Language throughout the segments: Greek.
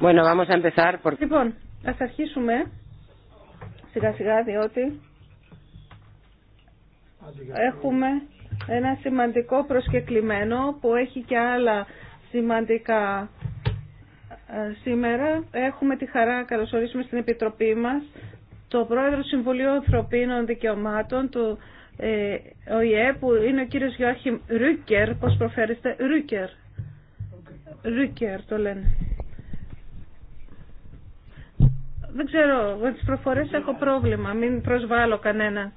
Bueno, Λοιπόν, ας αρχίσουμε σιγά σιγά διότι έχουμε ένα σημαντικό προσκεκλημένο που έχει και άλλα σημαντικά ε, σήμερα. Έχουμε τη χαρά να καλωσορίσουμε στην Επιτροπή μας το Πρόεδρο Συμβουλίου Ανθρωπίνων Δικαιωμάτων του ε, ο ΙΕ που είναι ο κύριος Γιώχη Ρούκερ, πώς προφέρεστε, Ρούκερ. Ρούκερ το λένε. Δεν ξέρω, με τις προφορές έχω πρόβλημα, μην προσβάλλω κανένα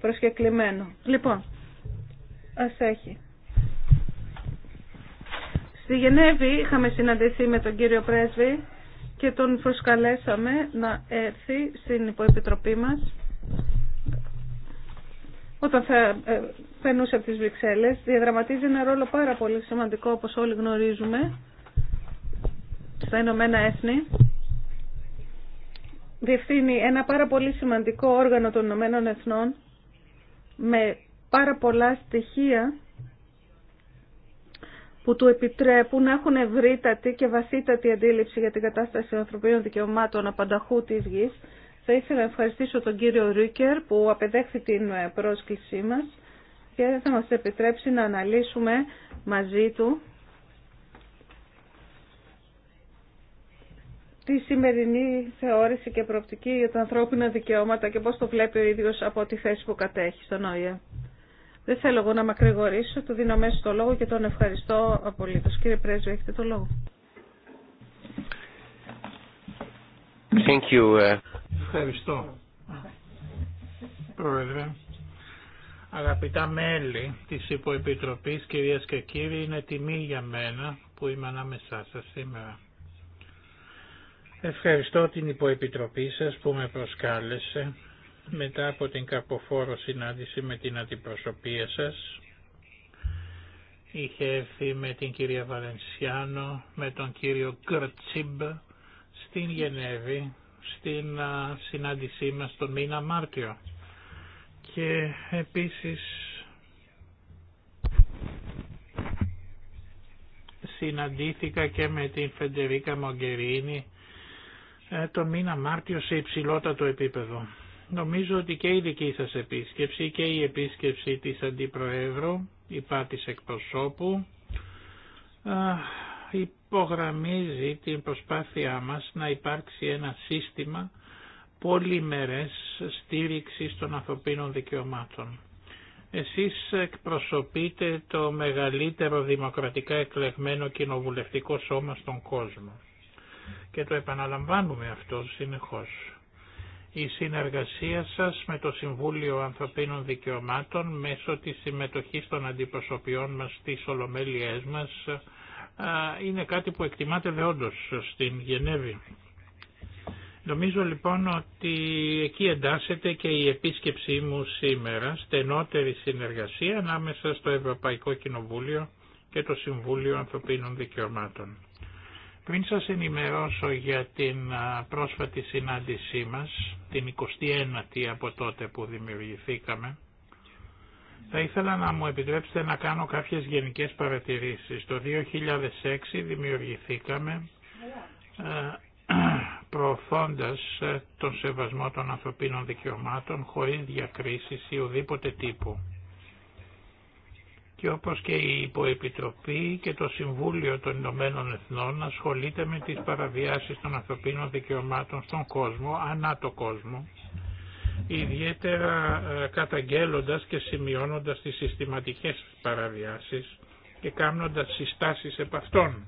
προσκεκλημένο. Λοιπόν, ας έχει. Στη Γενέβη είχαμε συναντηθεί με τον κύριο Πρέσβη και τον προσκαλέσαμε να έρθει στην υποεπιτροπή μας όταν θα ε, περνούσε από τις Βρυξέλλες, διαδραματίζει ένα ρόλο πάρα πολύ σημαντικό, όπως όλοι γνωρίζουμε, στα Ηνωμένα Έθνη. Διευθύνει ένα πάρα πολύ σημαντικό όργανο των Ηνωμένων Εθνών, με πάρα πολλά στοιχεία που του επιτρέπουν να έχουν ευρύτατη και βασίτατη αντίληψη για την κατάσταση των ανθρωπίνων δικαιωμάτων απανταχού της γης θα ήθελα να ευχαριστήσω τον κύριο Ρίκερ που απεδέχθη την ε, πρόσκλησή μας και θα μας επιτρέψει να αναλύσουμε μαζί του τη σημερινή θεώρηση και προοπτική για τα ανθρώπινα δικαιώματα και πώς το βλέπει ο ίδιος από τη θέση που κατέχει στον ΟΗΕ. Δεν θέλω εγώ να μακρηγορήσω, του δίνω μέσα το λόγο και τον ευχαριστώ απολύτως. Κύριε Πρέσβη, έχετε το λόγο. Thank you. Uh, Ευχαριστώ. Πρόεδρε. Αγαπητά μέλη της Υποεπιτροπής, κυρίες και κύριοι, είναι τιμή για μένα που είμαι ανάμεσά σας σήμερα. Ευχαριστώ την Υποεπιτροπή σας που με προσκάλεσε μετά από την καποφόρο συνάντηση με την αντιπροσωπεία σας. Είχε έρθει με την κυρία Βαλενσιάνο, με τον κύριο Κρτσίμπ στην Γενέβη στην συνάντησή μας τον μήνα Μάρτιο. Και επίσης συναντήθηκα και με την Φεντερίκα Μογκερίνη ε, τον μήνα Μάρτιο σε υψηλότατο επίπεδο. Νομίζω ότι και η δική σας επίσκεψη και η επίσκεψη της Αντιπροέδρου, υπά της εκπροσώπου, υπογραμμίζει την προσπάθειά μας να υπάρξει ένα σύστημα πολυμερές στήριξης των ανθρωπίνων δικαιωμάτων. Εσείς εκπροσωπείτε το μεγαλύτερο δημοκρατικά εκλεγμένο κοινοβουλευτικό σώμα στον κόσμο. Και το επαναλαμβάνουμε αυτό συνεχώς. Η συνεργασία σας με το Συμβούλιο Ανθρωπίνων Δικαιωμάτων μέσω της συμμετοχής των αντιπροσωπιών μας στις ολομέλειές μας είναι κάτι που εκτιμάται δεόντως στην Γενέβη. Νομίζω λοιπόν ότι εκεί εντάσσεται και η επίσκεψή μου σήμερα, στενότερη συνεργασία ανάμεσα στο Ευρωπαϊκό Κοινοβούλιο και το Συμβούλιο Ανθρωπίνων Δικαιωμάτων. Πριν σας ενημερώσω για την πρόσφατη συνάντησή μας, την 29η από τότε που δημιουργηθήκαμε, θα ήθελα να μου επιτρέψετε να κάνω κάποιες γενικές παρατηρήσεις. Το 2006 δημιουργηθήκαμε ε, προωθώντας ε, τον σεβασμό των ανθρωπίνων δικαιωμάτων χωρίς διακρίσεις ή οδήποτε τύπου. Και όπως και η Υποεπιτροπή και το Συμβούλιο των Ηνωμένων Εθνών ασχολείται με τις παραβιάσεις των ανθρωπίνων δικαιωμάτων στον κόσμο, ανά το κόσμο, ιδιαίτερα ε, καταγγέλλοντας και σημειώνοντας τις συστηματικές παραβιάσεις και κάνοντας συστάσεις επ' αυτών.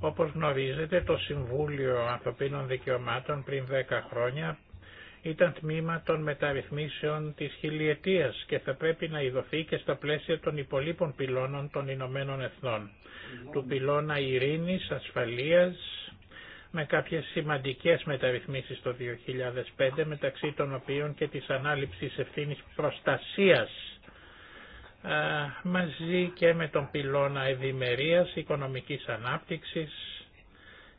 Όπως γνωρίζετε το Συμβούλιο Ανθρωπίνων Δικαιωμάτων πριν 10 χρόνια ήταν τμήμα των μεταρρυθμίσεων της χιλιετίας και θα πρέπει να ειδωθεί και στα πλαίσια των υπολείπων πυλώνων των Ηνωμένων Εθνών, του πυλώνα ειρήνης, ασφαλείας, με κάποιες σημαντικές μεταρρυθμίσεις το 2005 μεταξύ των οποίων και της ανάληψης ευθύνης προστασίας ε, μαζί και με τον πυλώνα ευημερίας, οικονομικής ανάπτυξης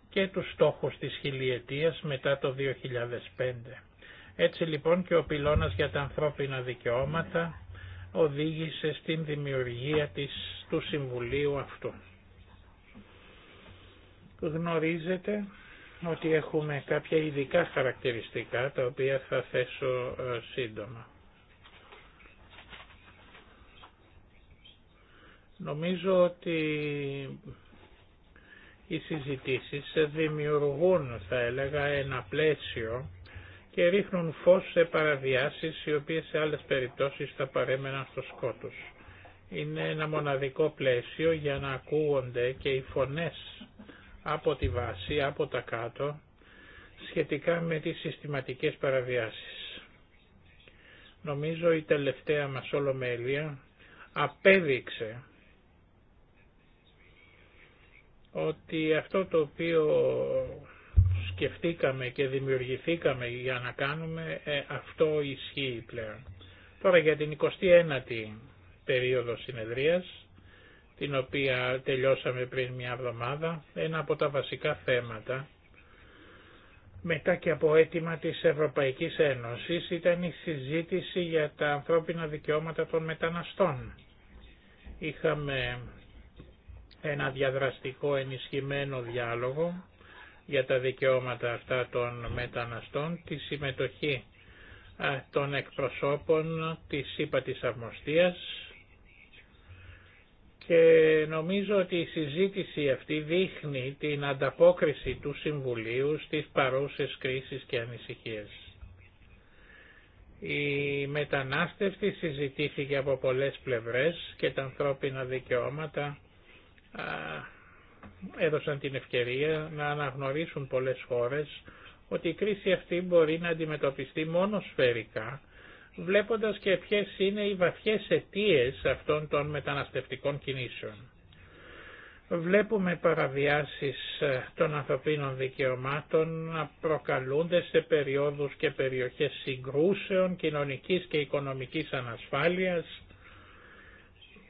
και τους στόχους της χιλιετίας μετά το 2005. Έτσι λοιπόν και ο πυλώνας για τα ανθρώπινα δικαιώματα οδήγησε στην δημιουργία της, του Συμβουλίου αυτού. Γνωρίζετε ότι έχουμε κάποια ειδικά χαρακτηριστικά τα οποία θα θέσω ε, σύντομα. Νομίζω ότι οι συζητήσεις δημιουργούν, θα έλεγα, ένα πλαίσιο και ρίχνουν φως σε παραβιάσεις οι οποίες σε άλλες περιπτώσεις θα παρέμεναν στο σκότος. Είναι ένα μοναδικό πλαίσιο για να ακούγονται και οι φωνές από τη βάση, από τα κάτω, σχετικά με τις συστηματικές παραβιάσεις. Νομίζω η τελευταία μας ολομέλεια απέδειξε ότι αυτό το οποίο σκεφτήκαμε και δημιουργηθήκαμε για να κάνουμε, ε, αυτό ισχύει πλέον. Τώρα για την 21η περίοδο συνεδρίας, την οποία τελειώσαμε πριν μια εβδομάδα, ένα από τα βασικά θέματα μετά και από αίτημα της Ευρωπαϊκής Ένωσης ήταν η συζήτηση για τα ανθρώπινα δικαιώματα των μεταναστών. Είχαμε ένα διαδραστικό ενισχυμένο διάλογο για τα δικαιώματα αυτά των μεταναστών, τη συμμετοχή των εκπροσώπων της ΥΠΑ της και νομίζω ότι η συζήτηση αυτή δείχνει την ανταπόκριση του Συμβουλίου στις παρούσες κρίσεις και ανησυχίες. Η μετανάστευση συζητήθηκε από πολλές πλευρές και τα ανθρώπινα δικαιώματα έδωσαν την ευκαιρία να αναγνωρίσουν πολλές χώρες ότι η κρίση αυτή μπορεί να αντιμετωπιστεί μόνο σφαιρικά βλέποντας και ποιες είναι οι βαθιές αιτίες αυτών των μεταναστευτικών κινήσεων. Βλέπουμε παραβιάσεις ε, των ανθρωπίνων δικαιωμάτων να προκαλούνται σε περιόδους και περιοχές συγκρούσεων, κοινωνικής και οικονομικής ανασφάλειας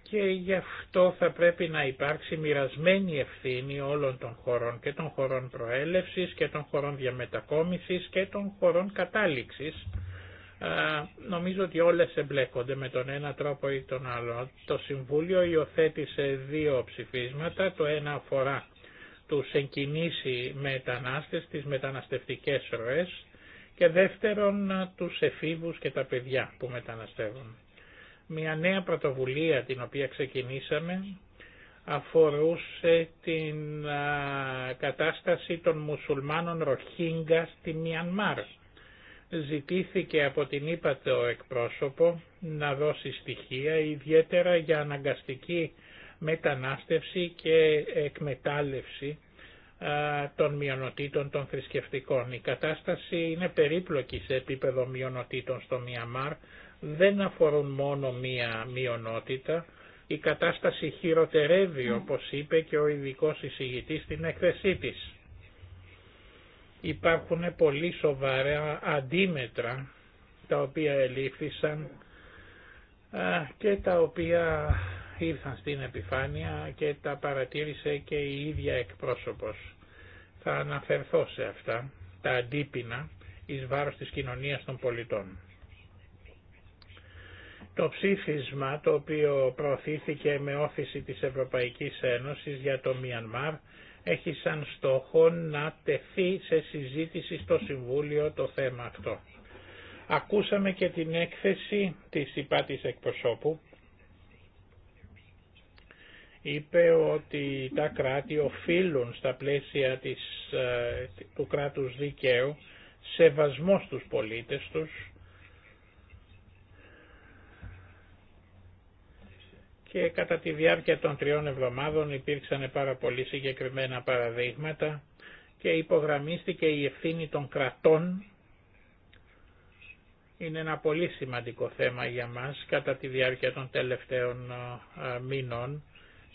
και γι' αυτό θα πρέπει να υπάρξει μοιρασμένη ευθύνη όλων των χωρών και των χωρών προέλευσης και των χωρών διαμετακόμισης και των χωρών κατάληξης ε, νομίζω ότι όλες εμπλέκονται με τον ένα τρόπο ή τον άλλο. Το Συμβούλιο υιοθέτησε δύο ψηφίσματα, το ένα αφορά τους εγκινήσει μετανάστες, τις μεταναστευτικές ροές και δεύτερον ε, τους εφήβους και τα παιδιά που μεταναστεύουν. Μια νέα πρωτοβουλία την οποία ξεκινήσαμε αφορούσε την ε, κατάσταση των μουσουλμάνων Ροχίνγκα στη Μιανμάρ ζητήθηκε από την ο εκπρόσωπο να δώσει στοιχεία ιδιαίτερα για αναγκαστική μετανάστευση και εκμετάλλευση των μειονοτήτων των θρησκευτικών. Η κατάσταση είναι περίπλοκη σε επίπεδο μειονοτήτων στο Μιαμάρ, δεν αφορούν μόνο μία μειονότητα. Η κατάσταση χειροτερεύει, όπως είπε και ο ειδικός εισηγητής στην έκθεσή της. Υπάρχουν πολύ σοβαρά αντίμετρα τα οποία ελήφθησαν και τα οποία ήρθαν στην επιφάνεια και τα παρατήρησε και η ίδια εκπρόσωπος. Θα αναφερθώ σε αυτά, τα αντίπεινα εις βάρος της κοινωνίας των πολιτών. Το ψήφισμα το οποίο προωθήθηκε με όφηση της Ευρωπαϊκής Ένωσης για το Μιανμάρ έχει σαν στόχο να τεθεί σε συζήτηση στο Συμβούλιο το θέμα αυτό. Ακούσαμε και την έκθεση της υπάτης εκπροσώπου. Είπε ότι τα κράτη οφείλουν στα πλαίσια ε, του κράτους δικαίου σεβασμό στους πολίτες τους και κατά τη διάρκεια των τριών εβδομάδων υπήρξαν πάρα πολύ συγκεκριμένα παραδείγματα και υπογραμμίστηκε η ευθύνη των κρατών. Είναι ένα πολύ σημαντικό θέμα για μας κατά τη διάρκεια των τελευταίων μήνων.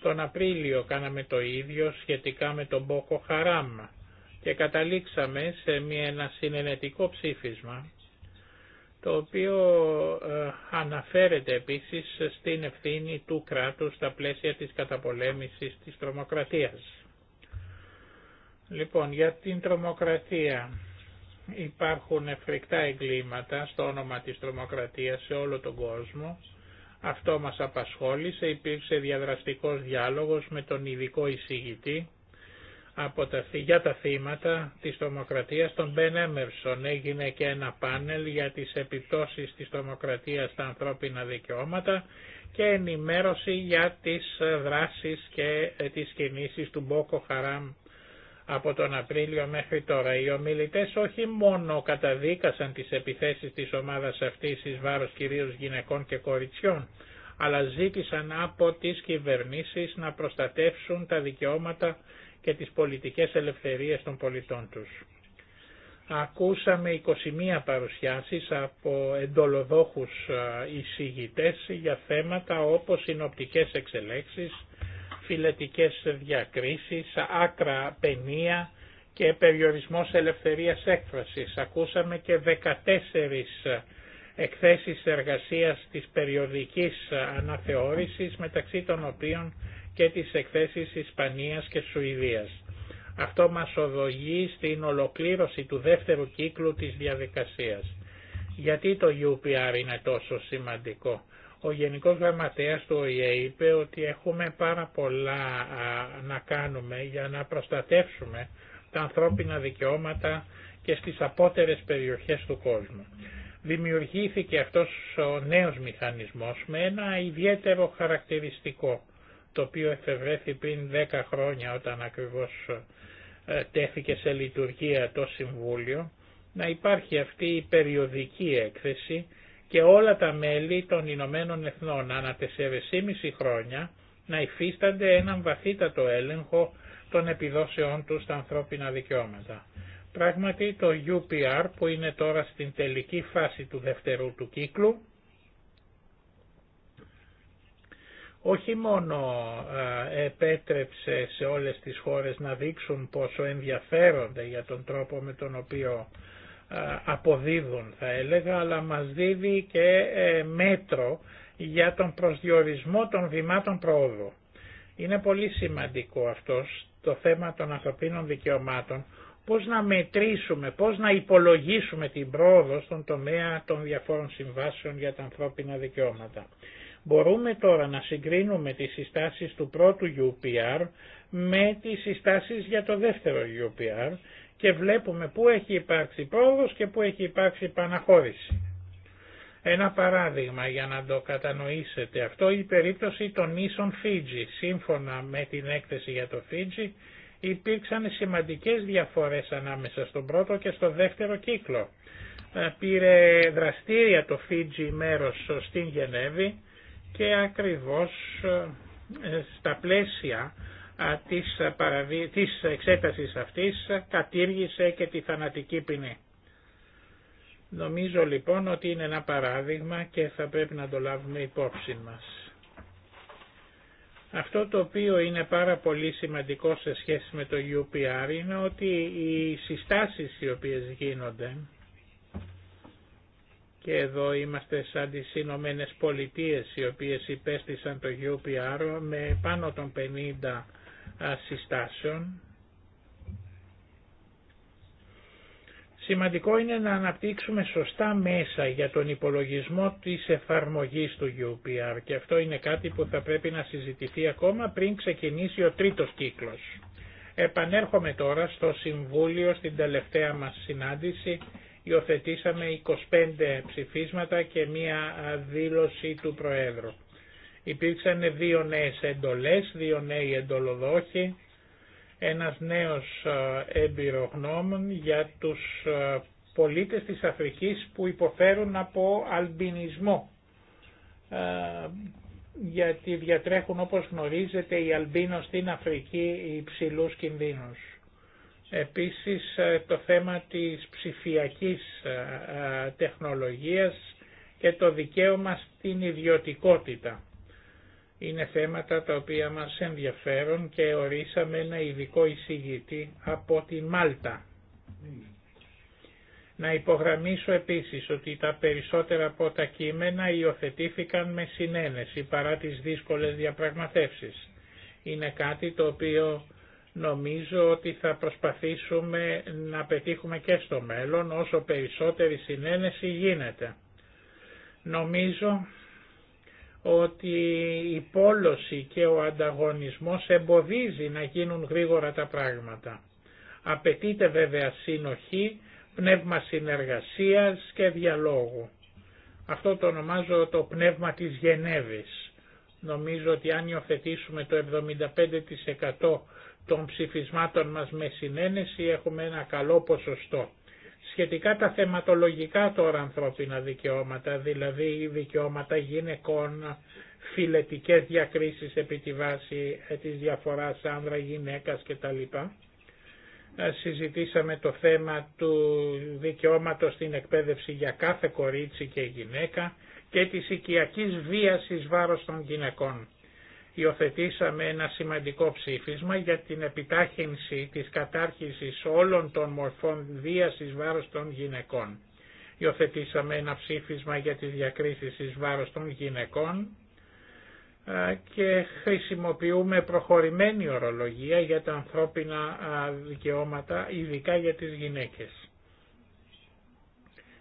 Τον Απρίλιο κάναμε το ίδιο σχετικά με τον Μπόκο Χαράμ και καταλήξαμε σε μια, ένα συνενετικό ψήφισμα το οποίο ε, αναφέρεται επίσης στην ευθύνη του κράτους στα πλαίσια της καταπολέμησης της τρομοκρατίας. Λοιπόν, για την τρομοκρατία υπάρχουν εφρικτά εγκλήματα στο όνομα της τρομοκρατίας σε όλο τον κόσμο. Αυτό μας απασχόλησε, υπήρξε διαδραστικός διάλογος με τον ειδικό εισηγητή από για τα θύματα της τομοκρατίας, των Μπεν Έμερσον έγινε και ένα πάνελ για τις επιπτώσεις της τομοκρατίας στα ανθρώπινα δικαιώματα και ενημέρωση για τις δράσεις και ε, τις κινήσεις του Μπόκο Χαράμ από τον Απρίλιο μέχρι τώρα. Οι ομιλητές όχι μόνο καταδίκασαν τις επιθέσεις της ομάδας αυτής εις βάρος κυρίως γυναικών και κοριτσιών, αλλά ζήτησαν από τις κυβερνήσεις να προστατεύσουν τα δικαιώματα και τις πολιτικές ελευθερίες των πολιτών τους. Ακούσαμε 21 παρουσιάσεις από εντολοδόχους ε, εισηγητές για θέματα όπως συνοπτικές εξελέξεις, φιλετικές διακρίσεις, άκρα παινία και περιορισμός ελευθερίας έκφρασης. Ακούσαμε και 14 εκθέσεις εργασίας της περιοδικής αναθεώρησης μεταξύ των οποίων και τις εκθέσεις Ισπανίας και Σουηδίας. Αυτό μας οδηγεί στην ολοκλήρωση του δεύτερου κύκλου της διαδικασίας. Γιατί το UPR είναι τόσο σημαντικό. Ο Γενικός Γραμματέας του ΟΗΕ είπε ότι έχουμε πάρα πολλά να κάνουμε για να προστατεύσουμε τα ανθρώπινα δικαιώματα και στις απότερες περιοχές του κόσμου. Δημιουργήθηκε αυτός ο νέος μηχανισμός με ένα ιδιαίτερο χαρακτηριστικό το οποίο εφευρέθη πριν 10 χρόνια όταν ακριβώς ε, τέθηκε σε λειτουργία το Συμβούλιο, να υπάρχει αυτή η περιοδική έκθεση και όλα τα μέλη των Ηνωμένων Εθνών ανά 4,5 χρόνια να υφίστανται έναν βαθύτατο έλεγχο των επιδόσεών τους στα ανθρώπινα δικαιώματα. Πράγματι το UPR που είναι τώρα στην τελική φάση του δευτερού του κύκλου όχι μόνο ε, επέτρεψε σε όλες τις χώρες να δείξουν πόσο ενδιαφέρονται για τον τρόπο με τον οποίο ε, αποδίδουν θα έλεγα, αλλά μας δίδει και ε, μέτρο για τον προσδιορισμό των βημάτων πρόοδου. Είναι πολύ σημαντικό αυτό το θέμα των ανθρωπίνων δικαιωμάτων, πώς να μετρήσουμε, πώς να υπολογίσουμε την πρόοδο στον τομέα των διαφόρων συμβάσεων για τα ανθρώπινα δικαιώματα. Μπορούμε τώρα να συγκρίνουμε τις συστάσεις του πρώτου UPR με τις συστάσεις για το δεύτερο UPR και βλέπουμε πού έχει υπάρξει πρόοδος και πού έχει υπάρξει παναχώρηση. Ένα παράδειγμα για να το κατανοήσετε αυτό, η περίπτωση των νήσων Φίτζη. Σύμφωνα με την έκθεση για το Φίτζη υπήρξαν σημαντικές διαφορές ανάμεσα στον πρώτο και στο δεύτερο κύκλο. Ε, πήρε δραστήρια το Φίτζη μέρος στην Γενέβη και ακριβώς ε, στα πλαίσια της, ε, παραβι... της εξέτασης αυτής κατήργησε και τη θανατική ποινή. Νομίζω λοιπόν ότι είναι ένα παράδειγμα και θα πρέπει να το λάβουμε υπόψη μας. Αυτό το οποίο είναι πάρα πολύ σημαντικό σε σχέση με το UPR είναι ότι οι συστάσεις οι οποίες γίνονται και εδώ είμαστε σαν τις Ηνωμένε Πολιτείε, οι οποίες υπέστησαν το UPR με πάνω των 50 συστάσεων. Σημαντικό είναι να αναπτύξουμε σωστά μέσα για τον υπολογισμό της εφαρμογής του UPR και αυτό είναι κάτι που θα πρέπει να συζητηθεί ακόμα πριν ξεκινήσει ο τρίτος κύκλος. Επανέρχομαι τώρα στο Συμβούλιο στην τελευταία μας συνάντηση υιοθετήσαμε 25 ψηφίσματα και μία δήλωση του Προέδρου. Υπήρξαν δύο νέες εντολές, δύο νέοι εντολοδόχοι, ένας νέος εμπειρογνώμων για τους πολίτες της Αφρικής που υποφέρουν από αλμπινισμό γιατί διατρέχουν όπως γνωρίζετε οι αλμπίνο στην Αφρική υψηλού κινδύνους. Επίσης ε, το θέμα της ψηφιακής ε, ε, τεχνολογίας και το δικαίωμα στην ιδιωτικότητα. Είναι θέματα τα οποία μας ενδιαφέρουν και ορίσαμε ένα ειδικό εισηγητή από τη Μάλτα. Να υπογραμμίσω επίσης ότι τα περισσότερα από τα κείμενα υιοθετήθηκαν με συνένεση παρά τις δύσκολες διαπραγματεύσεις. Είναι κάτι το οποίο Νομίζω ότι θα προσπαθήσουμε να πετύχουμε και στο μέλλον όσο περισσότερη συνένεση γίνεται. Νομίζω ότι η πόλωση και ο ανταγωνισμός εμποδίζει να γίνουν γρήγορα τα πράγματα. Απαιτείται βέβαια συνοχή, πνεύμα συνεργασίας και διαλόγου. Αυτό το ονομάζω το πνεύμα της Γενέβης. Νομίζω ότι αν υιοθετήσουμε το 75% των ψηφισμάτων μας με συνένεση έχουμε ένα καλό ποσοστό. Σχετικά τα θεματολογικά τώρα ανθρώπινα δικαιώματα, δηλαδή δικαιώματα γυναικών, φιλετικές διακρίσεις επί τη βάση ε, της διαφοράς άνδρα-γυναίκας κτλ. Ε, συζητήσαμε το θέμα του δικαιώματος στην εκπαίδευση για κάθε κορίτσι και γυναίκα και της οικιακής βίας βάρος των γυναικών υιοθετήσαμε ένα σημαντικό ψήφισμα για την επιτάχυνση της κατάρχησης όλων των μορφών βίασης βάρος των γυναικών. Υιοθετήσαμε ένα ψήφισμα για τη διακρίση εις βάρος των γυναικών και χρησιμοποιούμε προχωρημένη ορολογία για τα ανθρώπινα δικαιώματα, ειδικά για τις γυναίκες.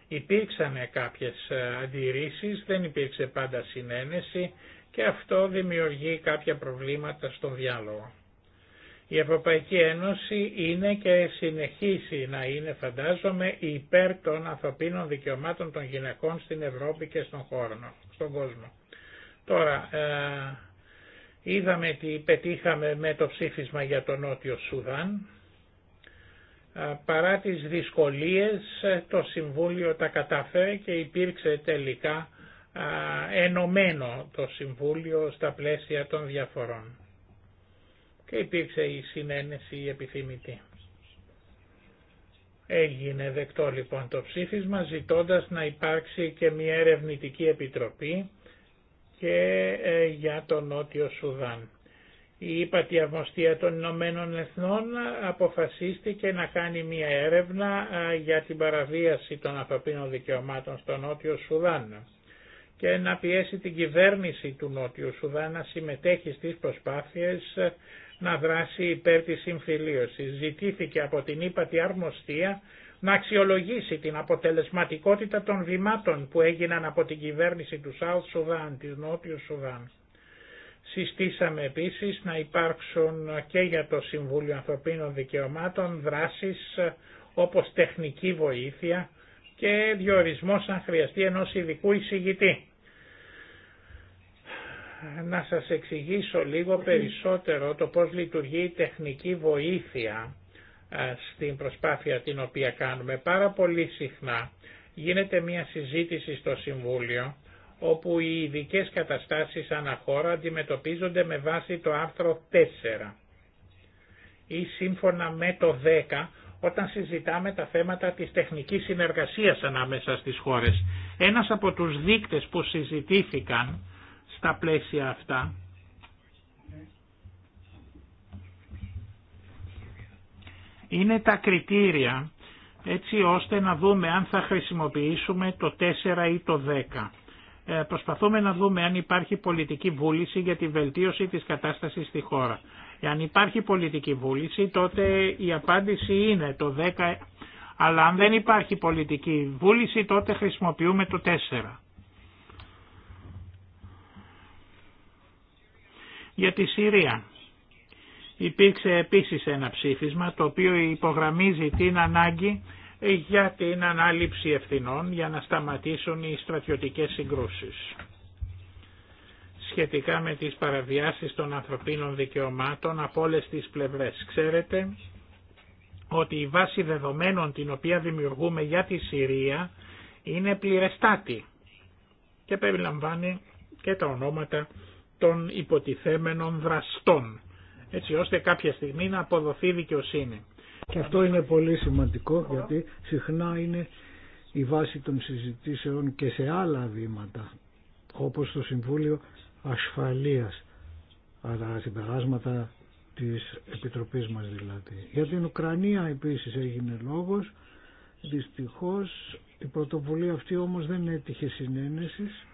Υπήρξαν κάποιες αντιρρήσεις, δεν υπήρξε πάντα συνένεση, και αυτό δημιουργεί κάποια προβλήματα στον διάλογο. Η Ευρωπαϊκή Ένωση είναι και συνεχίσει να είναι φαντάζομαι υπέρ των ανθρωπίνων δικαιωμάτων των γυναικών στην Ευρώπη και στον χώρο, στον κόσμο. Τώρα, ε, είδαμε τι πετύχαμε με το ψήφισμα για τον Νότιο Σουδάν. Ε, παρά τις δυσκολίες ε, το Συμβούλιο τα κατάφερε και υπήρξε τελικά ενωμένο το Συμβούλιο στα πλαίσια των διαφορών. Και υπήρξε η συνένεση η επιθυμητή. Έγινε δεκτό λοιπόν το ψήφισμα ζητώντας να υπάρξει και μια ερευνητική επιτροπή και ε, για το Νότιο Σουδάν. Η ύπατη των Ηνωμένων Εθνών αποφασίστηκε να κάνει μια έρευνα για την παραβίαση των ανθρωπίνων δικαιωμάτων στο Νότιο Σουδάν και να πιέσει την κυβέρνηση του Νότιου Σουδάν να συμμετέχει στις προσπάθειες να δράσει υπέρ της συμφιλίωσης. Ζητήθηκε από την ύπατη αρμοστία να αξιολογήσει την αποτελεσματικότητα των βημάτων που έγιναν από την κυβέρνηση του South Σουδάν, της Νότιου Σουδάν. Συστήσαμε επίσης να υπάρξουν και για το Συμβούλιο Ανθρωπίνων Δικαιωμάτων δράσεις όπως τεχνική βοήθεια και διορισμός αν χρειαστεί ενός ειδικού εισηγητή. Να σας εξηγήσω λίγο περισσότερο το πώς λειτουργεί η τεχνική βοήθεια ε, στην προσπάθεια την οποία κάνουμε. Πάρα πολύ συχνά γίνεται μια συζήτηση στο Συμβούλιο όπου οι ειδικέ καταστάσεις αναχώρα αντιμετωπίζονται με βάση το άρθρο 4 ή σύμφωνα με το 10 όταν συζητάμε τα θέματα της τεχνικής συνεργασίας ανάμεσα στις χώρες. Ένας από τους δείκτες που συζητήθηκαν στα πλαίσια αυτά είναι τα κριτήρια έτσι ώστε να δούμε αν θα χρησιμοποιήσουμε το 4 ή το 10. Ε, προσπαθούμε να δούμε αν υπάρχει πολιτική βούληση για τη βελτίωση της κατάστασης στη χώρα. Εάν υπάρχει πολιτική βούληση τότε η απάντηση είναι το 10, αλλά αν δεν υπάρχει πολιτική βούληση τότε χρησιμοποιούμε το 4. Για τη Συρία. Υπήρξε επίσης ένα ψήφισμα το οποίο υπογραμμίζει την ανάγκη για την ανάληψη ευθυνών για να σταματήσουν οι στρατιωτικές συγκρούσεις σχετικά με τις παραβιάσεις των ανθρωπίνων δικαιωμάτων από όλες τις πλευρές. Ξέρετε ότι η βάση δεδομένων την οποία δημιουργούμε για τη Συρία είναι πληρεστάτη και περιλαμβάνει και τα ονόματα των υποτιθέμενων δραστών, έτσι ώστε κάποια στιγμή να αποδοθεί δικαιοσύνη. Και αυτό είναι πολύ σημαντικό γιατί συχνά είναι η βάση των συζητήσεων και σε άλλα βήματα όπως το Συμβούλιο ασφαλείας τα συμπεράσματα της Επιτροπής μας δηλαδή. Για την Ουκρανία επίσης έγινε λόγος, δυστυχώς η πρωτοβουλία αυτή όμως δεν έτυχε συνένεσης,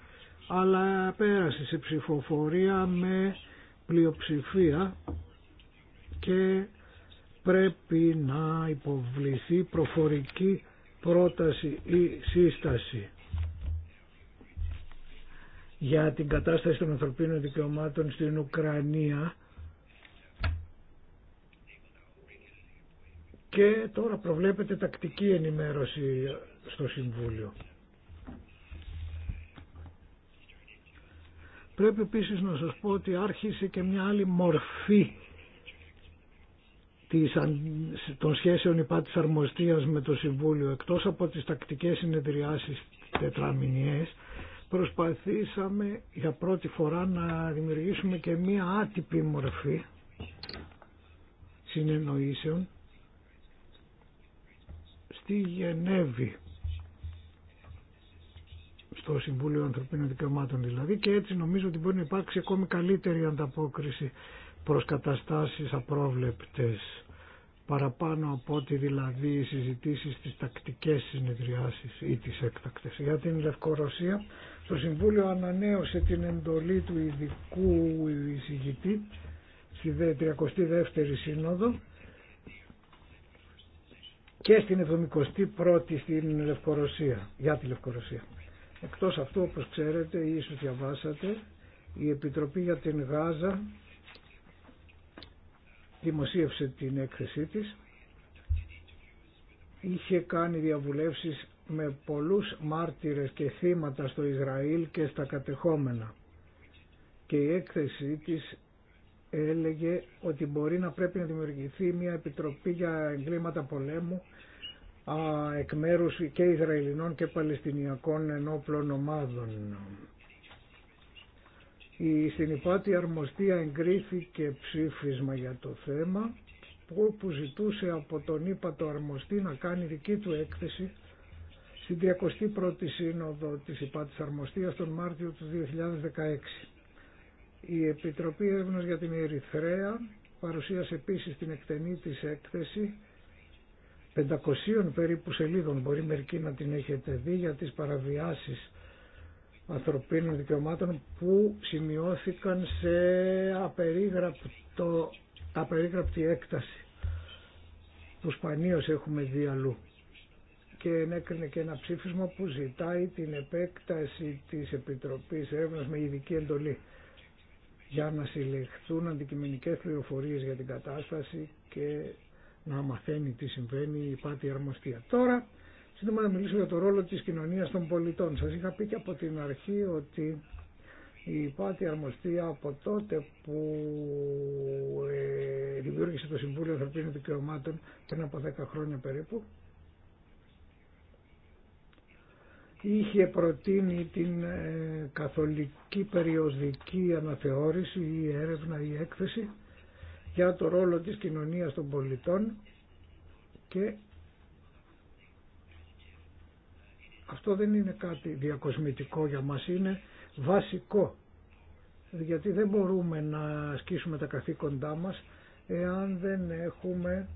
αλλά πέρασε σε ψηφοφορία με πλειοψηφία και πρέπει να υποβληθεί προφορική πρόταση ή σύσταση για την κατάσταση των ανθρωπίνων δικαιωμάτων στην Ουκρανία και τώρα προβλέπεται τακτική ενημέρωση στο Συμβούλιο. Πρέπει επίσης να σας πω ότι άρχισε και μια άλλη μορφή των σχέσεων υπά της αρμοστίας με το Συμβούλιο εκτός από τις τακτικές συνεδριάσεις τετραμηνιές προσπαθήσαμε για πρώτη φορά να δημιουργήσουμε και μία άτυπη μορφή συνεννοήσεων στη Γενέβη στο Συμβούλιο Ανθρωπίνων Δικαιωμάτων δηλαδή και έτσι νομίζω ότι μπορεί να υπάρξει ακόμη καλύτερη ανταπόκριση προς καταστάσεις απρόβλεπτες παραπάνω από ό,τι δηλαδή οι συζητήσεις στις τακτικές συνεδριάσεις ή τις έκτακτες. Για την Λευκορωσία το Συμβούλιο ανανέωσε την εντολή του ειδικού εισηγητή στη 32η Σύνοδο και στην 71η στην Λευκορωσία, για τη Λευκορωσία. Εκτός αυτού, όπως ξέρετε ή ίσως διαβάσατε, η Επιτροπή για την Γάζα δημοσίευσε την έκθεσή της. Είχε κάνει διαβουλεύσεις με πολλούς μάρτυρες και θύματα στο Ισραήλ και στα κατεχόμενα. Και η έκθεσή της έλεγε ότι μπορεί να πρέπει να δημιουργηθεί μια επιτροπή για εγκλήματα πολέμου α, εκ μέρους και Ισραηλινών και Παλαιστινιακών ενόπλων ομάδων. Η, στην υπάτη αρμοστία εγκρίθηκε ψήφισμα για το θέμα που ζητούσε από τον ύπατο να κάνει δική του έκθεση στην 31η Σύνοδο της Υπάτης τον Μάρτιο του 2016. Η Επιτροπή Έρευνας για την Ερυθρέα παρουσίασε επίσης την εκτενή της έκθεση 500 περίπου σελίδων, μπορεί μερικοί να την έχετε δει, για τις παραβιάσεις ανθρωπίνων δικαιωμάτων που σημειώθηκαν σε απερίγραπτη έκταση που σπανίως έχουμε δει αλλού και ενέκρινε και ένα ψήφισμα που ζητάει την επέκταση της Επιτροπής Έρευνας με ειδική εντολή για να συλλεχθούν αντικειμενικές πληροφορίες για την κατάσταση και να μαθαίνει τι συμβαίνει η πάτη αρμοστία. Τώρα, σύντομα να μιλήσω για το ρόλο της κοινωνίας των πολιτών. Σας είχα πει και από την αρχή ότι η πάτη αρμοστία από τότε που ε, δημιούργησε το Συμβούλιο Ανθρωπίνων Δικαιωμάτων πριν από 10 χρόνια περίπου είχε προτείνει την ε, καθολική περιοδική αναθεώρηση ή έρευνα ή έκθεση για το ρόλο της κοινωνίας των πολιτών και αυτό δεν είναι κάτι διακοσμητικό για μας, είναι βασικό γιατί δεν μπορούμε να ασκήσουμε τα καθήκοντά μας εάν δεν έχουμε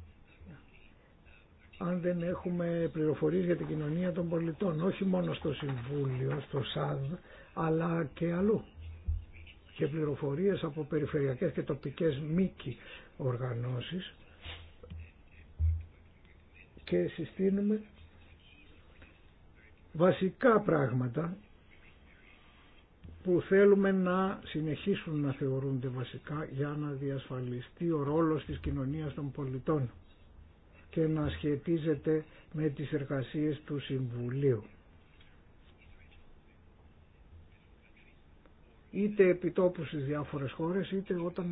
αν δεν έχουμε πληροφορίες για την κοινωνία των πολιτών, όχι μόνο στο Συμβούλιο, στο ΣΑΔ, αλλά και αλλού. Και πληροφορίες από περιφερειακές και τοπικές μήκη οργανώσεις και συστήνουμε βασικά πράγματα που θέλουμε να συνεχίσουν να θεωρούνται βασικά για να διασφαλιστεί ο ρόλος της κοινωνίας των πολιτών και να σχετίζεται με τις εργασίες του Συμβουλίου. Είτε επιτόπου στις διάφορες χώρες, είτε όταν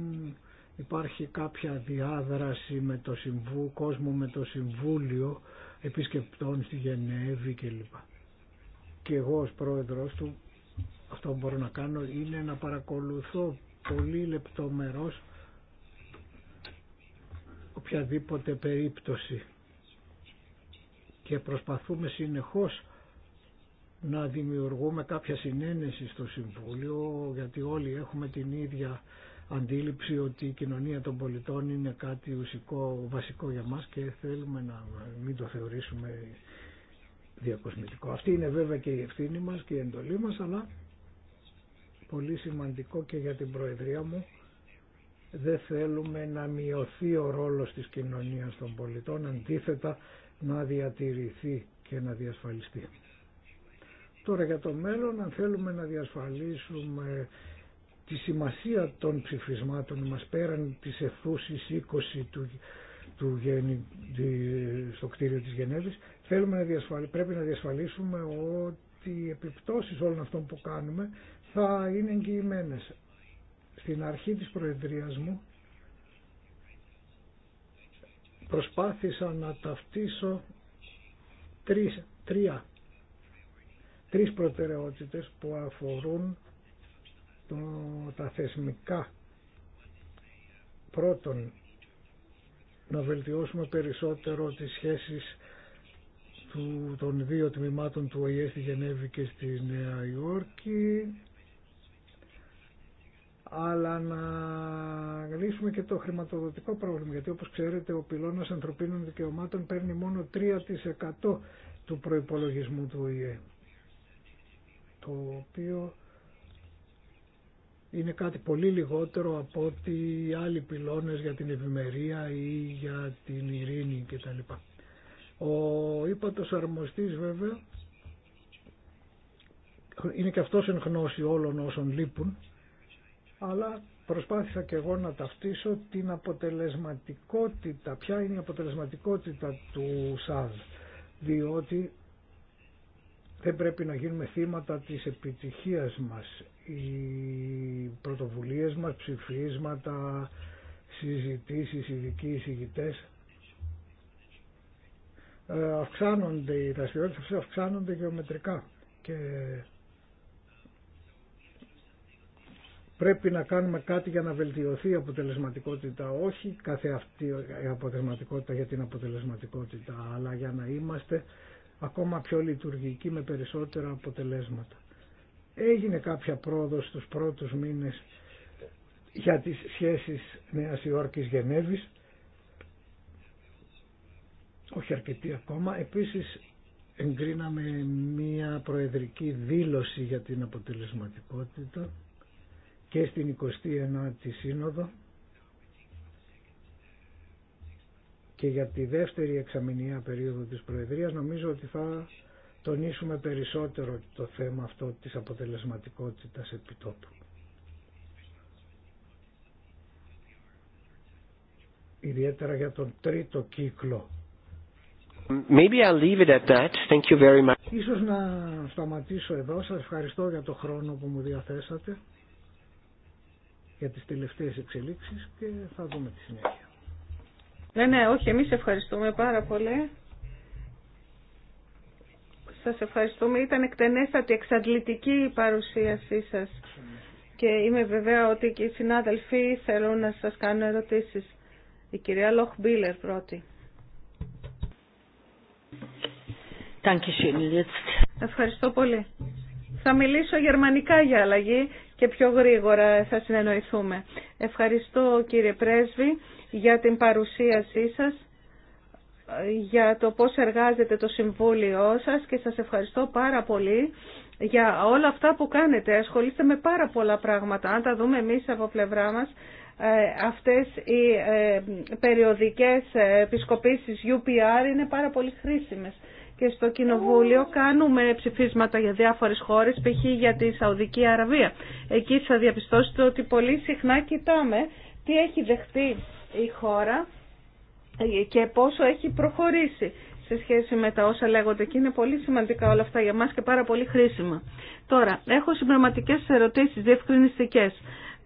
υπάρχει κάποια διάδραση με το συμβού, κόσμο με το Συμβούλιο επισκεπτών στη Γενέβη κλπ. Και εγώ ως πρόεδρος του, αυτό που μπορώ να κάνω είναι να παρακολουθώ πολύ λεπτομερώς οποιαδήποτε περίπτωση και προσπαθούμε συνεχώς να δημιουργούμε κάποια συνένεση στο Συμβούλιο γιατί όλοι έχουμε την ίδια αντίληψη ότι η κοινωνία των πολιτών είναι κάτι ουσικό, βασικό για μας και θέλουμε να μην το θεωρήσουμε διακοσμητικό. Αυτή είναι βέβαια και η ευθύνη μας και η εντολή μας αλλά πολύ σημαντικό και για την Προεδρία μου δεν θέλουμε να μειωθεί ο ρόλος της κοινωνίας των πολιτών, αντίθετα να διατηρηθεί και να διασφαλιστεί. Τώρα για το μέλλον, αν θέλουμε να διασφαλίσουμε τη σημασία των ψηφισμάτων μας πέραν της εθούσης 20 του, του, στο κτίριο της Γενέβης, θέλουμε να πρέπει να διασφαλίσουμε ότι οι επιπτώσεις όλων αυτών που κάνουμε θα είναι εγγυημένες στην αρχή της προεδρίας μου προσπάθησα να ταυτίσω τρεις, τρία, τρεις προτεραιότητες που αφορούν το, τα θεσμικά. Πρώτον, να βελτιώσουμε περισσότερο τις σχέσεις του, των δύο τμήματων του ΟΗΕ στη Γενέβη και στη Νέα Υόρκη αλλά να λύσουμε και το χρηματοδοτικό πρόβλημα, γιατί όπως ξέρετε ο πυλώνας ανθρωπίνων δικαιωμάτων παίρνει μόνο 3% του προϋπολογισμού του ΟΗΕ, το οποίο είναι κάτι πολύ λιγότερο από ότι οι άλλοι πυλώνες για την ευημερία ή για την ειρήνη κτλ. Ο ύπατος αρμοστής βέβαια είναι και αυτός εν γνώση όλων όσων λείπουν αλλά προσπάθησα και εγώ να ταυτίσω την αποτελεσματικότητα, ποια είναι η αποτελεσματικότητα του ΣΑΔ, διότι δεν πρέπει να γίνουμε θύματα της επιτυχίας μας. Οι πρωτοβουλίες μας, ψηφίσματα, συζητήσεις, ειδικοί εισηγητές, ε, αυξάνονται, οι δραστηριότητες αυξάνονται γεωμετρικά και πρέπει να κάνουμε κάτι για να βελτιωθεί η αποτελεσματικότητα, όχι κάθε αυτή η αποτελεσματικότητα για την αποτελεσματικότητα, αλλά για να είμαστε ακόμα πιο λειτουργικοί με περισσότερα αποτελέσματα. Έγινε κάποια πρόοδος στους πρώτους μήνες για τις σχέσεις Νέας Υόρκης Γενέβης, όχι αρκετή ακόμα. Επίσης εγκρίναμε μία προεδρική δήλωση για την αποτελεσματικότητα και στην 29η Σύνοδο και για τη δεύτερη εξαμηνία περίοδο της Προεδρίας νομίζω ότι θα τονίσουμε περισσότερο το θέμα αυτό της αποτελεσματικότητας επιτόπου. Ιδιαίτερα για τον τρίτο κύκλο. Maybe I'll leave it at that. Thank you very much. Ίσως να σταματήσω εδώ. Σας ευχαριστώ για το χρόνο που μου διαθέσατε για τις τελευταίες εξελίξεις και θα δούμε τη συνέχεια. Ναι, ναι, όχι, εμείς ευχαριστούμε πάρα πολύ. Σας ευχαριστούμε. Ήταν εκτενέστατη, εξαντλητική η παρουσίασή σας. Και είμαι βεβαία ότι και οι συνάδελφοί θέλουν να σας κάνουν ερωτήσεις. Η κυρία Μπίλερ πρώτη. Ευχαριστώ πολύ. Θα μιλήσω γερμανικά για αλλαγή και πιο γρήγορα θα συνεννοηθούμε. Ευχαριστώ κύριε Πρέσβη για την παρουσίασή σας, για το πώς εργάζεται το Συμβούλιο σας και σας ευχαριστώ πάρα πολύ για όλα αυτά που κάνετε. Ασχολείστε με πάρα πολλά πράγματα. Αν τα δούμε εμείς από πλευρά μας, ε, αυτές οι ε, περιοδικές ε, επισκοπήσεις UPR είναι πάρα πολύ χρήσιμες και στο Κοινοβούλιο κάνουμε ψηφίσματα για διάφορες χώρες, π.χ. για τη Σαουδική Αραβία. Εκεί θα διαπιστώσετε ότι πολύ συχνά κοιτάμε τι έχει δεχτεί η χώρα και πόσο έχει προχωρήσει σε σχέση με τα όσα λέγονται και είναι πολύ σημαντικά όλα αυτά για μας και πάρα πολύ χρήσιμα. Τώρα, έχω συμπραγματικές ερωτήσεις, διευκρινιστικές.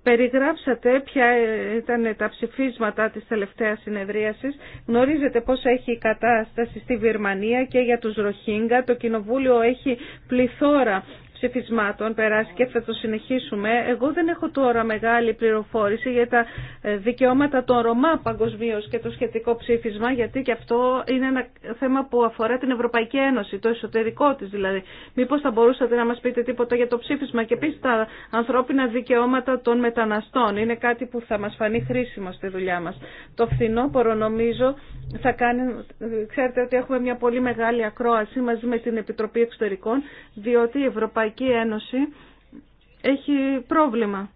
Περιγράψατε ποια ήταν τα ψηφίσματα της τελευταίας συνεδρίασης. Γνωρίζετε πώς έχει η κατάσταση στη Βυρμανία και για τους Ροχίνγκα. Το Κοινοβούλιο έχει πληθώρα ψηφισμάτων περάσει και θα το συνεχίσουμε. Εγώ δεν έχω τώρα μεγάλη πληροφόρηση για τα ε, δικαιώματα των Ρωμά παγκοσμίω και το σχετικό ψήφισμα, γιατί και αυτό είναι ένα θέμα που αφορά την Ευρωπαϊκή Ένωση, το εσωτερικό τη δηλαδή. Μήπω θα μπορούσατε να μα πείτε τίποτα για το ψήφισμα και επίση τα ανθρώπινα δικαιώματα των μεταναστών. Είναι κάτι που θα μα φανεί χρήσιμο στη δουλειά μα. Το φθινόπωρο νομίζω θα κάνει, ξέρετε ότι έχουμε μια πολύ μεγάλη ακρόαση μαζί με την Επιτροπή Εξωτερικών, διότι η Ευρωπαϊκή Ευρωπαϊκή Ένωση έχει πρόβλημα.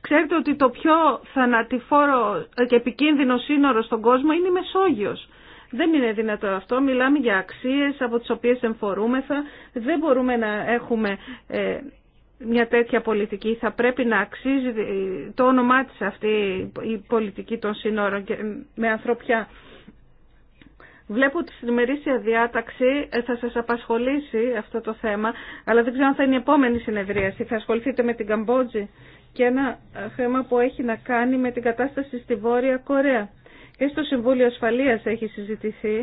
Ξέρετε ότι το πιο θανατηφόρο και επικίνδυνο σύνορο στον κόσμο είναι η Μεσόγειος. Δεν είναι δυνατό αυτό. Μιλάμε για αξίες από τις οποίες εμφορούμεθα. Δεν μπορούμε να έχουμε ε, μια τέτοια πολιτική. Θα πρέπει να αξίζει το όνομά της αυτή η πολιτική των σύνορων με ανθρωπιά. Βλέπω ότι στην ημερήσια διάταξη ε, θα σας απασχολήσει αυτό το θέμα, αλλά δεν ξέρω αν θα είναι η επόμενη συνεδρίαση. Θα ασχοληθείτε με την Καμπότζη και ένα ε, θέμα που έχει να κάνει με την κατάσταση στη Βόρεια Κορέα. Και στο Συμβούλιο Ασφαλείας έχει συζητηθεί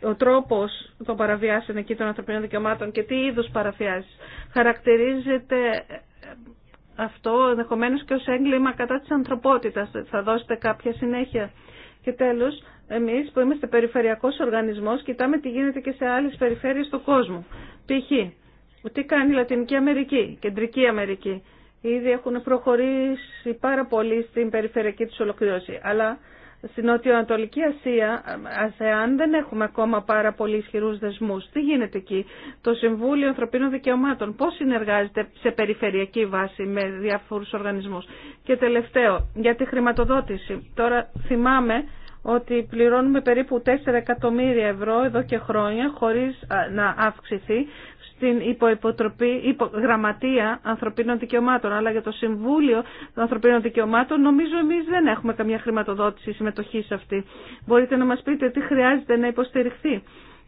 ε, ο τρόπος των παραβιάσεων εκεί των ανθρωπινών δικαιωμάτων και τι είδους παραβιάσεις χαρακτηρίζεται αυτό ενδεχομένω και ως έγκλημα κατά της ανθρωπότητας. Θα δώσετε κάποια συνέχεια και τέλος, εμείς που είμαστε περιφερειακός οργανισμός, κοιτάμε τι γίνεται και σε άλλες περιφέρειες του κόσμου. Π.χ. τι κάνει η Λατινική Αμερική, Κεντρική Αμερική. Ήδη έχουν προχωρήσει πάρα πολύ στην περιφερειακή του ολοκλήρωση. Αλλά στην Νοτιοανατολική ανατολικη Ασία, ΑΣΕΑΝ, δεν έχουμε ακόμα πάρα πολύ ισχυρού δεσμού. Τι γίνεται εκεί, το Συμβούλιο Ανθρωπίνων Δικαιωμάτων, πώ συνεργάζεται σε περιφερειακή βάση με διάφορου οργανισμού. Και τελευταίο, για τη χρηματοδότηση. Τώρα θυμάμαι ότι πληρώνουμε περίπου 4 εκατομμύρια ευρώ εδώ και χρόνια χωρίς να αυξηθεί την υποεποτροπή, υπογραμματεία ανθρωπίνων δικαιωμάτων, αλλά για το Συμβούλιο των Ανθρωπίνων Δικαιωμάτων νομίζω εμεί δεν έχουμε καμία χρηματοδότηση συμμετοχή σε αυτή. Μπορείτε να μα πείτε τι χρειάζεται να υποστηριχθεί.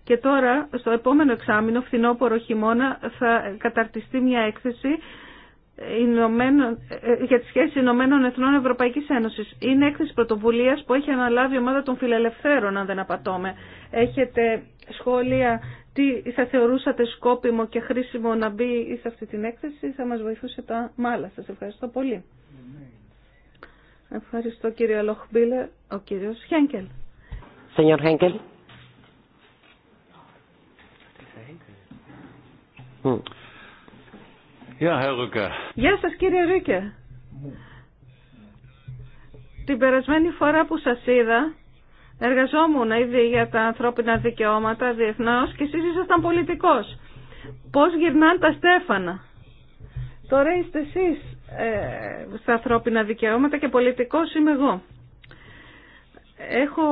Και τώρα, στο επόμενο εξάμεινο, φθινόπωρο χειμώνα, θα καταρτιστεί μια έκθεση ε, για τη σχέση Ηνωμένων Εθνών Ευρωπαϊκή Ένωση. Είναι έκθεση πρωτοβουλία που έχει αναλάβει η ομάδα των φιλελευθέρων, αν δεν απατώμε. Έχετε σχόλια τι θα θεωρούσατε σκόπιμο και χρήσιμο να μπει σε αυτή την έκθεση, θα μας βοηθούσε τα μάλα. Σας ευχαριστώ πολύ. Ευχαριστώ κύριε Λοχμπίλε, ο κύριος Χένκελ. Σενιόρ Χένκελ. Hm. Γεια σας κύριε Ρίκε. Την περασμένη φορά που σας είδα, Εργαζόμουν ήδη για τα ανθρώπινα δικαιώματα διεθνώς και εσείς ήσασταν πολιτικός. Πώς γυρνάνε τα στέφανα. Τώρα είστε εσείς ε, στα ανθρώπινα δικαιώματα και πολιτικός είμαι εγώ. Έχω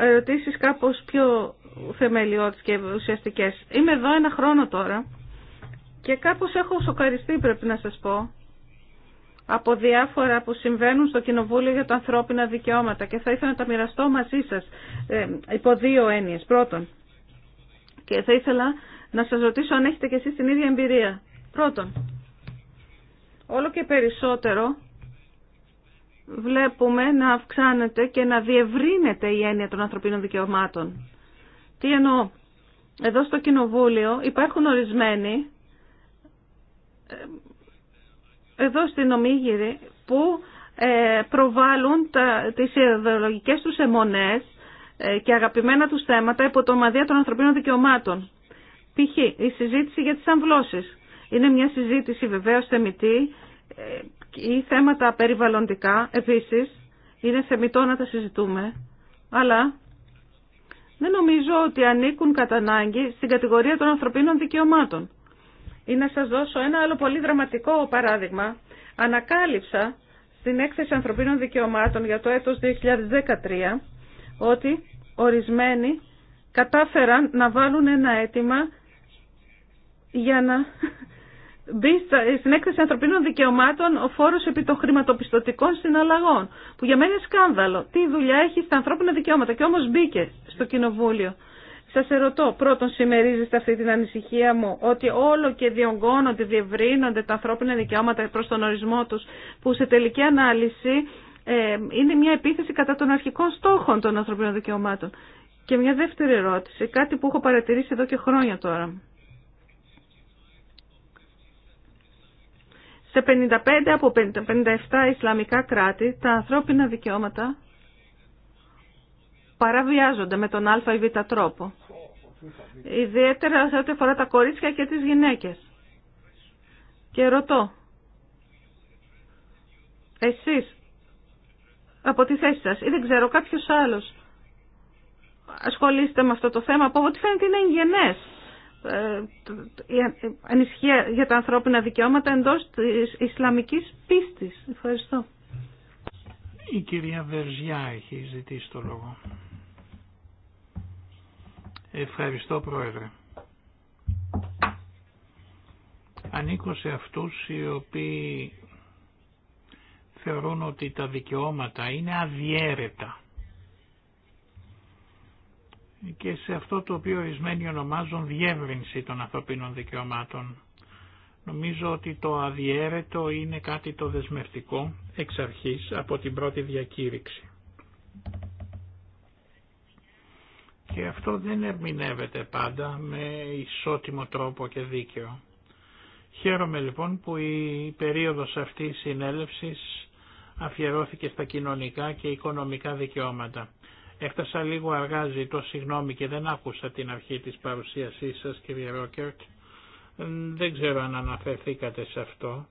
ερωτήσεις κάπως πιο θεμελιώδεις και ουσιαστικές. Είμαι εδώ ένα χρόνο τώρα και κάπως έχω σοκαριστεί πρέπει να σας πω από διάφορα που συμβαίνουν στο Κοινοβούλιο για τα ανθρώπινα δικαιώματα και θα ήθελα να τα μοιραστώ μαζί σας ε, υπό δύο έννοιες. Πρώτον, και θα ήθελα να σας ρωτήσω αν έχετε και εσείς την ίδια εμπειρία. Πρώτον, όλο και περισσότερο βλέπουμε να αυξάνεται και να διευρύνεται η έννοια των ανθρωπίνων δικαιωμάτων. Τι εννοώ. Εδώ στο Κοινοβούλιο υπάρχουν ορισμένοι ε, εδώ στην Ομίγυρη που ε, προβάλλουν τα, τις ιδεολογικές τους αιμονές ε, και αγαπημένα τους θέματα υπό το των ανθρωπίνων δικαιωμάτων. Π.χ. η συζήτηση για τις αμβλώσεις. Είναι μια συζήτηση βεβαίως θεμητή ή ε, θέματα περιβαλλοντικά επίσης. Είναι θεμητό να τα συζητούμε. Αλλά δεν νομίζω ότι ανήκουν κατά ανάγκη στην κατηγορία των ανθρωπίνων δικαιωμάτων ή να σας δώσω ένα άλλο πολύ δραματικό παράδειγμα. Ανακάλυψα στην έκθεση ανθρωπίνων δικαιωμάτων για το έτος 2013 ότι ορισμένοι κατάφεραν να βάλουν ένα αίτημα για να μπει στην έκθεση ανθρωπίνων δικαιωμάτων ο φόρος επί των χρηματοπιστωτικών συναλλαγών, που για μένα είναι σκάνδαλο. Τι δουλειά έχει στα ανθρώπινα δικαιώματα και όμως μπήκε στο κοινοβούλιο. Σας ερωτώ, πρώτον συμμερίζεστε αυτή την ανησυχία μου ότι όλο και διονγκώνονται, διευρύνονται τα ανθρώπινα δικαιώματα προς τον ορισμό τους που σε τελική ανάλυση ε, είναι μια επίθεση κατά των αρχικών στόχων των ανθρωπίνων δικαιωμάτων. Και μια δεύτερη ερώτηση, κάτι που έχω παρατηρήσει εδώ και χρόνια τώρα. Σε 55 από 57 Ισλαμικά κράτη τα ανθρώπινα δικαιώματα παραβιάζονται με τον α ή β τρόπο. Ιδιαίτερα σε ό,τι αφορά τα κορίτσια και τις γυναίκες. Και ρωτώ, εσείς από τη θέση σας ή δεν ξέρω κάποιος άλλος ασχολείστε με αυτό το θέμα από ό,τι φαίνεται είναι εγγενές ε, η ανησυχία για τα ανθρώπινα δικαιώματα εντός της Ισλαμικής πίστης. Ευχαριστώ. Η κυρία Βερζιά έχει ζητήσει το λόγο. Ευχαριστώ Πρόεδρε. Ανήκω σε αυτούς οι οποίοι θεωρούν ότι τα δικαιώματα είναι αδιέρετα και σε αυτό το οποίο ορισμένοι ονομάζουν διεύρυνση των ανθρωπίνων δικαιωμάτων. Νομίζω ότι το αδιέρετο είναι κάτι το δεσμευτικό εξ αρχής από την πρώτη διακήρυξη. Και αυτό δεν ερμηνεύεται πάντα με ισότιμο τρόπο και δίκαιο. Χαίρομαι λοιπόν που η περίοδος αυτής συνέλευσης αφιερώθηκε στα κοινωνικά και οικονομικά δικαιώματα. Έφτασα λίγο αργά ζητώ συγγνώμη και δεν άκουσα την αρχή της παρουσίασής σας κύριε Ρόκερτ. Δεν ξέρω αν αναφερθήκατε σε αυτό.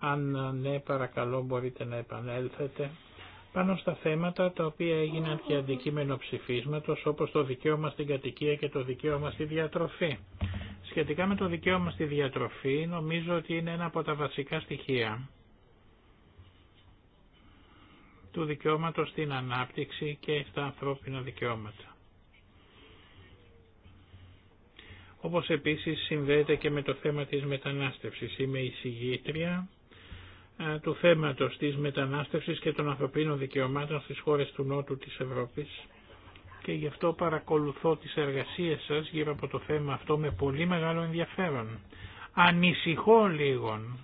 Αν ναι παρακαλώ μπορείτε να επανέλθετε πάνω στα θέματα τα οποία έγιναν και αντικείμενο ψηφίσματος όπως το δικαίωμα στην κατοικία και το δικαίωμα στη διατροφή. Σχετικά με το δικαίωμα στη διατροφή νομίζω ότι είναι ένα από τα βασικά στοιχεία του δικαιώματος στην ανάπτυξη και στα ανθρώπινα δικαιώματα. Όπως επίσης συνδέεται και με το θέμα της μετανάστευσης. Είμαι εισηγήτρια του θέματος της μετανάστευσης και των ανθρωπίνων δικαιωμάτων στις χώρες του Νότου της Ευρώπης και γι' αυτό παρακολουθώ τις εργασίες σας γύρω από το θέμα αυτό με πολύ μεγάλο ενδιαφέρον. Ανησυχώ λίγον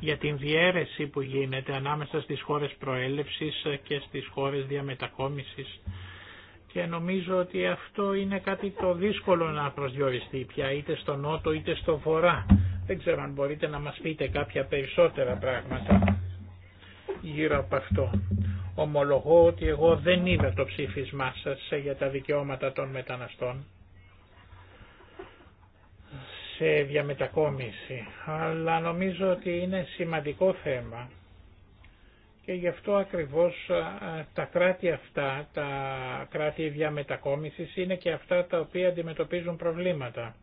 για την διαίρεση που γίνεται ανάμεσα στις χώρες προέλευσης και στις χώρες διαμετακόμισης και νομίζω ότι αυτό είναι κάτι το δύσκολο να προσδιοριστεί πια είτε στο νότο είτε στο βορρά δεν ξέρω αν μπορείτε να μας πείτε κάποια περισσότερα πράγματα γύρω από αυτό. Ομολογώ ότι εγώ δεν είδα το ψήφισμά σας για τα δικαιώματα των μεταναστών σε διαμετακόμιση, αλλά νομίζω ότι είναι σημαντικό θέμα και γι' αυτό ακριβώς τα κράτη αυτά, τα κράτη διαμετακόμισης είναι και αυτά τα οποία αντιμετωπίζουν προβλήματα.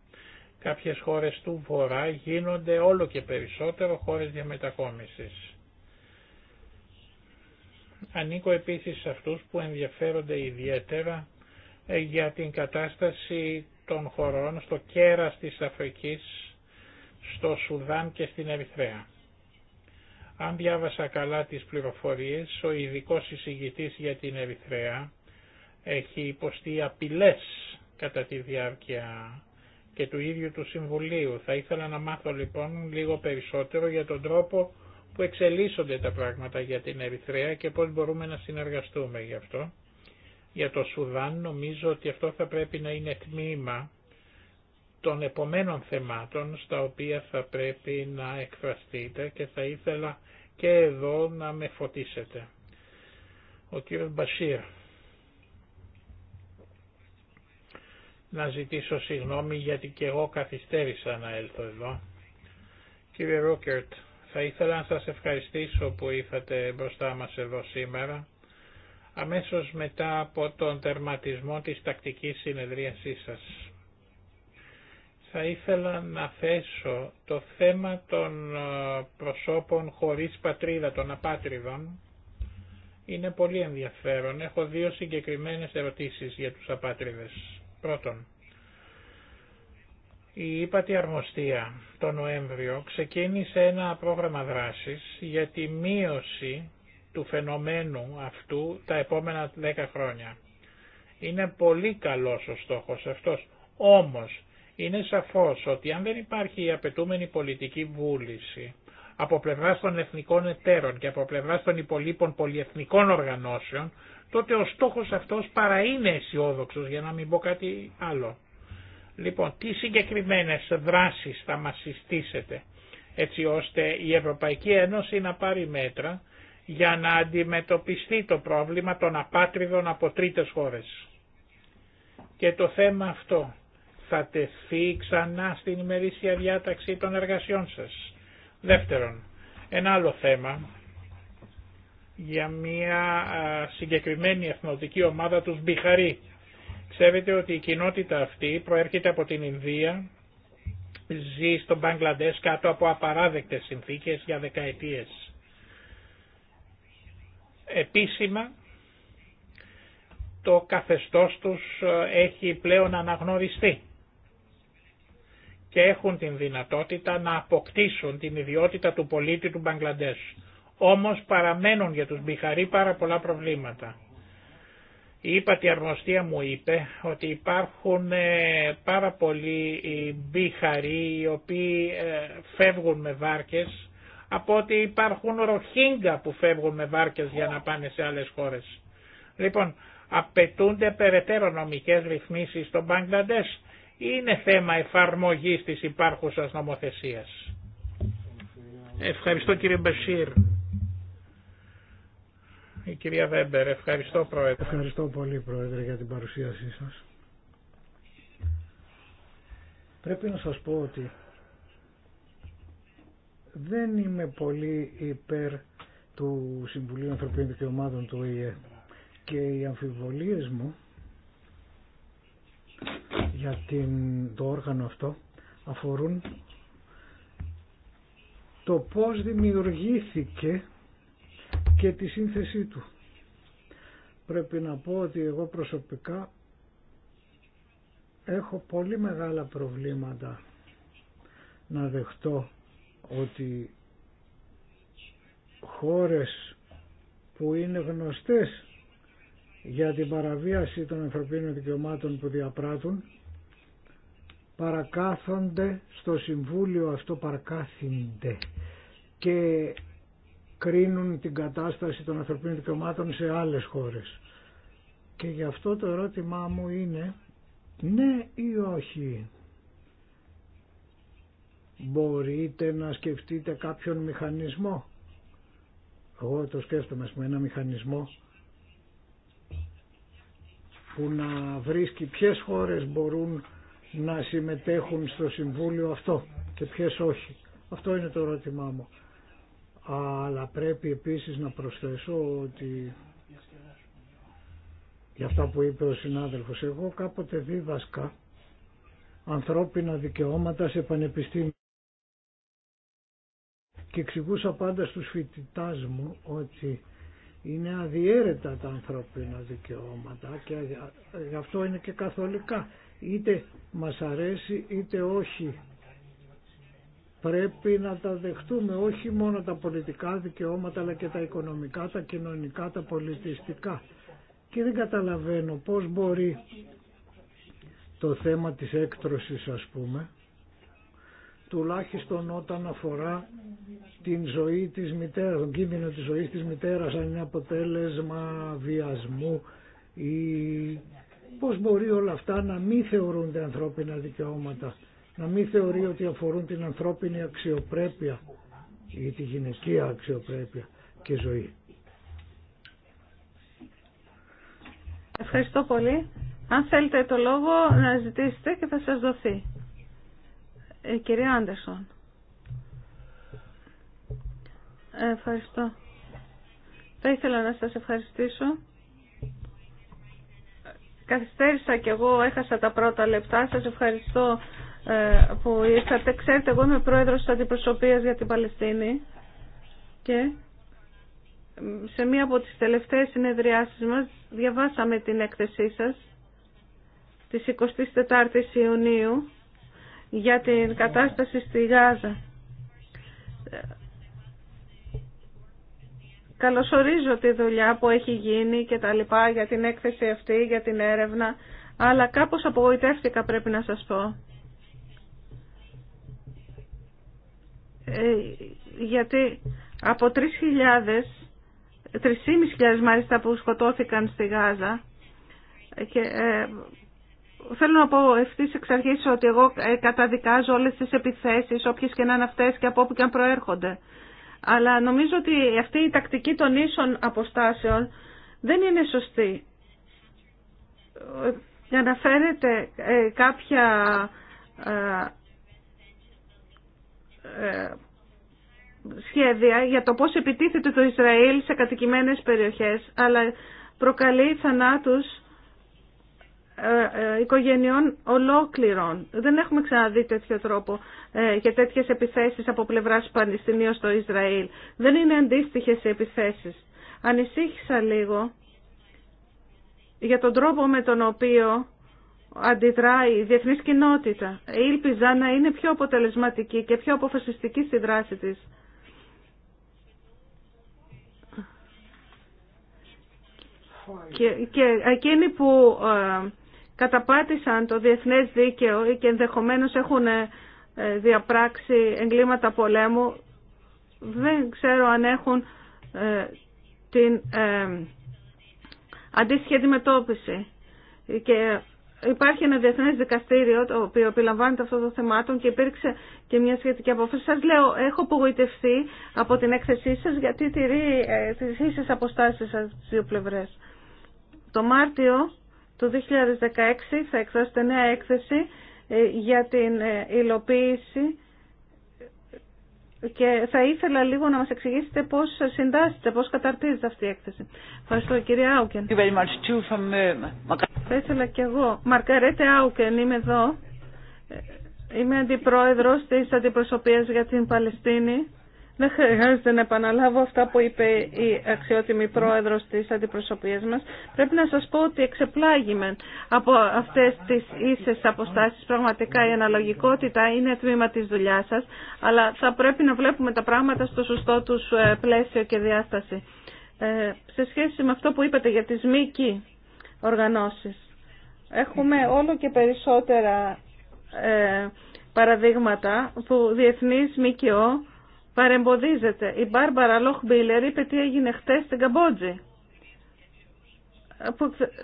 Κάποιες χώρες του Βορρά γίνονται όλο και περισσότερο χώρες διαμετακόμισης. Ανήκω επίσης σε αυτούς που ενδιαφέρονται ιδιαίτερα ε, για την κατάσταση των χωρών στο κέρας της Αφρικής, στο Σουδάν και στην Ερυθρέα. Αν διάβασα καλά τις πληροφορίες, ο ειδικό εισηγητής για την Ερυθρέα έχει υποστεί απειλές κατά τη διάρκεια και του ίδιου του Συμβουλίου. Θα ήθελα να μάθω λοιπόν λίγο περισσότερο για τον τρόπο που εξελίσσονται τα πράγματα για την Ερυθρέα και πώς μπορούμε να συνεργαστούμε γι' αυτό. Για το Σουδάν νομίζω ότι αυτό θα πρέπει να είναι τμήμα των επομένων θεμάτων στα οποία θα πρέπει να εκφραστείτε και θα ήθελα και εδώ να με φωτίσετε. Ο κύριος Μπασίρ. να ζητήσω συγγνώμη γιατί και εγώ καθυστέρησα να έλθω εδώ. Κύριε Ρούκερτ, θα ήθελα να σας ευχαριστήσω που ήρθατε μπροστά μας εδώ σήμερα, αμέσως μετά από τον τερματισμό της τακτικής συνεδρίασής σας. Θα ήθελα να θέσω το θέμα των ε, προσώπων χωρίς πατρίδα, των απάτριδων. Είναι πολύ ενδιαφέρον. Έχω δύο συγκεκριμένες ερωτήσεις για τους απάτριδες. Πρώτον, η ύπατη αρμοστία το Νοέμβριο ξεκίνησε ένα πρόγραμμα δράσης για τη μείωση του φαινομένου αυτού τα επόμενα 10 χρόνια. Είναι πολύ καλός ο στόχος αυτός, όμως είναι σαφώς ότι αν δεν υπάρχει η απαιτούμενη πολιτική βούληση από πλευρά των εθνικών εταίρων και από πλευρά των υπολείπων πολιεθνικών οργανώσεων, τότε ο στόχο αυτό παρά είναι αισιόδοξο για να μην πω κάτι άλλο. Λοιπόν, τι συγκεκριμένες δράσεις θα μα συστήσετε έτσι ώστε η Ευρωπαϊκή Ένωση να πάρει μέτρα για να αντιμετωπιστεί το πρόβλημα των απάτριδων από τρίτες χώρες. Και το θέμα αυτό θα τεθεί ξανά στην ημερήσια διάταξη των εργασιών σας. Δεύτερον, ένα άλλο θέμα για μια συγκεκριμένη εθνοτική ομάδα τους Μπιχαρή. Ξέρετε ότι η κοινότητα αυτή προέρχεται από την Ινδία, ζει στον Μπαγκλαντές κάτω από απαράδεκτες συνθήκες για δεκαετίες. Επίσημα το καθεστώς τους ε, έχει πλέον αναγνωριστεί και έχουν την δυνατότητα να αποκτήσουν την ιδιότητα του πολίτη του Μπαγκλαντές. Όμως παραμένουν για τους Μπιχαροί πάρα πολλά προβλήματα. Η ύπατη αρμοστία μου είπε ότι υπάρχουν ε, πάρα πολλοί Μπιχαροί οι οποίοι ε, φεύγουν με βάρκες από ότι υπάρχουν ροχίνγκα που φεύγουν με βάρκες για να πάνε σε άλλες χώρες. Λοιπόν, απαιτούνται περαιτέρω νομικές ρυθμίσεις στο Μπαγκλαντές είναι θέμα εφαρμογής της υπάρχουσας νομοθεσίας. Ευχαριστώ κύριε Μπεσίρ. Η κυρία Βέμπερ, ευχαριστώ Πρόεδρε. Ευχαριστώ πολύ Πρόεδρε για την παρουσίασή σας. Πρέπει να σας πω ότι δεν είμαι πολύ υπέρ του Συμβουλίου Ανθρωπίνων Δικαιωμάτων του ΟΗΕ και οι αμφιβολίες μου για την, το όργανο αυτό αφορούν το πώς δημιουργήθηκε και τη σύνθεσή του. Πρέπει να πω ότι εγώ προσωπικά έχω πολύ μεγάλα προβλήματα να δεχτώ ότι χώρες που είναι γνωστές για την παραβίαση των ανθρωπίνων δικαιωμάτων που διαπράττουν παρακάθονται στο Συμβούλιο αυτό παρακάθυνται και κρίνουν την κατάσταση των ανθρωπίνων δικαιωμάτων σε άλλες χώρες. Και γι' αυτό το ερώτημά μου είναι ναι ή όχι. Μπορείτε να σκεφτείτε κάποιον μηχανισμό. Εγώ το σκέφτομαι, με ένα μηχανισμό που να βρίσκει ποιες χώρες μπορούν να συμμετέχουν στο Συμβούλιο αυτό και ποιες όχι. Αυτό είναι το ερώτημά μου. Αλλά πρέπει επίσης να προσθέσω ότι για αυτά που είπε ο συνάδελφος, εγώ κάποτε δίδασκα ανθρώπινα δικαιώματα σε πανεπιστήμια και εξηγούσα πάντα στους φοιτητά μου ότι είναι αδιέρετα τα ανθρώπινα δικαιώματα και γι' αυτό είναι και καθολικά είτε μας αρέσει είτε όχι. Πρέπει να τα δεχτούμε όχι μόνο τα πολιτικά δικαιώματα αλλά και τα οικονομικά, τα κοινωνικά, τα πολιτιστικά. Και δεν καταλαβαίνω πώς μπορεί το θέμα της έκτρωσης ας πούμε τουλάχιστον όταν αφορά την ζωή της μητέρας, τον κίνδυνο της ζωής της μητέρας αν είναι αποτέλεσμα βιασμού ή Πώς μπορεί όλα αυτά να μην θεωρούνται ανθρώπινα δικαιώματα, να μην θεωρεί ότι αφορούν την ανθρώπινη αξιοπρέπεια ή τη γυναικεία αξιοπρέπεια και ζωή. Ευχαριστώ πολύ. Αν θέλετε το λόγο να ζητήσετε και θα σας δοθεί. Ε, κυρία Άντερσον. Ε, ευχαριστώ. Θα ήθελα να σας ευχαριστήσω Καθυστέρησα και εγώ, έχασα τα πρώτα λεπτά. Σας ευχαριστώ ε, που ήρθατε. Ξέρετε, εγώ είμαι πρόεδρος της Αντιπροσωπείας για την Παλαιστίνη και σε μία από τις τελευταίες συνεδριάσεις μας διαβάσαμε την έκθεσή σας της 24ης Ιουνίου για την κατάσταση στη Γάζα. Καλωσορίζω τη δουλειά που έχει γίνει και τα λοιπά για την έκθεση αυτή, για την έρευνα, αλλά κάπως απογοητεύτηκα πρέπει να σας πω. Ε, γιατί από 3.000, 3.500 μάλιστα που σκοτώθηκαν στη Γάζα και ε, θέλω να πω ευθύ εξ αρχή ότι εγώ ε, καταδικάζω όλες τις επιθέσεις όποιες και να είναι αυτές και από όπου και αν προέρχονται. Αλλά νομίζω ότι αυτή η τακτική των ίσων αποστάσεων δεν είναι σωστή. Ε, αναφέρεται ε, κάποια ε, σχέδια για το πώς επιτίθεται το Ισραήλ σε κατοικημένες περιοχές, αλλά προκαλεί θανάτους οικογενειών ολόκληρων. Δεν έχουμε ξαναδεί τέτοιο τρόπο για ε, τέτοιες επιθέσεις από πλευράς Πανεπιστημίου στο Ισραήλ. Δεν είναι αντίστοιχες οι επιθέσεις. Ανησύχησα λίγο για τον τρόπο με τον οποίο αντιδράει η διεθνής κοινότητα. Ήλπιζα να είναι πιο αποτελεσματική και πιο αποφασιστική στη δράση της. Και, και εκείνοι που ε, καταπάτησαν το διεθνές δίκαιο και ενδεχομένως έχουν ε, ε, διαπράξει εγκλήματα πολέμου δεν ξέρω αν έχουν ε, την ε, αντίστοιχη αντιμετώπιση. Και υπάρχει ένα διεθνέ δικαστήριο το οποίο επιλαμβάνεται αυτό το θεμάτων και υπήρξε και μια σχετική απόφαση. Σα λέω, έχω απογοητευτεί από την έκθεσή σα γιατί τηρεί ε, τι ίσε αποστάσει σα δύο πλευρέ. Το Μάρτιο του 2016 θα εκδώσετε νέα έκθεση ε, για την ε, υλοποίηση και θα ήθελα λίγο να μας εξηγήσετε πώς συντάσσετε, πώς καταρτίζετε αυτή η έκθεση. Ευχαριστώ κυρία Άουκεν. Ε, θα ήθελα κι εγώ. Μαρκαρέτε Άουκεν, είμαι εδώ. Είμαι αντιπρόεδρος της Αντιπροσωπείας για την Παλαιστίνη δεν χρειάζεται να επαναλάβω αυτά που είπε η αξιότιμη πρόεδρος της αντιπροσωπείας μας. Πρέπει να σας πω ότι εξεπλάγημε από αυτές τις ίσες αποστάσεις. Πραγματικά η αναλογικότητα είναι τμήμα της δουλειά σας, αλλά θα πρέπει να βλέπουμε τα πράγματα στο σωστό τους ε, πλαίσιο και διάσταση. Ε, σε σχέση με αυτό που είπατε για τις μήκη οργανώσεις, έχουμε όλο και περισσότερα ε, παραδείγματα που διεθνείς ΜΚΟ παρεμποδίζεται. Η Μπάρμπαρα Μπίλερ είπε τι έγινε χτε στην Καμπότζη.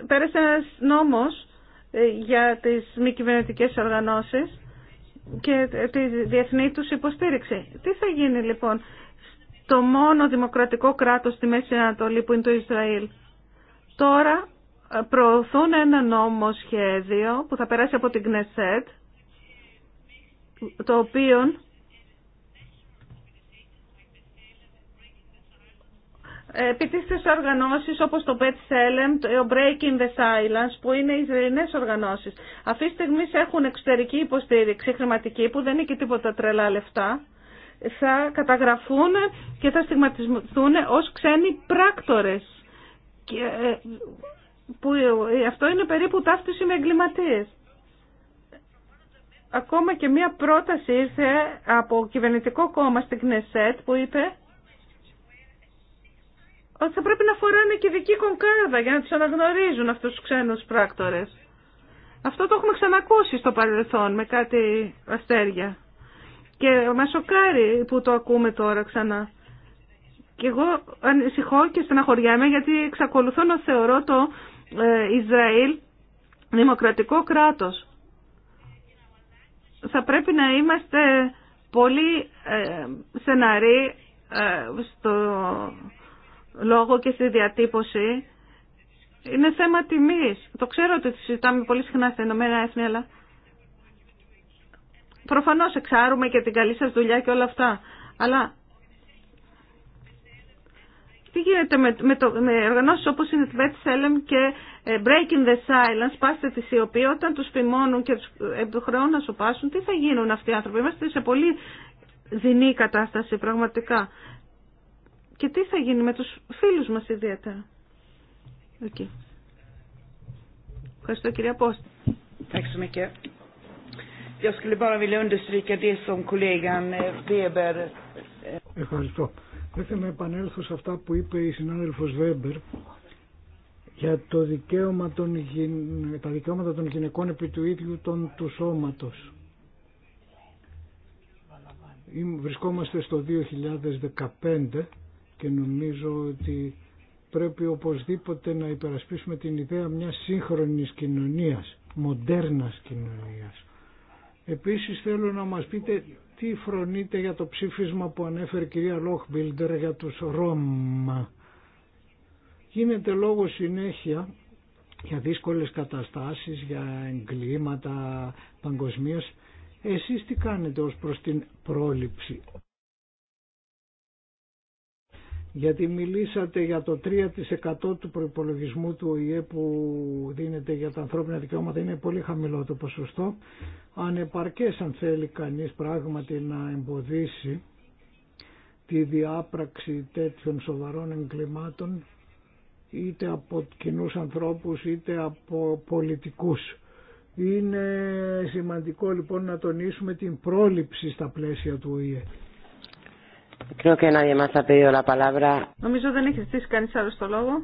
πέρασε ένα νόμος ε, για τις μη κυβερνητικέ οργανώσεις και τη διεθνή του υποστήριξη. Τι θα γίνει λοιπόν στο μόνο δημοκρατικό κράτο στη Μέση Ανατολή που είναι το Ισραήλ. Τώρα ε, προωθούν ένα νόμο σχέδιο που θα περάσει από την Κνεσέτ, το οποίο επί σε οργανώσεις όπως το Pet το Breaking the Silence που είναι οι Ισραηλινές οργανώσεις. Αυτή τη στιγμή έχουν εξωτερική υποστήριξη χρηματική που δεν είναι και τίποτα τρελά λεφτά. Θα καταγραφούν και θα στιγματιστούν ως ξένοι πράκτορες. Ε, που, ε, αυτό είναι περίπου ταύτιση με εγκληματίες. Ακόμα και μία πρόταση ήρθε από κυβερνητικό κόμμα στην Κνεσέτ που είπε ότι θα πρέπει να φοράνε και δική κονκάρδα για να τους αναγνωρίζουν αυτούς τους ξένους πράκτορες. Αυτό το έχουμε ξανακούσει στο παρελθόν με κάτι αστέρια. Και μας σοκάρει που το ακούμε τώρα ξανά. Και εγώ ανησυχώ και στεναχωριάμαι γιατί εξακολουθώ να θεωρώ το ε, Ισραήλ δημοκρατικό κράτος. Θα πρέπει να είμαστε πολύ ε, στεναροί ε, στο Λόγω και στη διατύπωση είναι θέμα τιμής. Το ξέρω ότι συζητάμε πολύ συχνά στα Ηνωμένα Έθνη, αλλά προφανώς εξάρουμε και την καλή σας δουλειά και όλα αυτά. Αλλά τι γίνεται με, με, το, με οργανώσεις όπως είναι Vet και ε, Breaking the Silence, πάστε τη σιωπή, όταν τους φημώνουν και τους επιχρεώνουν να πάσουν, τι θα γίνουν αυτοί οι άνθρωποι. Είμαστε σε πολύ δεινή κατάσταση πραγματικά. Και τι θα γίνει με τους φίλους μας ιδιαίτερα. Okay. Ευχαριστώ κυρία Πόστη. Ευχαριστώ. Δεν θέλω να επανέλθω σε αυτά που είπε η συνάδελφος Βέμπερ για το δικαίωμα των γυ... τα δικαιώματα των γυναικών επί του ίδιου των, του σώματος. Βρισκόμαστε στο 2015 και νομίζω ότι πρέπει οπωσδήποτε να υπερασπίσουμε την ιδέα μιας σύγχρονης κοινωνίας, μοντέρνας κοινωνίας. Επίσης θέλω να μας πείτε τι φρονείτε για το ψήφισμα που ανέφερε η κυρία Λόχμπιλντερ για τους Ρώμα. Γίνεται λόγο συνέχεια για δύσκολες καταστάσεις, για εγκλήματα παγκοσμίω. Εσείς τι κάνετε ως προς την πρόληψη γιατί μιλήσατε για το 3% του προϋπολογισμού του ΟΗΕ που δίνεται για τα ανθρώπινα δικαιώματα. Είναι πολύ χαμηλό το ποσοστό. Ανεπαρκές αν θέλει κανείς πράγματι να εμποδίσει τη διάπραξη τέτοιων σοβαρών εγκλημάτων είτε από κοινού ανθρώπους είτε από πολιτικούς. Είναι σημαντικό λοιπόν να τονίσουμε την πρόληψη στα πλαίσια του ΟΗΕ. Νομίζω δεν έχει ζητήσει κανείς άλλο το λόγο.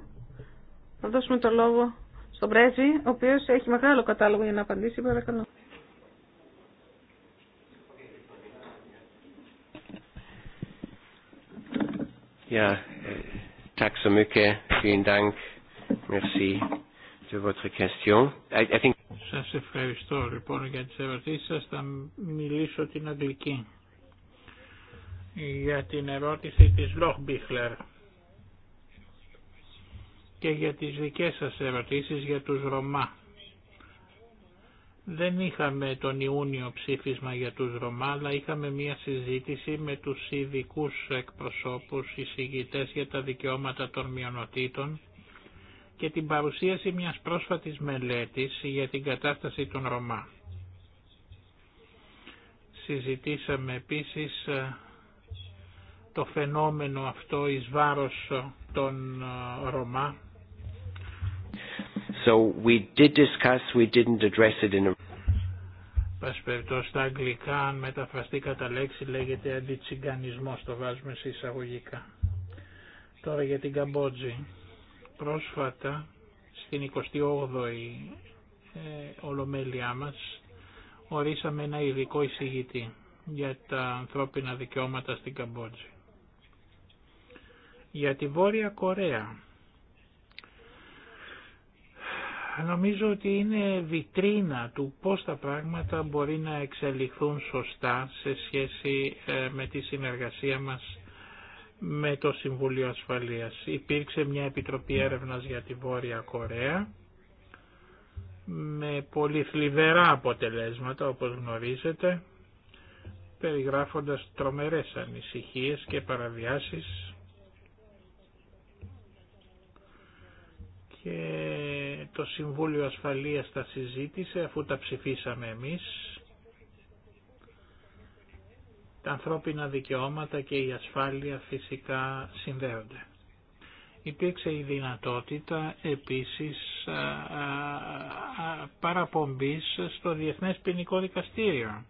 Θα δώσουμε το λόγο στον πρέσβη, ο οποίος έχει μεγάλο κατάλογο για να απαντήσει. Παρακαλώ. Ja, tack så mycket. Vielen Dank. Σας ευχαριστώ λοιπόν για τις ερωτήσεις σας. Θα μιλήσω την Αγγλική για την ερώτηση της Λόχμπιχλερ και για τις δικές σας ερωτήσεις για τους Ρωμά. Δεν είχαμε τον Ιούνιο ψήφισμα για τους Ρωμά, αλλά είχαμε μία συζήτηση με τους ειδικού εκπροσώπους, εισηγητές για τα δικαιώματα των μειονοτήτων και την παρουσίαση μιας πρόσφατης μελέτης για την κατάσταση των Ρωμά. Συζητήσαμε επίσης ε, το φαινόμενο αυτό εις βάρος των ε, Ρωμά. So we did discuss, we didn't address it in a... στα αγγλικά, αν μεταφραστεί κατά λέξη, λέγεται αντιτσιγκανισμός, το βάζουμε σε εισαγωγικά. Τώρα για την Καμπότζη. Πρόσφατα, στην 28η ε, ολομέλειά μας, ορίσαμε ένα ειδικό εισηγητή για τα ανθρώπινα δικαιώματα στην Καμπότζη. Για τη Βόρεια Κορέα. Νομίζω ότι είναι βιτρίνα του πώς τα πράγματα μπορεί να εξελιχθούν σωστά σε σχέση ε, με τη συνεργασία μας με το Συμβούλιο Ασφαλείας. Υπήρξε μια Επιτροπή Έρευνας για τη Βόρεια Κορέα με πολύ θλιβερά αποτελέσματα όπως γνωρίζετε περιγράφοντας τρομερές ανησυχίες και παραβιάσεις και το Συμβούλιο Ασφαλείας τα συζήτησε αφού τα ψηφίσαμε εμείς. Τα ανθρώπινα δικαιώματα και η ασφάλεια φυσικά συνδέονται. Υπήρξε η δυνατότητα επίσης παραπομπής στο Διεθνές Ποινικό Δικαστήριο.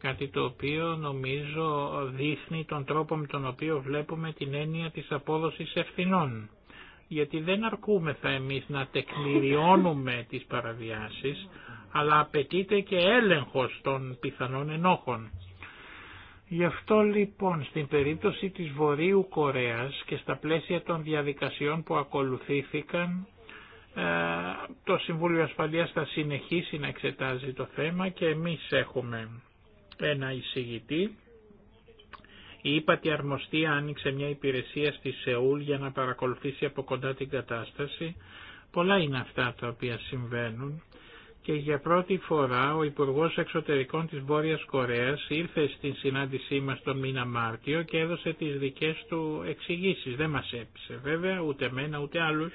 Κάτι το οποίο νομίζω δείχνει τον τρόπο με τον οποίο βλέπουμε την έννοια της απόδοσης ευθυνών γιατί δεν αρκούμεθα εμείς να τεκμηριώνουμε τις παραβιάσεις, αλλά απαιτείται και έλεγχος των πιθανών ενόχων. Γι' αυτό λοιπόν στην περίπτωση της Βορείου Κορέας και στα πλαίσια των διαδικασιών που ακολουθήθηκαν, ε, το Συμβούλιο Ασφαλείας θα συνεχίσει να εξετάζει το θέμα και εμείς έχουμε ένα εισηγητή η ύπατη αρμοστία άνοιξε μια υπηρεσία στη Σεούλ για να παρακολουθήσει από κοντά την κατάσταση. Πολλά είναι αυτά τα οποία συμβαίνουν και για πρώτη φορά ο Υπουργός Εξωτερικών της Βόρειας Κορέας ήρθε στην συνάντησή μας τον μήνα Μάρτιο και έδωσε τις δικές του εξηγήσεις. Δεν μας έπεισε βέβαια ούτε εμένα ούτε άλλους,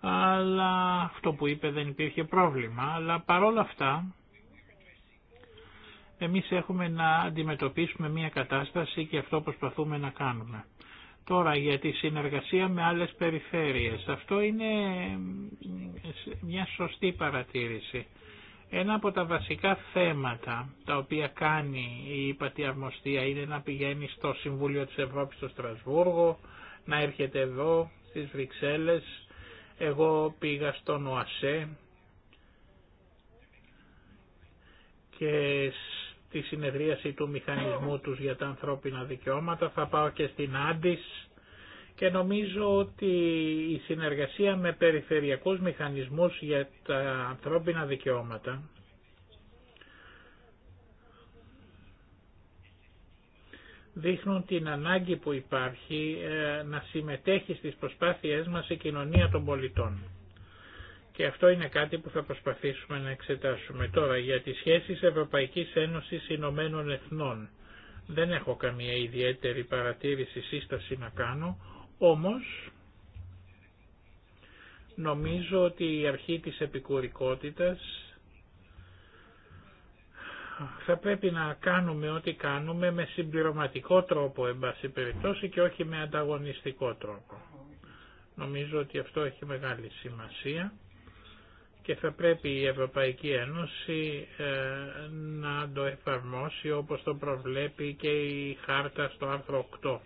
αλλά αυτό που είπε δεν υπήρχε πρόβλημα. Αλλά παρόλα αυτά εμείς έχουμε να αντιμετωπίσουμε μια κατάσταση και αυτό προσπαθούμε να κάνουμε. Τώρα για τη συνεργασία με άλλες περιφέρειες. Αυτό είναι μια σωστή παρατήρηση. Ένα από τα βασικά θέματα τα οποία κάνει η ΥΠΑΤΗ Αρμοστία είναι να πηγαίνει στο Συμβούλιο της Ευρώπης στο Στρασβούργο, να έρχεται εδώ στις Βρυξέλλες. Εγώ πήγα στον ΟΑΣΕ και τη συνεδρίαση του μηχανισμού τους για τα ανθρώπινα δικαιώματα, θα πάω και στην Άντις και νομίζω ότι η συνεργασία με περιφερειακούς μηχανισμούς για τα ανθρώπινα δικαιώματα δείχνουν την ανάγκη που υπάρχει ε, να συμμετέχει στις προσπάθειές μας η κοινωνία των πολιτών. Και αυτό είναι κάτι που θα προσπαθήσουμε να εξετάσουμε τώρα για τις σχέσεις Ευρωπαϊκής Ένωσης Ηνωμένων Εθνών. Δεν έχω καμία ιδιαίτερη παρατήρηση σύσταση να κάνω, όμως νομίζω ότι η αρχή της επικουρικότητας θα πρέπει να κάνουμε ό,τι κάνουμε με συμπληρωματικό τρόπο εν περιπτώσει και όχι με ανταγωνιστικό τρόπο. Νομίζω ότι αυτό έχει μεγάλη σημασία και θα πρέπει η Ευρωπαϊκή Ένωση ε, να το εφαρμόσει όπως το προβλέπει και η χάρτα στο άρθρο 8.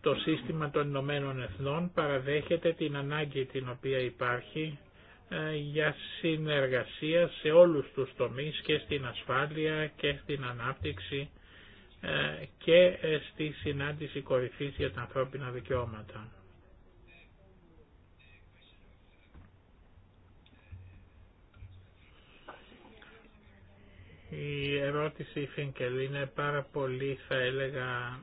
Το σύστημα των Ηνωμένων Εθνών παραδέχεται την ανάγκη την οποία υπάρχει ε, για συνεργασία σε όλους τους τομείς και στην ασφάλεια και στην ανάπτυξη ε, και στη συνάντηση κορυφής για τα ανθρώπινα δικαιώματα. Η ερώτηση Φίνκελ είναι πάρα πολύ θα έλεγα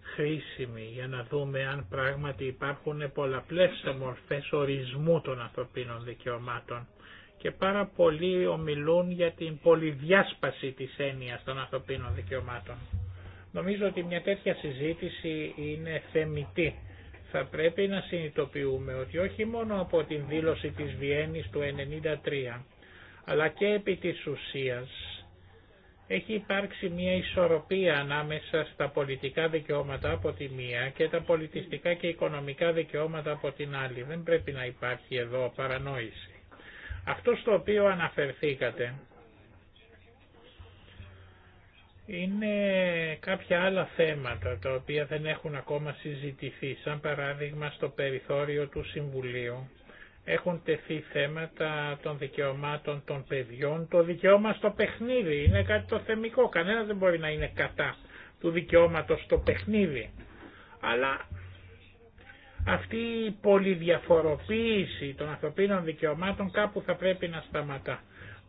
χρήσιμη για να δούμε αν πράγματι υπάρχουν πολλαπλές μορφές ορισμού των ανθρωπίνων δικαιωμάτων και πάρα πολλοί ομιλούν για την πολυδιάσπαση της έννοιας των ανθρωπίνων δικαιωμάτων. Νομίζω ότι μια τέτοια συζήτηση είναι θεμητή. Θα πρέπει να συνειδητοποιούμε ότι όχι μόνο από την δήλωση της Βιέννης του 1993 αλλά και επί της ουσίας έχει υπάρξει μια ισορροπία ανάμεσα στα πολιτικά δικαιώματα από τη μία και τα πολιτιστικά και οικονομικά δικαιώματα από την άλλη. Δεν πρέπει να υπάρχει εδώ παρανόηση. Αυτό στο οποίο αναφερθήκατε είναι κάποια άλλα θέματα τα οποία δεν έχουν ακόμα συζητηθεί, σαν παράδειγμα στο περιθώριο του Συμβουλίου έχουν τεθεί θέματα των δικαιωμάτων των παιδιών. Το δικαίωμα στο παιχνίδι είναι κάτι το θεμικό. Κανένα δεν μπορεί να είναι κατά του δικαιώματος στο παιχνίδι. Αλλά αυτή η πολυδιαφοροποίηση των ανθρωπίνων δικαιωμάτων κάπου θα πρέπει να σταματά.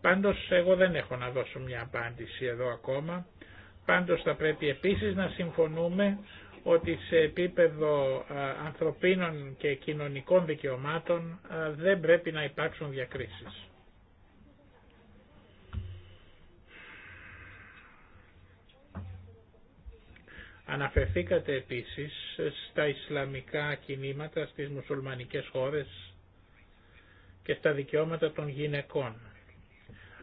Πάντως εγώ δεν έχω να δώσω μια απάντηση εδώ ακόμα. Πάντως θα πρέπει επίσης να συμφωνούμε ότι σε επίπεδο ε, ανθρωπίνων και κοινωνικών δικαιωμάτων ε, δεν πρέπει να υπάρξουν διακρίσεις. Αναφερθήκατε επίσης στα Ισλαμικά κινήματα στις μουσουλμανικές χώρες και στα δικαιώματα των γυναικών.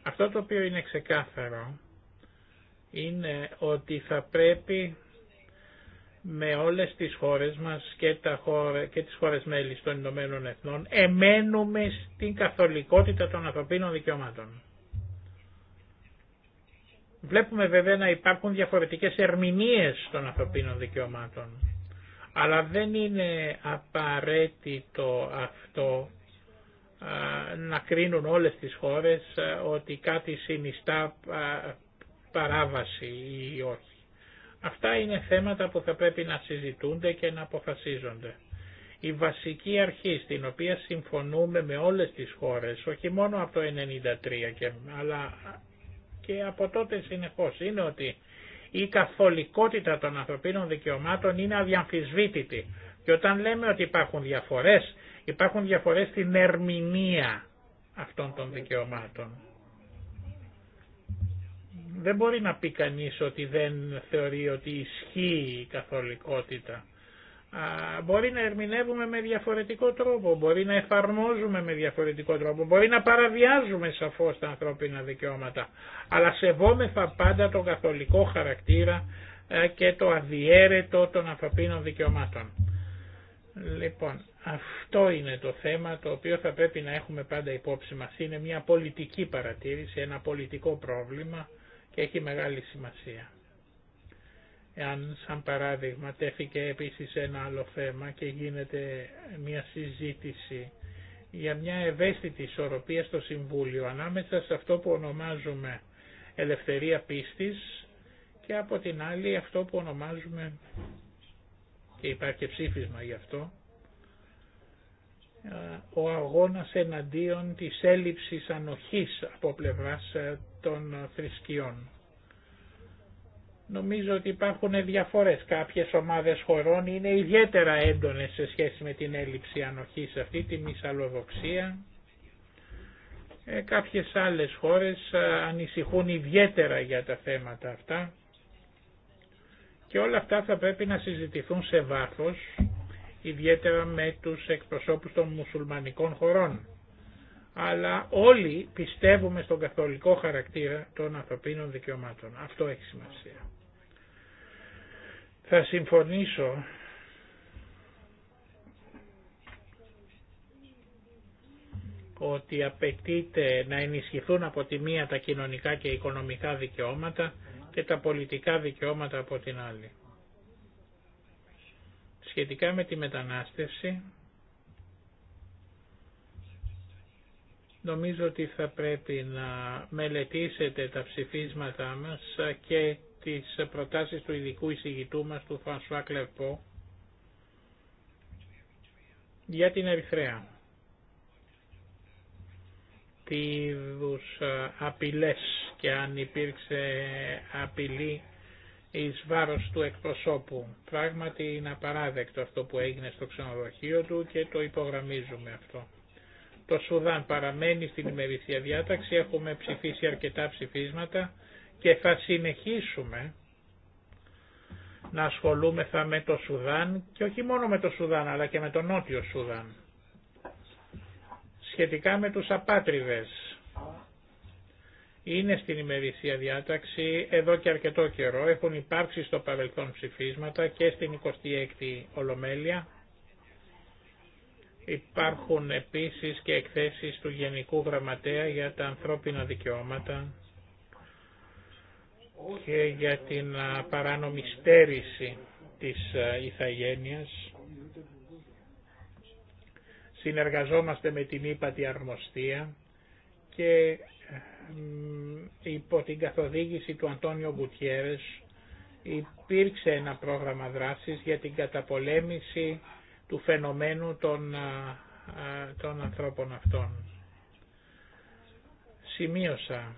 Αυτό το οποίο είναι ξεκάθαρο είναι ότι θα πρέπει με όλες τις χώρες μας και, χώρα, τις χώρες μέλη των Ηνωμένων Εθνών εμένουμε στην καθολικότητα των ανθρωπίνων δικαιωμάτων. Βλέπουμε βέβαια να υπάρχουν διαφορετικές ερμηνείες των ανθρωπίνων δικαιωμάτων. Αλλά δεν είναι απαραίτητο αυτό να κρίνουν όλες τις χώρες ότι κάτι συνιστά παράβαση ή όχι. Αυτά είναι θέματα που θα πρέπει να συζητούνται και να αποφασίζονται. Η βασική αρχή στην οποία συμφωνούμε με όλες τις χώρες, όχι μόνο από το 1993 αλλά και από τότε συνεχώς, είναι ότι η καθολικότητα των ανθρωπίνων δικαιωμάτων είναι αδιαμφισβήτητη. Και όταν λέμε ότι υπάρχουν διαφορές, υπάρχουν διαφορές στην ερμηνεία αυτών των δικαιωμάτων δεν μπορεί να πει κανείς ότι δεν θεωρεί ότι ισχύει η καθολικότητα. Μπορεί να ερμηνεύουμε με διαφορετικό τρόπο, μπορεί να εφαρμόζουμε με διαφορετικό τρόπο, μπορεί να παραβιάζουμε σαφώς τα ανθρώπινα δικαιώματα, αλλά σεβόμεθα πάντα το καθολικό χαρακτήρα ε, και το αδιέρετο των ανθρωπίνων δικαιωμάτων. Λοιπόν, αυτό είναι το θέμα το οποίο θα πρέπει να έχουμε πάντα υπόψη μας. Είναι μια πολιτική παρατήρηση, ένα πολιτικό πρόβλημα και έχει μεγάλη σημασία. Εάν σαν παράδειγμα τέθηκε επίσης ένα άλλο θέμα και γίνεται μια συζήτηση για μια ευαίσθητη ισορροπία στο Συμβούλιο ανάμεσα σε αυτό που ονομάζουμε ελευθερία πίστης και από την άλλη αυτό που ονομάζουμε και υπάρχει και ψήφισμα γι' αυτό ε, ο αγώνας εναντίον της έλλειψης ανοχής από πλευράς ε, των θρησκειών. Νομίζω ότι υπάρχουν διαφορές. Κάποιες ομάδες χωρών είναι ιδιαίτερα έντονες σε σχέση με την έλλειψη ανοχής αυτή, τη μυσαλλοδοξία. Ε, κάποιες άλλες χώρες ε, ανησυχούν ιδιαίτερα για τα θέματα αυτά και όλα αυτά θα πρέπει να συζητηθούν σε βάθος, ιδιαίτερα με τους εκπροσώπους των μουσουλμανικών χωρών αλλά όλοι πιστεύουμε στον καθολικό χαρακτήρα των ανθρωπίνων δικαιωμάτων. Αυτό έχει σημασία. Θα συμφωνήσω ότι απαιτείται να ενισχυθούν από τη μία τα κοινωνικά και οικονομικά δικαιώματα και τα πολιτικά δικαιώματα από την άλλη. Σχετικά με τη μετανάστευση, Νομίζω ότι θα πρέπει να μελετήσετε τα ψηφίσματά μας και τις προτάσεις του ειδικού εισηγητού μας, του Φανσουά Κλερπό, για την Ερυθρέα. Τι είδου απειλές και αν υπήρξε απειλή εις βάρος του εκπροσώπου. Πράγματι είναι απαράδεκτο αυτό που έγινε στο ξενοδοχείο του και το υπογραμμίζουμε αυτό. Το Σουδάν παραμένει στην ημερησία διάταξη, έχουμε ψηφίσει αρκετά ψηφίσματα και θα συνεχίσουμε να ασχολούμεθα με το Σουδάν και όχι μόνο με το Σουδάν αλλά και με το Νότιο Σουδάν. Σχετικά με τους απάτριδες. Είναι στην ημερησία διάταξη εδώ και αρκετό καιρό. Έχουν υπάρξει στο παρελθόν ψηφίσματα και στην 26η Ολομέλεια Υπάρχουν επίσης και εκθέσεις του Γενικού Γραμματέα για τα ανθρώπινα δικαιώματα και για την παράνομη στέρηση της ιθαγένειας. Συνεργαζόμαστε με την ύπατη αρμοστία και ε, υπό την καθοδήγηση του Αντώνιο Γκουτιέρες υπήρξε ένα πρόγραμμα δράσης για την καταπολέμηση του φαινομένου των, ανθρώπων αυτών. Σημείωσα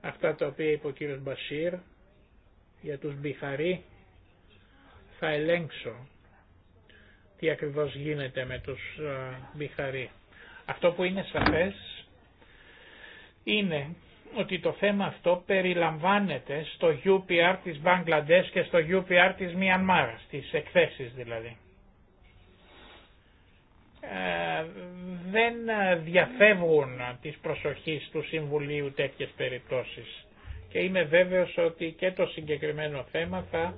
αυτά τα οποία είπε ο κύριος Μπασίρ για τους Μπιχαρί. Θα ελέγξω τι ακριβώς γίνεται με τους Μπιχαρί. Αυτό που είναι σαφές είναι ότι το θέμα αυτό περιλαμβάνεται στο UPR της Μπαγκλαντές και στο UPR της Μιανμάρα, στις εκθέσεις δηλαδή. Ε, δεν διαφεύγουν της προσοχής του Συμβουλίου τέτοιες περιπτώσεις και είμαι βέβαιος ότι και το συγκεκριμένο θέμα θα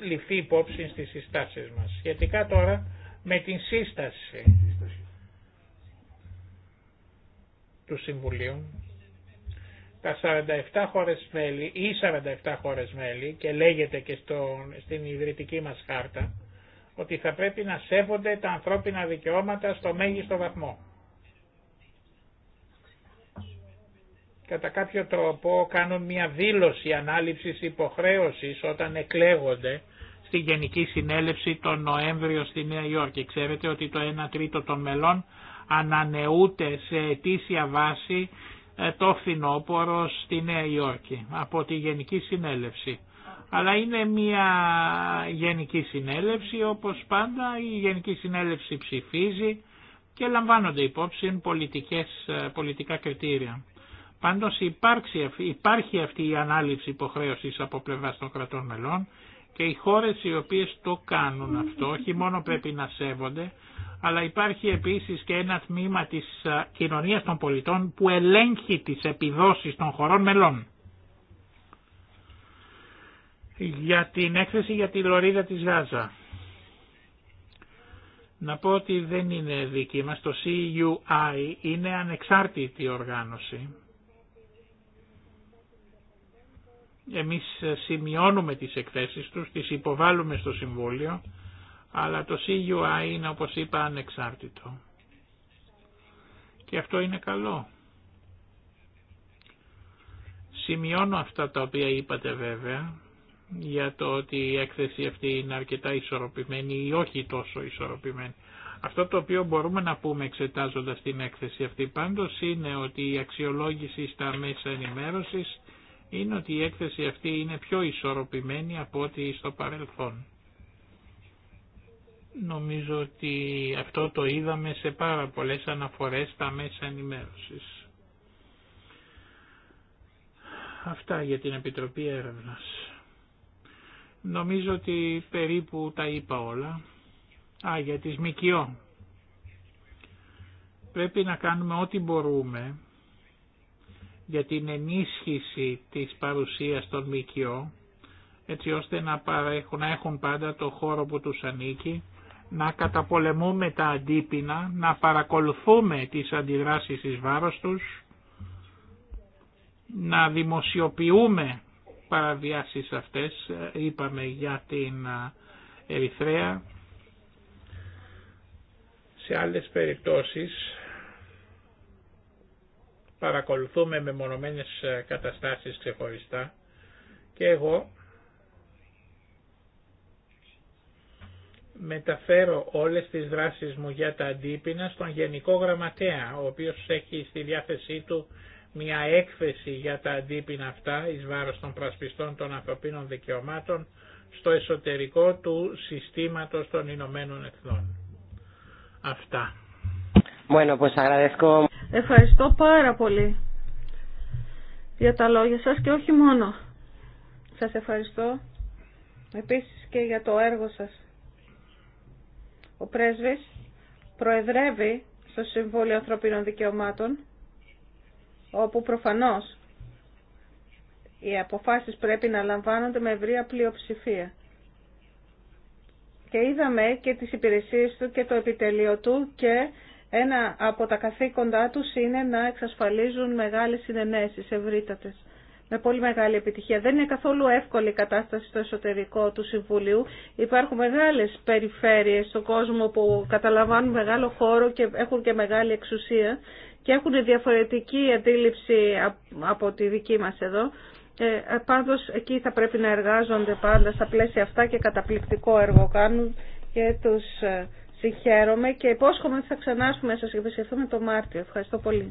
ληφθεί υπόψη στις συστάσεις μας. Σχετικά τώρα με την σύσταση του Συμβουλίου τα 47 χώρες μέλη ή 47 χώρες μέλη και λέγεται και στο, στην ιδρυτική μας χάρτα ότι θα πρέπει να σέβονται τα ανθρώπινα δικαιώματα στο μέγιστο βαθμό. Κατά κάποιο τρόπο κάνουν μια δήλωση ανάληψης υποχρέωσης όταν εκλέγονται στη Γενική Συνέλευση τον Νοέμβριο στη Νέα Υόρκη. Ξέρετε ότι το 1 τρίτο των μελών ανανεούται σε αιτήσια βάση ε, το φθινόπωρο στη Νέα Υόρκη από τη Γενική Συνέλευση. Αλλά είναι μια Γενική Συνέλευση όπως πάντα η Γενική Συνέλευση ψηφίζει και λαμβάνονται υπόψη πολιτικές, ε, πολιτικά κριτήρια. Πάντως υπάρχει αυτή η ανάληψη υποχρέωσης από πλευράς των κρατών μελών και οι χώρες οι οποίες το κάνουν αυτό όχι μόνο πρέπει να σέβονται αλλά υπάρχει επίσης και ένα τμήμα της κοινωνίας των πολιτών που ελέγχει τις επιδόσεις των χωρών μελών. Για την έκθεση για τη Λωρίδα της Γάζα. Να πω ότι δεν είναι δική μας, το CUI είναι ανεξάρτητη οργάνωση. Εμείς σημειώνουμε τις εκθέσεις τους, τις υποβάλλουμε στο Συμβούλιο αλλά το CUI είναι όπως είπα ανεξάρτητο. Και αυτό είναι καλό. Σημειώνω αυτά τα οποία είπατε βέβαια για το ότι η έκθεση αυτή είναι αρκετά ισορροπημένη ή όχι τόσο ισορροπημένη. Αυτό το οποίο μπορούμε να πούμε εξετάζοντας την έκθεση αυτή πάντως είναι ότι η αξιολόγηση στα μέσα ενημέρωσης είναι ότι η έκθεση αυτή είναι πιο ισορροπημένη από ό,τι στο παρελθόν. Νομίζω ότι αυτό το είδαμε σε πάρα πολλές αναφορές στα μέσα ενημέρωσης. Αυτά για την Επιτροπή Έρευνας. Νομίζω ότι περίπου τα είπα όλα. Α, για τις ΜΚΙΟ. Πρέπει να κάνουμε ό,τι μπορούμε για την ενίσχυση της παρουσίας των ΜΚΙΟ, έτσι ώστε να, να έχουν πάντα το χώρο που τους ανήκει να καταπολεμούμε τα αντίπεινα, να παρακολουθούμε τις αντιδράσεις εις βάρος τους, να δημοσιοποιούμε παραβιάσεις αυτές, ε, είπαμε για την ε, Ερυθρέα. Σε άλλες περιπτώσεις παρακολουθούμε μεμονωμένες ε, καταστάσεις ξεχωριστά και εγώ μεταφέρω όλες τις δράσεις μου για τα αντίπεινα στον Γενικό Γραμματέα, ο οποίος έχει στη διάθεσή του μια έκθεση για τα αντίπεινα αυτά εις βάρος των πρασπιστών των ανθρωπίνων δικαιωμάτων στο εσωτερικό του συστήματος των Ηνωμένων Εθνών. Αυτά. Ευχαριστώ πάρα πολύ για τα λόγια σας και όχι μόνο. Σας ευχαριστώ επίσης και για το έργο σας. Ο πρέσβης προεδρεύει στο Συμβούλιο Ανθρωπίνων Δικαιωμάτων, όπου προφανώς οι αποφάσεις πρέπει να λαμβάνονται με ευρία πλειοψηφία. Και είδαμε και τις υπηρεσίες του και το επιτελείο του και ένα από τα καθήκοντά τους είναι να εξασφαλίζουν μεγάλες συνενέσεις ευρύτατες με πολύ μεγάλη επιτυχία. Δεν είναι καθόλου εύκολη η κατάσταση στο εσωτερικό του Συμβουλίου. Υπάρχουν μεγάλες περιφέρειες στον κόσμο που καταλαμβάνουν μεγάλο χώρο και έχουν και μεγάλη εξουσία και έχουν διαφορετική αντίληψη από τη δική μας εδώ. Ε, πάντως εκεί θα πρέπει να εργάζονται πάντα στα πλαίσια αυτά και καταπληκτικό έργο κάνουν και τους ε, συγχαίρομαι και υπόσχομαι ότι θα ξανάρθουμε να σας επισκεφθούμε το Μάρτιο. Ευχαριστώ πολύ.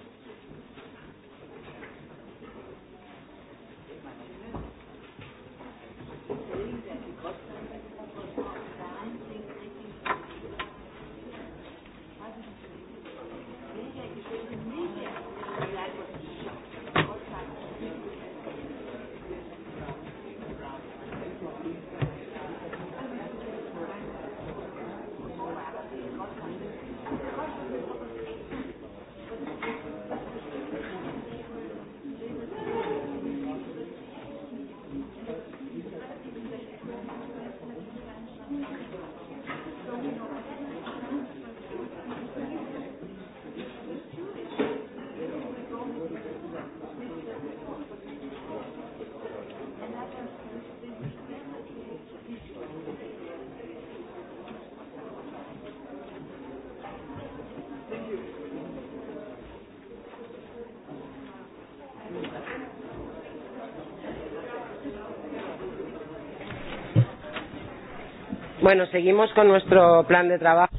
Bueno, seguimos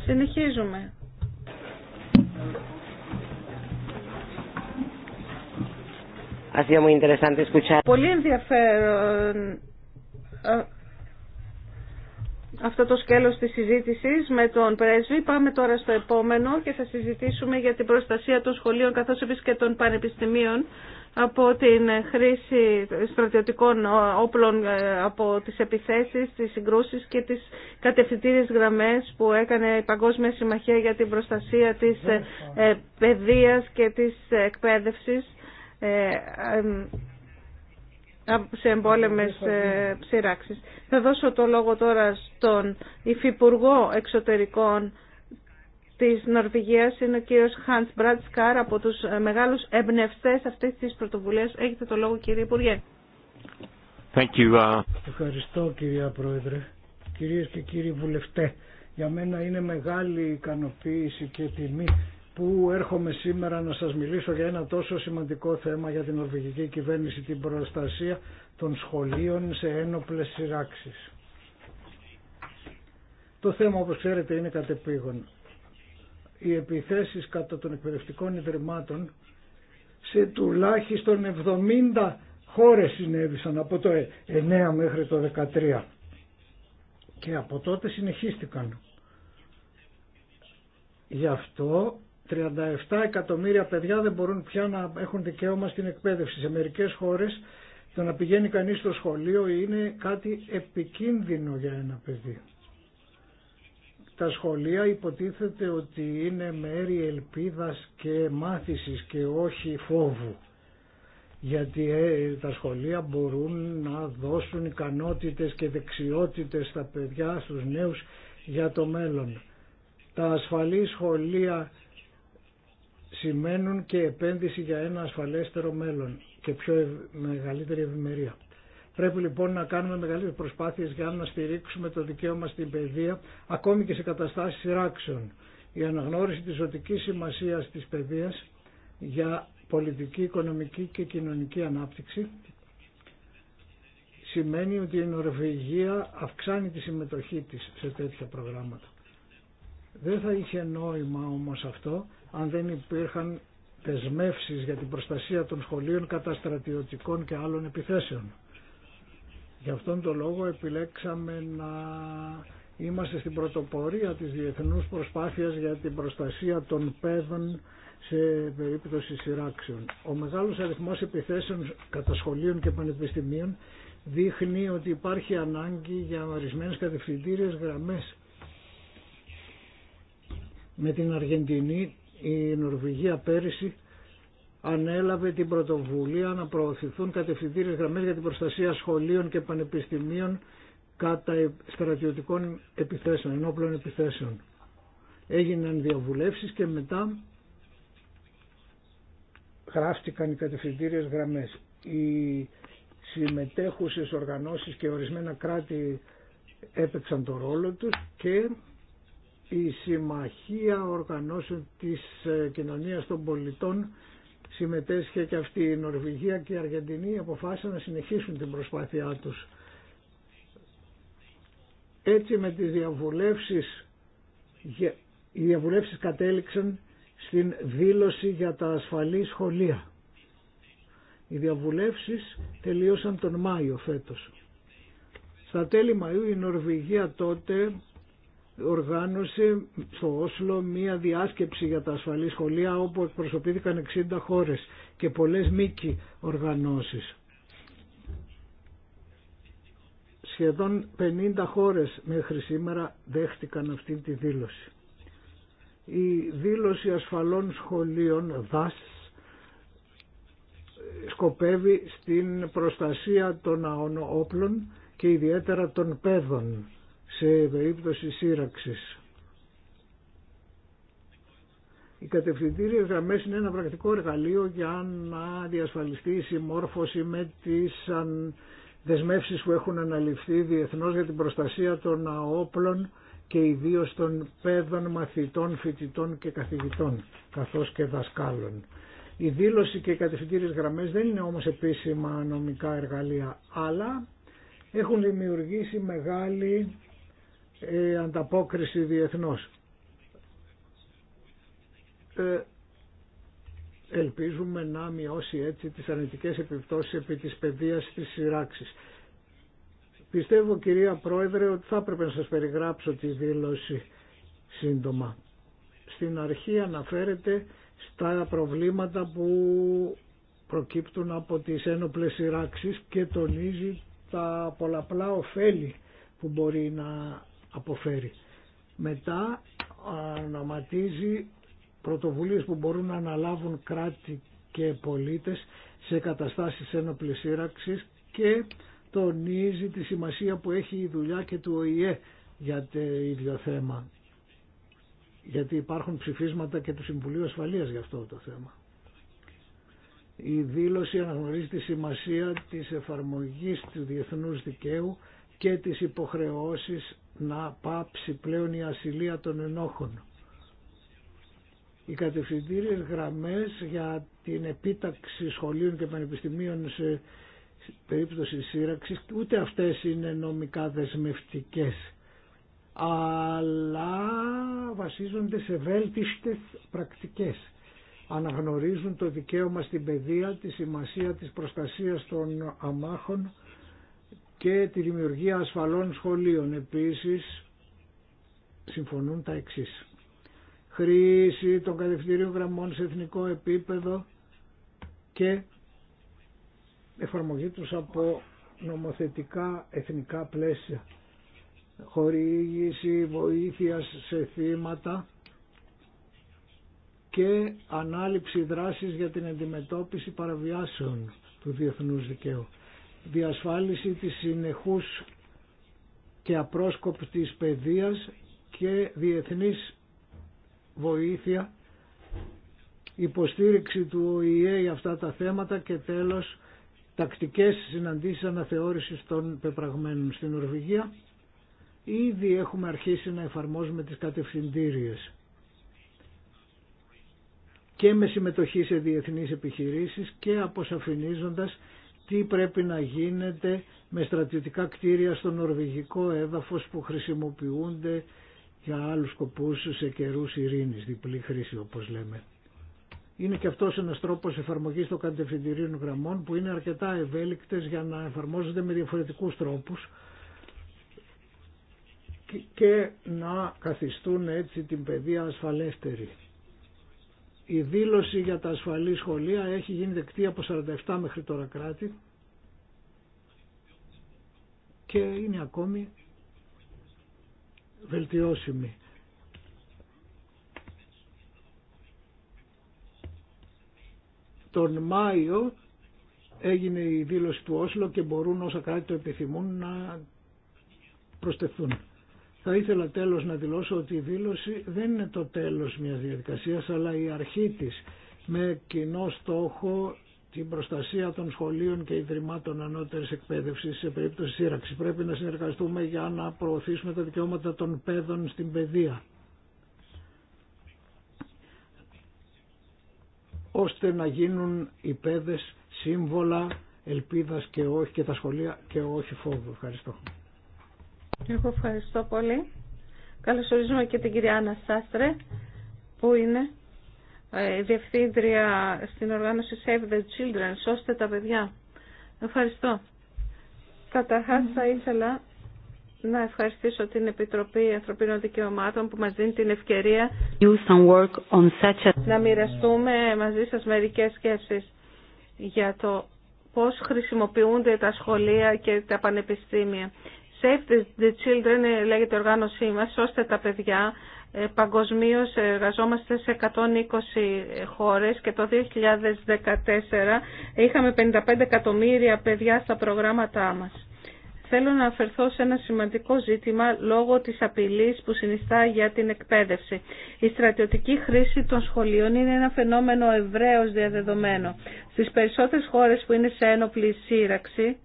Συνεχίζουμε. Ha sido muy Πολύ ενδιαφέρον ε, αυτό το σκέλος της συζήτησης με τον πρέσβη. Πάμε τώρα στο επόμενο και θα συζητήσουμε για την προστασία των σχολείων καθώς επίσης και των πανεπιστημίων από την χρήση στρατιωτικών όπλων ε, από τις επιθέσεις, τις συγκρούσεις και τις κατευθυντήριες γραμμές που έκανε η Παγκόσμια Συμμαχία για την προστασία της ε, ε, παιδείας και της εκπαίδευσης σε εμπόλεμες ψηράξεις. Θα δώσω το λόγο τώρα στον Υφυπουργό Εξωτερικών της Νορβηγίας είναι ο κύριος Hans Μπραντσκάρ από τους μεγάλους εμπνευστές αυτής της πρωτοβουλίας. Έχετε το λόγο κύριε Υπουργέ. Thank you. Uh, Ευχαριστώ κυρία Πρόεδρε. Κυρίες και κύριοι βουλευτέ, για μένα είναι μεγάλη ικανοποίηση και τιμή που έρχομαι σήμερα να σας μιλήσω για ένα τόσο σημαντικό θέμα για την Νορβηγική κυβέρνηση, την προστασία των σχολείων σε ένοπλες σειράξεις. Το θέμα όπως ξέρετε είναι κατεπήγον οι επιθέσεις κατά των εκπαιδευτικών ιδρυμάτων σε τουλάχιστον 70 χώρες συνέβησαν από το 9 μέχρι το 13 και από τότε συνεχίστηκαν. Γι' αυτό 37 εκατομμύρια παιδιά δεν μπορούν πια να έχουν δικαίωμα στην εκπαίδευση. Σε μερικές χώρες το να πηγαίνει κανείς στο σχολείο είναι κάτι επικίνδυνο για ένα παιδί. Τα σχολεία υποτίθεται ότι είναι μέρη ελπίδας και μάθησης και όχι φόβου. Γιατί ε, τα σχολεία μπορούν να δώσουν ικανότητες και δεξιότητες στα παιδιά, στους νέους για το μέλλον. Τα ασφαλή σχολεία σημαίνουν και επένδυση για ένα ασφαλέστερο μέλλον και πιο μεγαλύτερη ευημερία. Πρέπει λοιπόν να κάνουμε μεγαλύτερε προσπάθειε για να στηρίξουμε το δικαίωμα στην παιδεία ακόμη και σε καταστάσει σειράξεων. Η αναγνώριση τη ζωτική σημασία τη παιδείας για πολιτική, οικονομική και κοινωνική ανάπτυξη σημαίνει ότι η Νορβηγία αυξάνει τη συμμετοχή της σε τέτοια προγράμματα. Δεν θα είχε νόημα όμως αυτό αν δεν υπήρχαν δεσμεύσει για την προστασία των σχολείων κατά στρατιωτικών και άλλων επιθέσεων. Γι' αυτόν τον λόγο επιλέξαμε να είμαστε στην πρωτοπορία της διεθνούς προσπάθειας για την προστασία των παιδών σε περίπτωση σειράξεων. Ο μεγάλος αριθμός επιθέσεων κατά και πανεπιστημίων δείχνει ότι υπάρχει ανάγκη για ορισμένες κατευθυντήριες γραμμές. Με την Αργεντινή η Νορβηγία πέρυσι ανέλαβε την πρωτοβουλία να προωθηθούν κατευθυντήριες γραμμές για την προστασία σχολείων και πανεπιστημίων κατά στρατιωτικών επιθέσεων, ενόπλων επιθέσεων. Έγιναν διαβουλεύσεις και μετά γράφτηκαν οι κατευθυντήριες γραμμές. Οι συμμετέχουσες οργανώσεις και ορισμένα κράτη έπαιξαν το ρόλο τους και η Συμμαχία Οργανώσεων της ε, Κοινωνίας των Πολιτών συμμετέσχε και αυτή η Νορβηγία και η Αργεντινή αποφάσισαν να συνεχίσουν την προσπάθειά τους. Έτσι με τις διαβουλεύσεις, οι διαβουλεύσεις κατέληξαν στην δήλωση για τα ασφαλή σχολεία. Οι διαβουλεύσεις τελείωσαν τον Μάιο φέτος. Στα τέλη Μαΐου η Νορβηγία τότε οργάνωσε στο Όσλο μία διάσκεψη για τα ασφαλή σχολεία όπου εκπροσωπήθηκαν 60 χώρες και πολλές μήκη οργανώσεις. Σχεδόν 50 χώρες μέχρι σήμερα δέχτηκαν αυτή τη δήλωση. Η δήλωση ασφαλών σχολείων ΔΑΣ σκοπεύει στην προστασία των όπλων και ιδιαίτερα των παιδών σε περίπτωση σύραξης. Οι κατευθυντήριες γραμμές είναι ένα πρακτικό εργαλείο για να διασφαλιστεί η συμμόρφωση με τις δεσμεύσει που έχουν αναλυφθεί διεθνώς για την προστασία των αόπλων και ιδίως των παιδών, μαθητών, φοιτητών και καθηγητών, καθώς και δασκάλων. Η δήλωση και οι κατευθυντήριες γραμμές δεν είναι όμως επίσημα νομικά εργαλεία, αλλά έχουν δημιουργήσει μεγάλη η ε, ανταπόκριση διεθνώς. Ε, ελπίζουμε να μειώσει έτσι τις αρνητικές επιπτώσεις επί της παιδείας της σειράξης. Πιστεύω κυρία Πρόεδρε ότι θα έπρεπε να σας περιγράψω τη δήλωση σύντομα. Στην αρχή αναφέρεται στα προβλήματα που προκύπτουν από τις ένοπλες σειράξεις και τονίζει τα πολλαπλά ωφέλη που μπορεί να αποφέρει. Μετά αναματίζει πρωτοβουλίες που μπορούν να αναλάβουν κράτη και πολίτες σε καταστάσεις ένοπλης σύραξης και τονίζει τη σημασία που έχει η δουλειά και του ΟΗΕ για το ίδιο θέμα. Γιατί υπάρχουν ψηφίσματα και του Συμβουλίου Ασφαλείας για αυτό το θέμα. Η δήλωση αναγνωρίζει τη σημασία της εφαρμογής του διεθνούς δικαίου και τις υποχρεώσεις να πάψει πλέον η ασυλία των ενόχων. Οι κατευθυντήριες γραμμές για την επίταξη σχολείων και πανεπιστημίων σε περίπτωση σύραξης ούτε αυτές είναι νομικά δεσμευτικές αλλά βασίζονται σε βέλτιστες πρακτικές. Αναγνωρίζουν το δικαίωμα στην παιδεία, τη σημασία της προστασίας των αμάχων και τη δημιουργία ασφαλών σχολείων. Επίσης, συμφωνούν τα εξής. Χρήση των κατευθυντήριων γραμμών σε εθνικό επίπεδο και εφαρμογή τους από νομοθετικά εθνικά πλαίσια. Χορήγηση βοήθειας σε θύματα και ανάληψη δράσης για την αντιμετώπιση παραβιάσεων του διεθνούς δικαίου διασφάλιση της συνεχούς και απρόσκοπτης παιδείας και διεθνής βοήθεια, υποστήριξη του ΟΗΕ για αυτά τα θέματα και τέλος τακτικές συναντήσεις αναθεώρησης των πεπραγμένων στην Ορβηγία. Ήδη έχουμε αρχίσει να εφαρμόζουμε τις κατευθυντήριες και με συμμετοχή σε διεθνείς επιχειρήσεις και αποσαφηνίζοντας τι πρέπει να γίνεται με στρατιωτικά κτίρια στο νορβηγικό έδαφος που χρησιμοποιούνται για άλλους σκοπούς σε καιρούς ειρήνης, διπλή χρήση όπως λέμε. Είναι και αυτός ένας τρόπος εφαρμογής των κατευθυντηρίων γραμμών που είναι αρκετά ευέλικτες για να εφαρμόζονται με διαφορετικούς τρόπους και να καθιστούν έτσι την παιδεία ασφαλέστερη. Η δήλωση για τα ασφαλή σχολεία έχει γίνει δεκτή από 47 μέχρι τώρα κράτη και είναι ακόμη βελτιώσιμη. Τον Μάιο έγινε η δήλωση του Όσλο και μπορούν όσα κράτη το επιθυμούν να προσθεθούν. Θα ήθελα τέλος να δηλώσω ότι η δήλωση δεν είναι το τέλος μιας διαδικασίας αλλά η αρχή της με κοινό στόχο την προστασία των σχολείων και ιδρυμάτων ανώτερης εκπαίδευσης σε περίπτωση σύραξη. Πρέπει να συνεργαστούμε για να προωθήσουμε τα δικαιώματα των παιδών στην παιδεία. ώστε να γίνουν οι παιδες σύμβολα ελπίδας και όχι και τα σχολεία και όχι φόβου. Ευχαριστώ. Εγώ ευχαριστώ πολύ. Καλωσορίζουμε και την κυρία Άννα Σάστρε, που είναι η ε, διευθύντρια στην οργάνωση Save the Children, σώστε τα παιδιά. Ευχαριστώ. Καταρχάς θα ήθελα να ευχαριστήσω την Επιτροπή Ανθρωπίνων Δικαιωμάτων που μας δίνει την ευκαιρία work να μοιραστούμε μαζί σας μερικές σκέψεις για το πώς χρησιμοποιούνται τα σχολεία και τα πανεπιστήμια Save the Children ε, λέγεται οργάνωσή μας, Σώστε τα παιδιά ε, Παγκοσμίω εργαζόμαστε σε 120 χώρες και το 2014 είχαμε 55 εκατομμύρια παιδιά στα προγράμματά μας. Θέλω να αφαιρθώ σε ένα σημαντικό ζήτημα λόγω της απειλής που συνιστά για την εκπαίδευση. Η στρατιωτική χρήση των σχολείων είναι ένα φαινόμενο ευρέως διαδεδομένο. Στις περισσότερες χώρες που είναι σε ένοπλη σύραξη,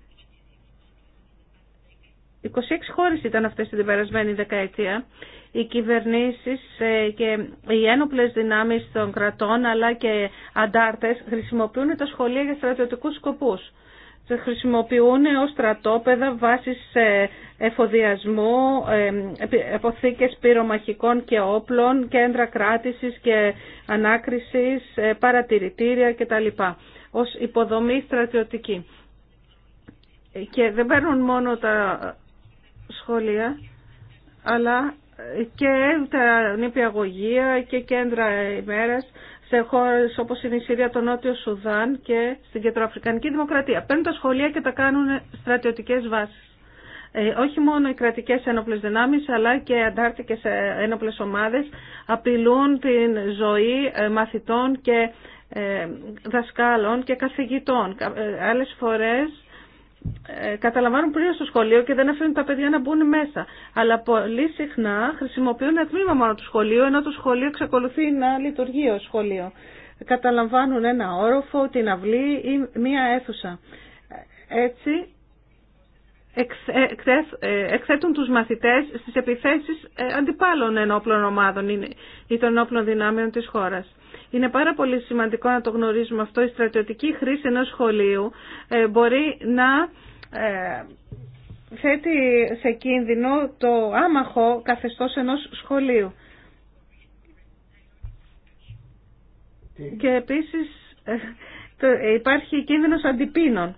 26 χώρες ήταν αυτές την περασμένη δεκαετία. Οι κυβερνήσεις ε, και οι ένοπλες δυνάμεις των κρατών αλλά και αντάρτες χρησιμοποιούν τα σχολεία για στρατιωτικούς σκοπούς. Τα χρησιμοποιούν ως στρατόπεδα βάσεις ε, εφοδιασμού, εποθήκες πυρομαχικών και όπλων, κέντρα κράτησης και ανάκρισης, ε, παρατηρητήρια κτλ. Ως υποδομή στρατιωτική. Και δεν παίρνουν μόνο τα σχολεία, αλλά και τα νηπιαγωγεία και κέντρα ημέρας σε χώρες όπως είναι η Συρία, το Νότιο Σουδάν και στην Κεντροαφρικανική Δημοκρατία. Παίρνουν τα σχολεία και τα κάνουν στρατιωτικές βάσεις. Ε, όχι μόνο οι κρατικές ένοπλες δυνάμεις αλλά και αντάρτικες ε, ένοπλες ομάδες απειλούν την ζωή ε, μαθητών και δασκάλων και καθηγητών. Άλλες φορές ε, καταλαμβάνουν πριν στο σχολείο και δεν αφήνουν τα παιδιά να μπουν μέσα. Αλλά πολύ συχνά χρησιμοποιούν ένα τμήμα μόνο του σχολείου, ενώ το σχολείο εξακολουθεί να λειτουργεί ω σχολείο. Καταλαμβάνουν ένα όροφο, την αυλή ή μία αίθουσα. Έτσι ε, ε, εκθέτουν τους μαθητές στις επιθέσεις αντιπάλων ενόπλων ομάδων ή των ενόπλων δυνάμεων της χώρας. Είναι πάρα πολύ σημαντικό να το γνωρίζουμε αυτό. Η στρατιωτική χρήση ενός σχολείου ε, μπορεί να ε, θέτει σε κίνδυνο το άμαχο καθεστώς ενός σχολείου. Και επίσης ε, υπάρχει κίνδυνος αντιπίνων.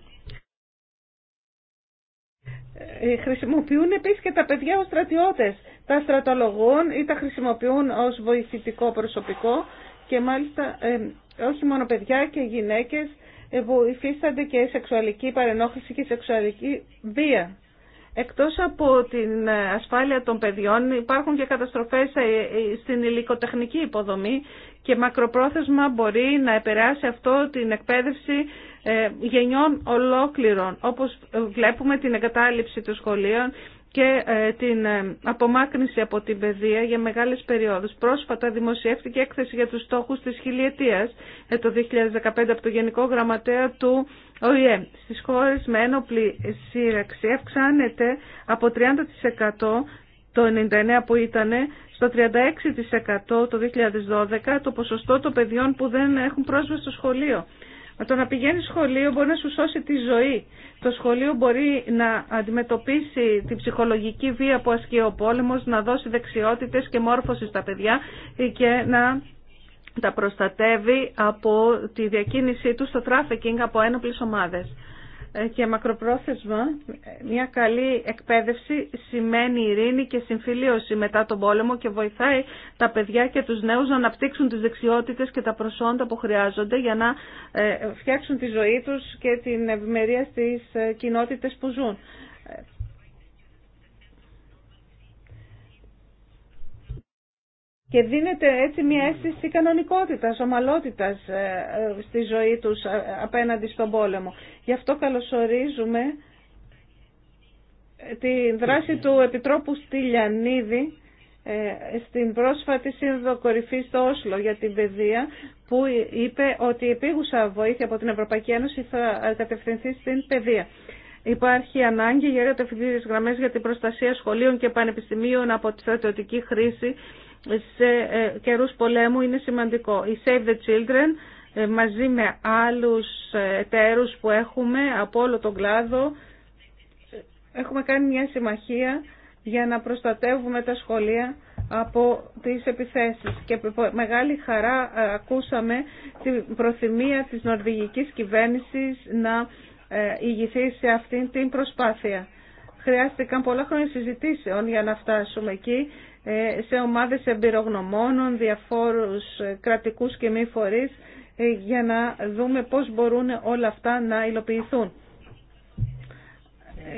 Χρησιμοποιούν επίσης και τα παιδιά ως στρατιώτες. Τα στρατολογούν ή τα χρησιμοποιούν ως βοηθητικό προσωπικό και μάλιστα ε, όχι μόνο παιδιά και γυναίκες ε, που υφίστανται και σεξουαλική παρενόχληση και σεξουαλική βία. Εκτός από την ε, ασφάλεια των παιδιών υπάρχουν και καταστροφές στην υλικοτεχνική υποδομή και μακροπρόθεσμα μπορεί να επηρεάσει αυτό την εκπαίδευση γενιών ολόκληρων όπως βλέπουμε την εγκατάλειψη των σχολείων και ε, την ε, απομάκρυνση από την παιδεία για μεγάλες περιόδους. Πρόσφατα δημοσιεύτηκε έκθεση για τους στόχους της χιλιετίας ε, το 2015 από το Γενικό Γραμματέα του ΟΗΕ. Στις χώρες με ένοπλη σύραξη αυξάνεται από 30% το 99 που ήταν στο 36% το 2012 το ποσοστό των παιδιών που δεν έχουν πρόσβαση στο σχολείο. Με το να πηγαίνει σχολείο μπορεί να σου σώσει τη ζωή. Το σχολείο μπορεί να αντιμετωπίσει τη ψυχολογική βία που ασκεί ο πόλεμο, να δώσει δεξιότητες και μόρφωση στα παιδιά και να τα προστατεύει από τη διακίνησή του στο τράφικινγκ από ένοπλες ομάδε. Ε, και μακροπρόθεσμα μια καλή εκπαίδευση σημαίνει ειρήνη και συμφιλίωση μετά τον πόλεμο και βοηθάει τα παιδιά και τους νέους να αναπτύξουν τις δεξιότητες και τα προσόντα που χρειάζονται για να ε, φτιάξουν τη ζωή τους και την ευημερία στις ε, κοινότητες που ζουν. και δίνεται έτσι μια αίσθηση κανονικότητας, ομαλότητας ε, ε, στη ζωή τους ε, απέναντι στον πόλεμο. Γι' αυτό καλωσορίζουμε τη δράση του Επιτρόπου Στυλιανίδη στην πρόσφατη σύνοδο κορυφή στο Όσλο για την παιδεία που είπε ότι η επίγουσα βοήθεια από την Ευρωπαϊκή Ένωση θα κατευθυνθεί στην παιδεία. Υπάρχει ανάγκη για γραμμές για την προστασία σχολείων και πανεπιστημίων από τη στρατιωτική χρήση σε ε, καιρούς πολέμου είναι σημαντικό. Η Save the Children ε, μαζί με άλλους ε, εταίρους που έχουμε από όλο τον κλάδο έχουμε κάνει μια συμμαχία για να προστατεύουμε τα σχολεία από τις επιθέσεις και μεγάλη χαρά ακούσαμε την προθυμία της νορβηγικής κυβέρνησης να ηγηθεί σε αυτήν την προσπάθεια. Χρειάστηκαν πολλά χρόνια συζητήσεων για να φτάσουμε εκεί ε, σε ομάδες εμπειρογνωμόνων, διαφόρους κρατικούς και μη φορείς, ε, για να δούμε πώς μπορούν όλα αυτά να υλοποιηθούν.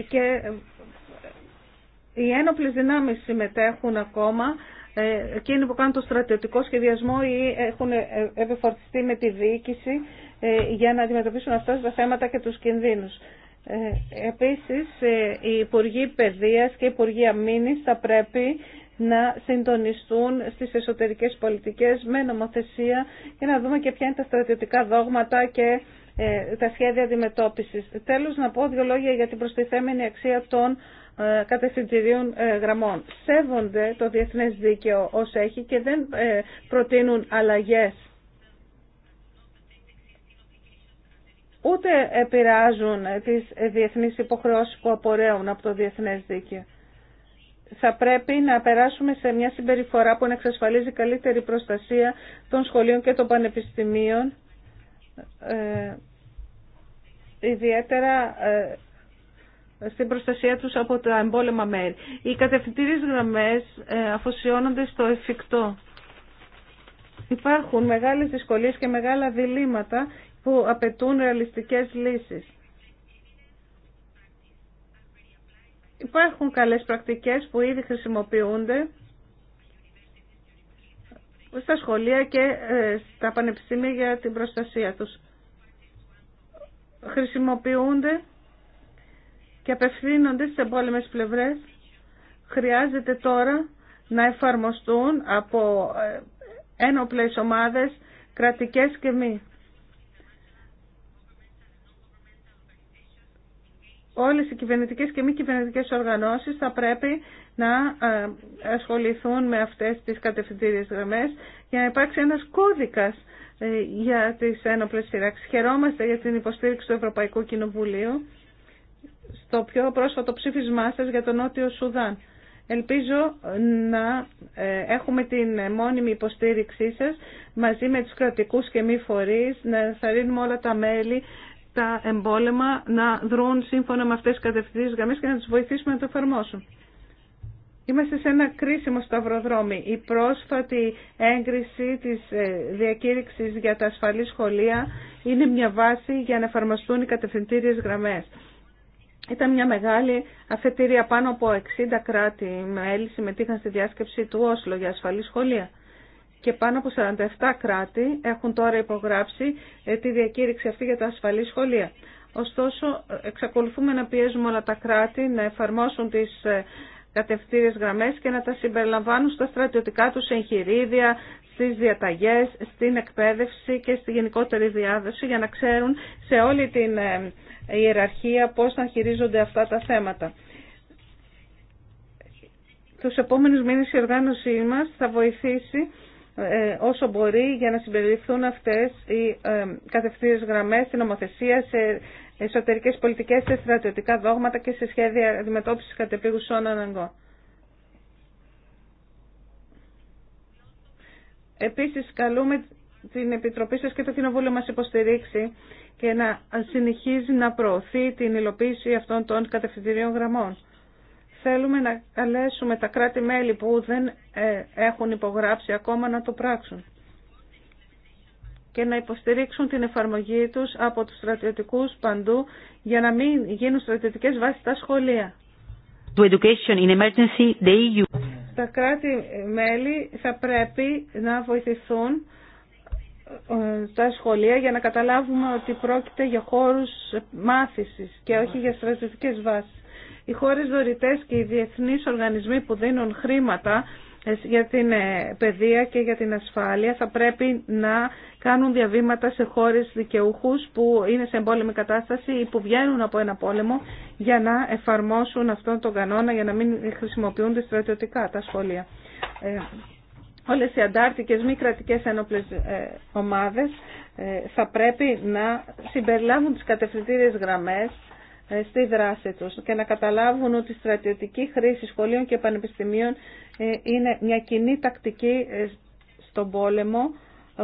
Και ε, οι ένοπλες δυνάμεις συμμετέχουν ακόμα, εκείνοι που κάνουν το στρατιωτικό σχεδιασμό ή έχουν επιφορτιστεί με τη διοίκηση για να αντιμετωπίσουν αυτά τα θέματα και τους κινδύνους. Επίσης, οι Υπουργοί Παιδείας και οι Υπουργοί Αμήνης θα πρέπει να συντονιστούν στις εσωτερικές πολιτικές με νομοθεσία και να δούμε και ποια είναι τα στρατιωτικά δόγματα και ε, τα σχέδια αντιμετώπισης. Τέλος, να πω δύο λόγια για την προστιθέμενη αξία των ε, κατευθυντηρίων ε, γραμμών. Σέβονται το διεθνές δίκαιο ως έχει και δεν προτείνουν αλλαγές. Ούτε επηρεάζουν τις διεθνείς υποχρεώσεις που απορρέουν από το διεθνές δίκαιο θα πρέπει να περάσουμε σε μια συμπεριφορά που να εξασφαλίζει καλύτερη προστασία των σχολείων και των πανεπιστημίων, ε, ιδιαίτερα ε, στην προστασία τους από τα εμπόλεμα μέρη. Οι κατευθυντήριες γραμμές ε, αφοσιώνονται στο εφικτό. Υπάρχουν μεγάλες δυσκολίες και μεγάλα διλήμματα που απαιτούν ρεαλιστικές λύσεις. Υπάρχουν καλές πρακτικές που ήδη χρησιμοποιούνται στα σχολεία και ε, στα πανεπιστήμια για την προστασία τους. Χρησιμοποιούνται και απευθύνονται σε εμπόλεμες πλευρές. Χρειάζεται τώρα να εφαρμοστούν από ε, ένοπλες ομάδες κρατικές και μη. όλες οι κυβερνητικές και μη κυβερνητικές οργανώσεις θα πρέπει να ε, ασχοληθούν με αυτές τις κατευθυντήριες γραμμές για να υπάρξει ένας κώδικας ε, για τις ένοπλες φυράξεις. Χαιρόμαστε για την υποστήριξη του Ευρωπαϊκού Κοινοβουλίου στο πιο πρόσφατο ψήφισμά σας για τον Νότιο Σουδάν. Ελπίζω να ε, έχουμε την μόνιμη υποστήριξή σας μαζί με τους κρατικούς και μη φορείς, να θαρρύνουμε όλα τα μέλη τα εμπόλεμα να δρουν σύμφωνα με αυτές τις κατευθυντήριες γραμμές και να τους βοηθήσουμε να το εφαρμόσουν. Είμαστε σε ένα κρίσιμο σταυροδρόμι. Η πρόσφατη έγκριση της ε, διακήρυξης για τα ασφαλή σχολεία είναι μια βάση για να εφαρμοστούν οι κατευθυντήριες γραμμές. Ήταν μια μεγάλη αφετηρία. Πάνω από 60 κράτη μέλη συμμετείχαν στη διάσκεψη του Όσλο για ασφαλή σχολεία και πάνω από 47 κράτη έχουν τώρα υπογράψει ε, τη διακήρυξη αυτή για τα ασφαλή σχολεία. Ωστόσο, ε, εξακολουθούμε να πιέζουμε όλα τα κράτη να εφαρμόσουν τις ε, κατευθύνες γραμμές και να τα συμπεριλαμβάνουν στα στρατιωτικά τους εγχειρίδια, στις διαταγές, στην εκπαίδευση και στη γενικότερη διάδοση για να ξέρουν σε όλη την ιεραρχία πώς θα χειρίζονται αυτά τα θέματα. Τους επόμενους μήνες η οργάνωσή μας θα βοηθήσει ε, όσο μπορεί για να συμπεριληφθούν αυτές οι ε, κατευθύνες γραμμές στην νομοθεσία, σε εσωτερικές πολιτικές, σε στρατιωτικά δόγματα και σε σχέδια αντιμετώπισης κατεπίγουσων αναγκών. Επίσης, καλούμε την Επιτροπή σας και το Κοινοβούλιο μας υποστηρίξει και να συνεχίζει να προωθεί την υλοποίηση αυτών των κατευθυντηρίων γραμμών. Θέλουμε να καλέσουμε τα κράτη-μέλη που δεν ε, έχουν υπογράψει ακόμα να το πράξουν και να υποστηρίξουν την εφαρμογή τους από τους στρατιωτικούς παντού για να μην γίνουν στρατιωτικές βάσεις τα σχολεία. education in emergency, e Τα κράτη-μέλη θα πρέπει να βοηθηθούν ε, τα σχολεία για να καταλάβουμε ότι πρόκειται για χώρους μάθησης και όχι για στρατιωτικές βάσεις οι χώρες δωρητές και οι διεθνείς οργανισμοί που δίνουν χρήματα ε, για την ε, παιδεία και για την ασφάλεια θα πρέπει να κάνουν διαβήματα σε χώρες δικαιούχους που είναι σε εμπόλεμη κατάσταση ή που βγαίνουν από ένα πόλεμο για να εφαρμόσουν αυτόν τον κανόνα για να μην χρησιμοποιούνται στρατιωτικά τα σχολεία. Ε, όλες οι αντάρτικες μη κρατικές ενόπλες ε, ομάδες θα πρέπει να συμπεριλάβουν τις κατευθυντήριες γραμμές ε, στη δράση τους και να καταλάβουν ότι η στρατιωτική χρήση σχολείων και πανεπιστημίων ε, είναι μια κοινή τακτική ε, στον πόλεμο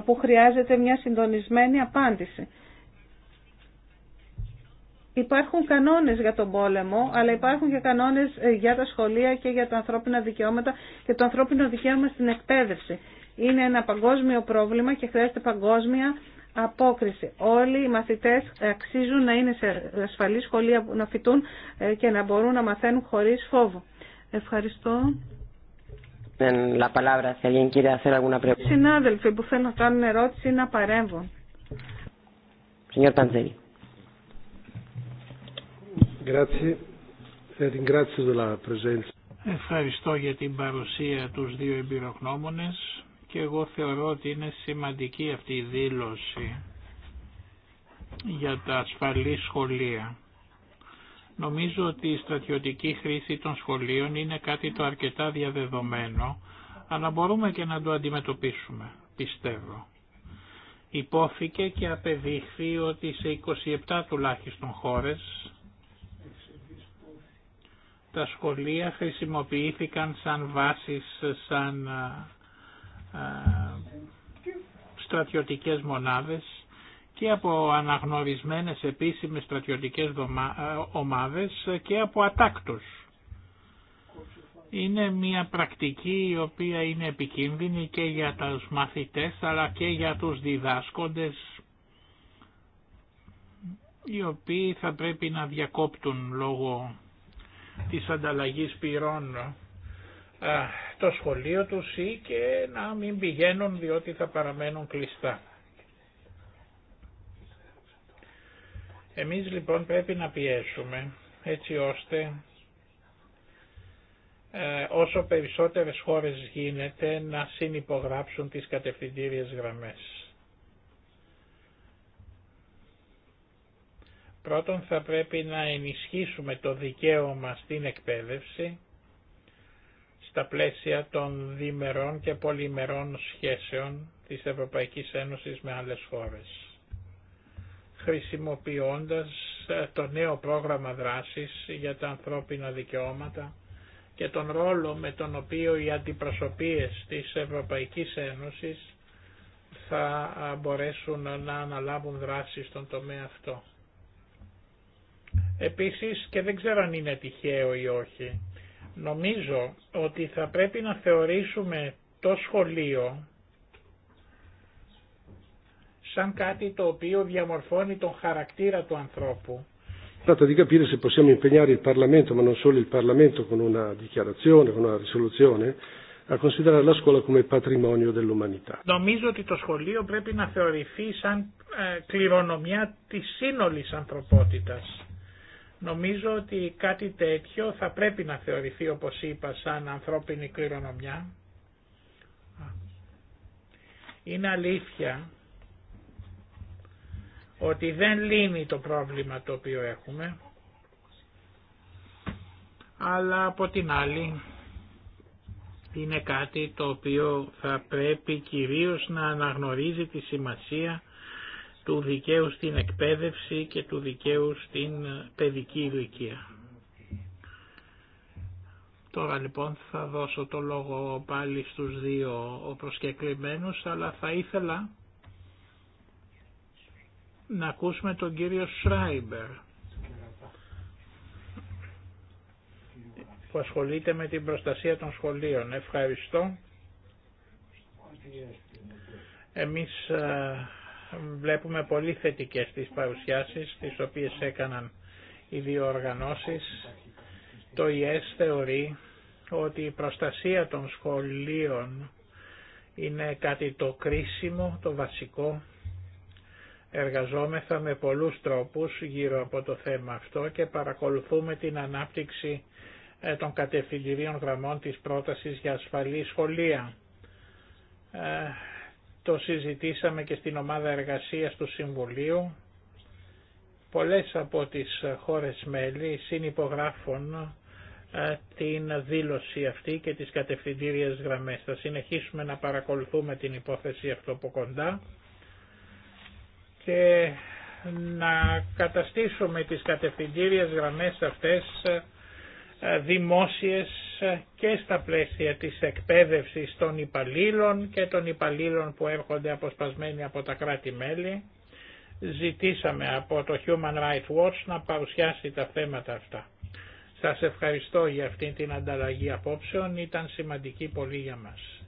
που χρειάζεται μια συντονισμένη απάντηση. Υπάρχουν κανόνες για τον πόλεμο, αλλά υπάρχουν και κανόνες για τα σχολεία και για τα ανθρώπινα δικαιώματα και το ανθρώπινο δικαίωμα στην εκπαίδευση. Είναι ένα παγκόσμιο πρόβλημα και χρειάζεται παγκόσμια απόκριση. Όλοι οι μαθητές αξίζουν να είναι σε ασφαλή σχολεία, να φοιτούν ε, και να μπορούν να μαθαίνουν χωρίς φόβο. Ευχαριστώ. Συνάδελφοι που θέλουν να κάνουν ερώτηση ή να παρέμβουν. Ε, Ευχαριστώ για την παρουσία τους δύο εμπειρογνώμονες και εγώ θεωρώ ότι είναι σημαντική αυτή η δήλωση για τα ασφαλή σχολεία. Νομίζω ότι η στρατιωτική χρήση των σχολείων είναι κάτι το αρκετά διαδεδομένο, αλλά μπορούμε και να το αντιμετωπίσουμε, πιστεύω. Υπόθηκε και απεδείχθη ότι σε 27 τουλάχιστον χώρες τα σχολεία χρησιμοποιήθηκαν σαν βάσεις, σαν στρατιωτικές μονάδες και από αναγνωρισμένες επίσημες στρατιωτικές ομάδες και από ατάκτους. Είναι μια πρακτική η οποία είναι επικίνδυνη και για τους μαθητές αλλά και για τους διδάσκοντες οι οποίοι θα πρέπει να διακόπτουν λόγω της ανταλλαγής πυρών το σχολείο τους ή και να μην πηγαίνουν διότι θα παραμένουν κλειστά. Εμείς λοιπόν πρέπει να πιέσουμε έτσι ώστε ε, όσο περισσότερες χώρες γίνεται να συνυπογράψουν τις κατευθυντήριες γραμμές. Πρώτον θα πρέπει να ενισχύσουμε το δικαίωμα στην εκπαίδευση στα πλαίσια των διμερών και πολυμερών σχέσεων της Ευρωπαϊκής Ένωσης με άλλες χώρες χρησιμοποιώντας ε, το νέο πρόγραμμα δράσης για τα ανθρώπινα δικαιώματα και τον ρόλο με τον οποίο οι αντιπροσωπείες της Ευρωπαϊκής Ένωσης θα ε, μπορέσουν να αναλάβουν δράση στον τομέα αυτό. Επίσης και δεν ξέρω αν είναι τυχαίο ή όχι, Νομίζω ότι θα πρέπει να θεωρήσουμε το σχολείο σαν κάτι το οποίο διαμορφώνει τον χαρακτήρα του ανθρώπου. di capire se possiamo impegnare il Parlamento, ma non solo il Parlamento, con una dichiarazione, con una risoluzione, a considerare la scuola come Νομίζω ότι το σχολείο πρέπει να θεωρηθεί σαν ε, κληρονομιά της σύνολης ανθρωπότητας. Νομίζω ότι κάτι τέτοιο θα πρέπει να θεωρηθεί όπως είπα σαν ανθρώπινη κληρονομιά. Είναι αλήθεια ότι δεν λύνει το πρόβλημα το οποίο έχουμε, αλλά από την άλλη είναι κάτι το οποίο θα πρέπει κυρίως να αναγνωρίζει τη σημασία του δικαίου στην εκπαίδευση και του δικαίου στην παιδική ηλικία. Τώρα λοιπόν θα δώσω το λόγο πάλι στους δύο προσκεκλημένους, αλλά θα ήθελα να ακούσουμε τον κύριο Σράιμπερ που ασχολείται με την προστασία των σχολείων. Ευχαριστώ. Εμείς ε, βλέπουμε πολύ θετικές τις παρουσιάσεις τις οποίες έκαναν οι δύο οργανώσεις. Το ΙΕΣ θεωρεί ότι η προστασία των σχολείων είναι κάτι το κρίσιμο, το βασικό. Εργαζόμεθα με πολλούς τρόπους γύρω από το θέμα αυτό και παρακολουθούμε την ανάπτυξη ε, των κατευθυντηρίων γραμμών της πρότασης για ασφαλή σχολεία ε, το συζητήσαμε και στην ομάδα εργασίας του Συμβουλίου. Πολλές από τις χώρες μέλη συνυπογράφουν ε, την δήλωση αυτή και τις κατευθυντήριες γραμμές. Θα συνεχίσουμε να παρακολουθούμε την υπόθεση αυτό από κοντά και να καταστήσουμε τις κατευθυντήριες γραμμές αυτές ε, δημόσιες ε, και στα πλαίσια της εκπαίδευσης των υπαλλήλων και των υπαλλήλων που έρχονται αποσπασμένοι από τα κράτη-μέλη. Ζητήσαμε από το Human Rights Watch να παρουσιάσει τα θέματα αυτά. Σας ευχαριστώ για αυτή την ανταλλαγή απόψεων, ήταν σημαντική πολύ για μας.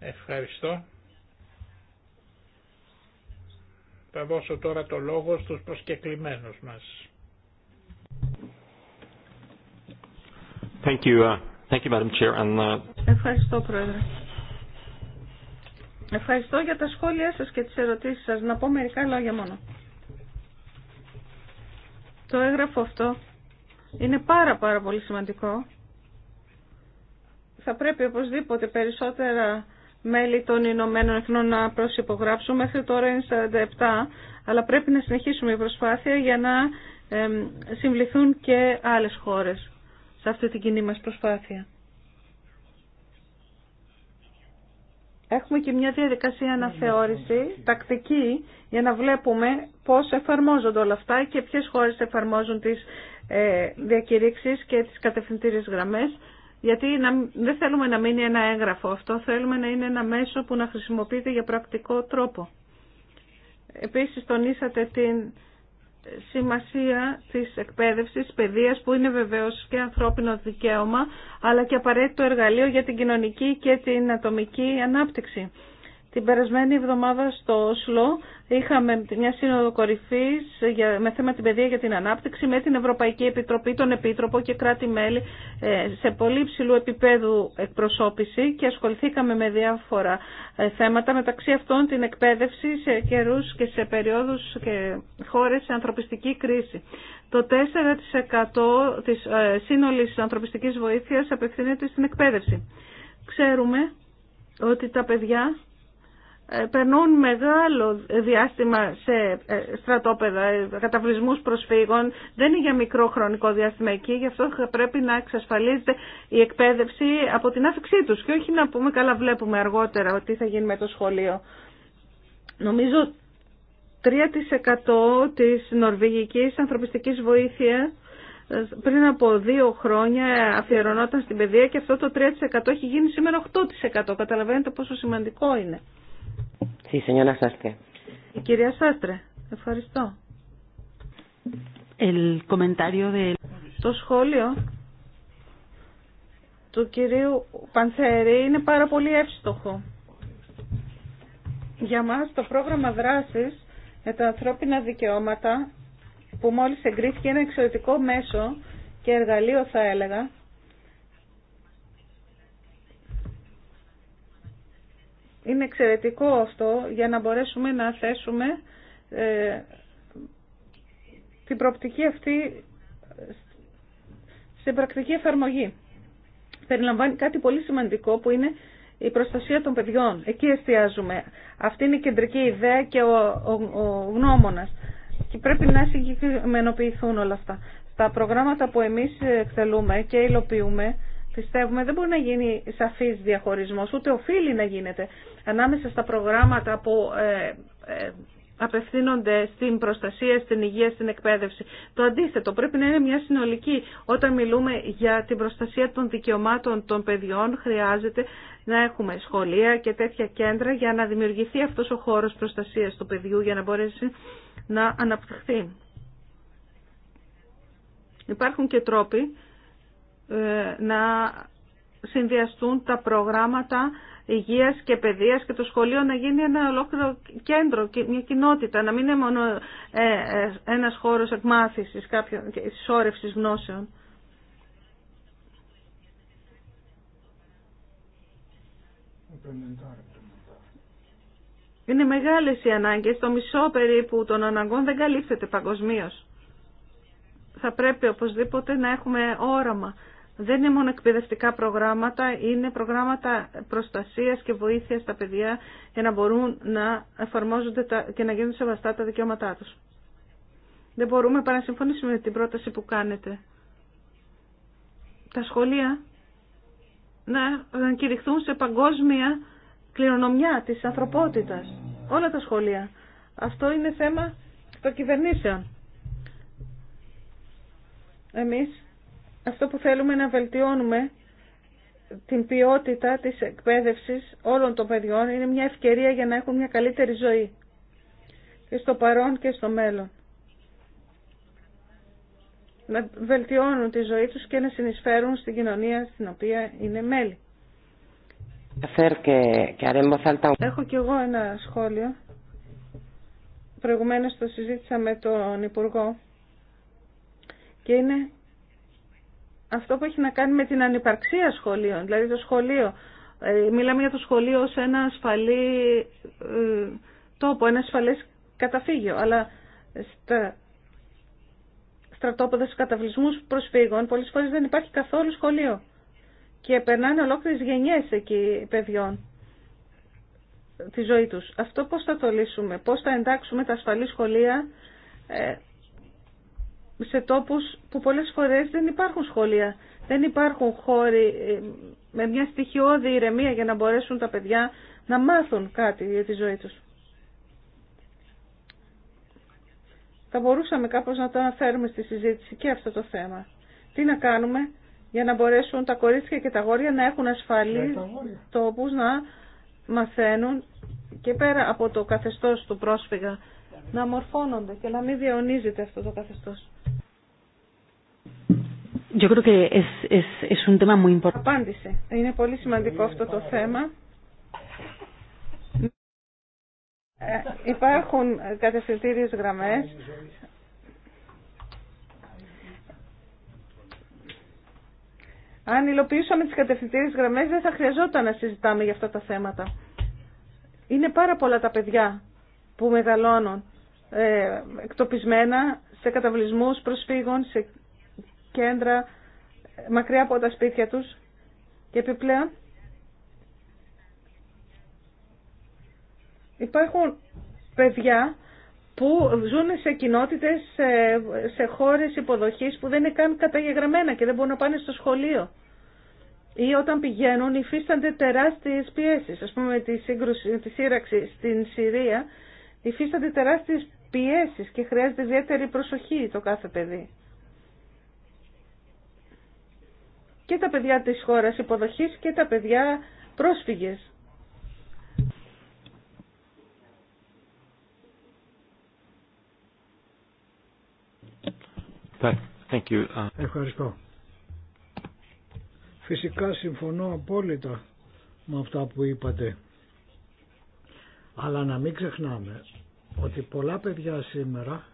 Ευχαριστώ. Θα δώσω τώρα το λόγο στους προσκεκλημένους μας. Thank you, uh, thank you, Madam Chair. Uh, Ευχαριστώ, Πρόεδρε. Ευχαριστώ για τα σχόλιά σας και τις ερωτήσεις σας. Να πω μερικά λόγια μόνο. Το έγγραφο αυτό είναι πάρα πάρα πολύ σημαντικό. Θα πρέπει οπωσδήποτε περισσότερα μέλη των Ηνωμένων Εθνών να προσυπογράψουν. Μέχρι τώρα είναι 47, αλλά πρέπει να συνεχίσουμε η προσπάθεια για να συμβληθούν και άλλες χώρες σε αυτή την κοινή μας προσπάθεια. Έχουμε και μια διαδικασία αναθεώρηση τακτική για να βλέπουμε πώς εφαρμόζονται όλα αυτά και ποιες χώρες εφαρμόζουν τις ε, διακηρύξεις και τις κατευθυντήριες γραμμές γιατί δεν θέλουμε να μείνει ένα έγγραφο αυτό, θέλουμε να είναι ένα μέσο που να χρησιμοποιείται για πρακτικό τρόπο. Επίσης τονίσατε την σημασία της εκπαίδευσης, παιδείας που είναι βεβαίως και ανθρώπινο δικαίωμα αλλά και απαραίτητο εργαλείο για την κοινωνική και την ατομική ανάπτυξη. Την περασμένη εβδομάδα στο Όσλο είχαμε μια σύνοδο κορυφή με θέμα την παιδεία για την ανάπτυξη με την Ευρωπαϊκή Επιτροπή, τον Επίτροπο και κράτη-μέλη ε, σε πολύ υψηλού επίπεδου εκπροσώπηση και ασχοληθήκαμε με διάφορα ε, θέματα μεταξύ αυτών την εκπαίδευση σε καιρούς και σε περιόδους και χώρες σε ανθρωπιστική κρίση. Το 4% της ε, σύνολης ανθρωπιστικής βοήθειας απευθύνεται στην εκπαίδευση. Ξέρουμε ότι τα παιδιά ε, περνούν μεγάλο διάστημα σε ε, στρατόπεδα, ε, καταβλισμούς προσφύγων. Δεν είναι για μικρό χρονικό διάστημα εκεί, γι' αυτό θα πρέπει να εξασφαλίζεται η εκπαίδευση από την άφηξή τους και όχι να πούμε καλά βλέπουμε αργότερα τι θα γίνει με το σχολείο. Νομίζω 3% της νορβηγικής ανθρωπιστικής βοήθειας πριν από δύο χρόνια αφιερωνόταν στην παιδεία και αυτό το 3% έχει γίνει σήμερα 8%. Καταλαβαίνετε πόσο σημαντικό είναι. Η κυρία Σάστρε, ευχαριστώ. Το σχόλιο του κυρίου Πανθέρη είναι πάρα πολύ εύστοχο. Για μας το πρόγραμμα δράσης για τα ανθρώπινα δικαιώματα που μόλις εγκρίθηκε ένα εξαιρετικό μέσο και εργαλείο θα έλεγα Είναι εξαιρετικό αυτό για να μπορέσουμε να θέσουμε ε, την προοπτική αυτή σε πρακτική εφαρμογή. Περιλαμβάνει κάτι πολύ σημαντικό που είναι η προστασία των παιδιών. Εκεί εστιάζουμε. Αυτή είναι η κεντρική ιδέα και ο, ο, γνώμονας. Και πρέπει να συγκεκριμενοποιηθούν όλα αυτά. Στα προγράμματα που εμείς εκτελούμε και υλοποιούμε, Πιστεύουμε δεν μπορεί να γίνει σαφής διαχωρισμός, ούτε οφείλει να γίνεται ανάμεσα στα προγράμματα που ε, ε, απευθύνονται στην προστασία, στην υγεία, στην εκπαίδευση. Το αντίθετο πρέπει να είναι μια συνολική. Όταν μιλούμε για την προστασία των δικαιωμάτων των παιδιών χρειάζεται να έχουμε σχολεία και τέτοια κέντρα για να δημιουργηθεί αυτός ο χώρος προστασίας του παιδιού για να μπορέσει να αναπτυχθεί. Υπάρχουν και τρόποι ε, να συνδυαστούν τα προγράμματα υγείας και παιδείας και το σχολείο να γίνει ένα ολόκληρο κέντρο, μια κοινότητα, να μην είναι μόνο ε, ε, ένας χώρος εκμάθησης κάποιων και γνώσεων. Είναι μεγάλες οι ανάγκες, το μισό περίπου των αναγκών δεν καλύπτεται παγκοσμίω. Θα πρέπει οπωσδήποτε να έχουμε όραμα δεν είναι μόνο εκπαιδευτικά προγράμματα, είναι προγράμματα προστασίας και βοήθειας στα παιδιά για να μπορούν να εφαρμόζονται και να γίνουν σεβαστά τα δικαιώματά τους. Δεν μπορούμε παρά να συμφωνήσουμε με την πρόταση που κάνετε. Τα σχολεία να κηρυχθούν σε παγκόσμια κληρονομιά της ανθρωπότητας. Όλα τα σχολεία. Αυτό είναι θέμα των κυβερνήσεων. Εμείς αυτό που θέλουμε να βελτιώνουμε την ποιότητα της εκπαίδευσης όλων των παιδιών είναι μια ευκαιρία για να έχουν μια καλύτερη ζωή και στο παρόν και στο μέλλον. Να βελτιώνουν τη ζωή τους και να συνεισφέρουν στην κοινωνία στην οποία είναι μέλη. Έχω κι εγώ ένα σχόλιο. Προηγουμένως το συζήτησα με τον Υπουργό και είναι αυτό που έχει να κάνει με την ανυπαρξία σχολείων. Δηλαδή το σχολείο, ε, μιλάμε για το σχολείο ως ένα ασφαλή ε, τόπο, ένα ασφαλές καταφύγιο. Αλλά στα στρατόπεδα, καταβλισμούς προσφύγων, πολλές φορές δεν υπάρχει καθόλου σχολείο. Και περνάνε ολόκληρες γενιές εκεί παιδιών τη ζωή τους. Αυτό πώς θα το λύσουμε, πώς θα εντάξουμε τα ασφαλή σχολεία ε, σε τόπους που πολλές φορές δεν υπάρχουν σχολεία, δεν υπάρχουν χώροι ε, με μια στοιχειώδη ηρεμία για να μπορέσουν τα παιδιά να μάθουν κάτι για τη ζωή τους. Θα μπορούσαμε κάπως να το αναφέρουμε στη συζήτηση και αυτό το θέμα. Τι να κάνουμε για να μπορέσουν τα κορίτσια και τα γόρια να έχουν ασφαλή τόπους να μαθαίνουν και πέρα από το καθεστώς του πρόσφυγα να μορφώνονται και να μην διαιωνίζεται αυτό το καθεστώς. Yo Είναι πολύ σημαντικό αυτό το θέμα. Ε, υπάρχουν κατευθυντήριες γραμμές. Αν υλοποιήσαμε τις κατευθυντήριες γραμμές δεν θα χρειαζόταν να συζητάμε για αυτά τα θέματα. Είναι πάρα πολλά τα παιδιά που μεγαλώνουν ε, εκτοπισμένα σε καταβλισμούς προσφύγων, σε κέντρα μακριά από τα σπίτια τους και επιπλέον υπάρχουν παιδιά που ζουν σε κοινότητες, σε, σε χώρες υποδοχής που δεν είναι καν καταγεγραμμένα και δεν μπορούν να πάνε στο σχολείο. Ή όταν πηγαίνουν υφίστανται τεράστιες πιέσεις. Ας πούμε τη, σύγκρουση, τη σύραξη στην Συρία υφίστανται τεράστιες πιέσεις και χρειάζεται ιδιαίτερη προσοχή το κάθε παιδί. και τα παιδιά της χώρας υποδοχής και τα παιδιά πρόσφυγες. Thank you. Uh, Ευχαριστώ. Φυσικά συμφωνώ απόλυτα με αυτά που είπατε. Αλλά να μην ξεχνάμε ότι πολλά παιδιά σήμερα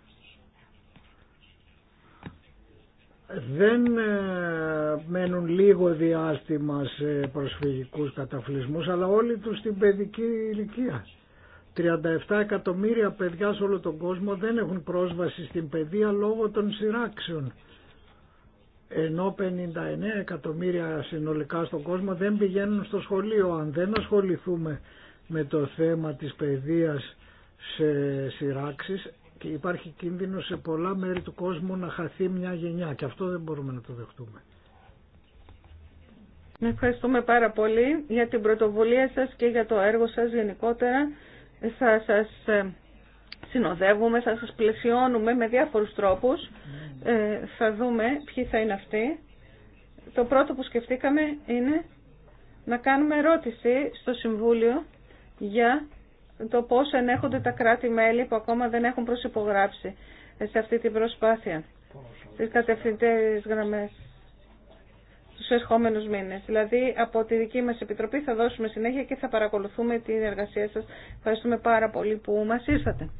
δεν ε, μένουν λίγο διάστημα σε προσφυγικούς καταφλισμούς αλλά όλοι τους στην παιδική ηλικία. 37 εκατομμύρια παιδιά σε όλο τον κόσμο δεν έχουν πρόσβαση στην παιδεία λόγω των σειράξεων ενώ 59 εκατομμύρια συνολικά στον κόσμο δεν πηγαίνουν στο σχολείο. Αν δεν ασχοληθούμε με το θέμα της παιδείας σε σειράξεις και υπάρχει κίνδυνο σε πολλά μέρη του κόσμου να χαθεί μια γενιά και αυτό δεν μπορούμε να το δεχτούμε. Ευχαριστούμε πάρα πολύ για την πρωτοβουλία σας και για το έργο σας γενικότερα. Θα σας ε, συνοδεύουμε, θα σας πλαισιώνουμε με διάφορους τρόπους. Ε, θα δούμε ποιοι θα είναι αυτοί. Το πρώτο που σκεφτήκαμε είναι να κάνουμε ερώτηση στο Συμβούλιο για το πώς ενέχονται τα κράτη-μέλη που ακόμα δεν έχουν προσυπογράψει σε αυτή την προσπάθεια τις κατευθυντές γραμμές τους ερχόμενους μήνες. Δηλαδή από τη δική μας Επιτροπή θα δώσουμε συνέχεια και θα παρακολουθούμε την εργασία σας. Ευχαριστούμε πάρα πολύ που μας ήρθατε.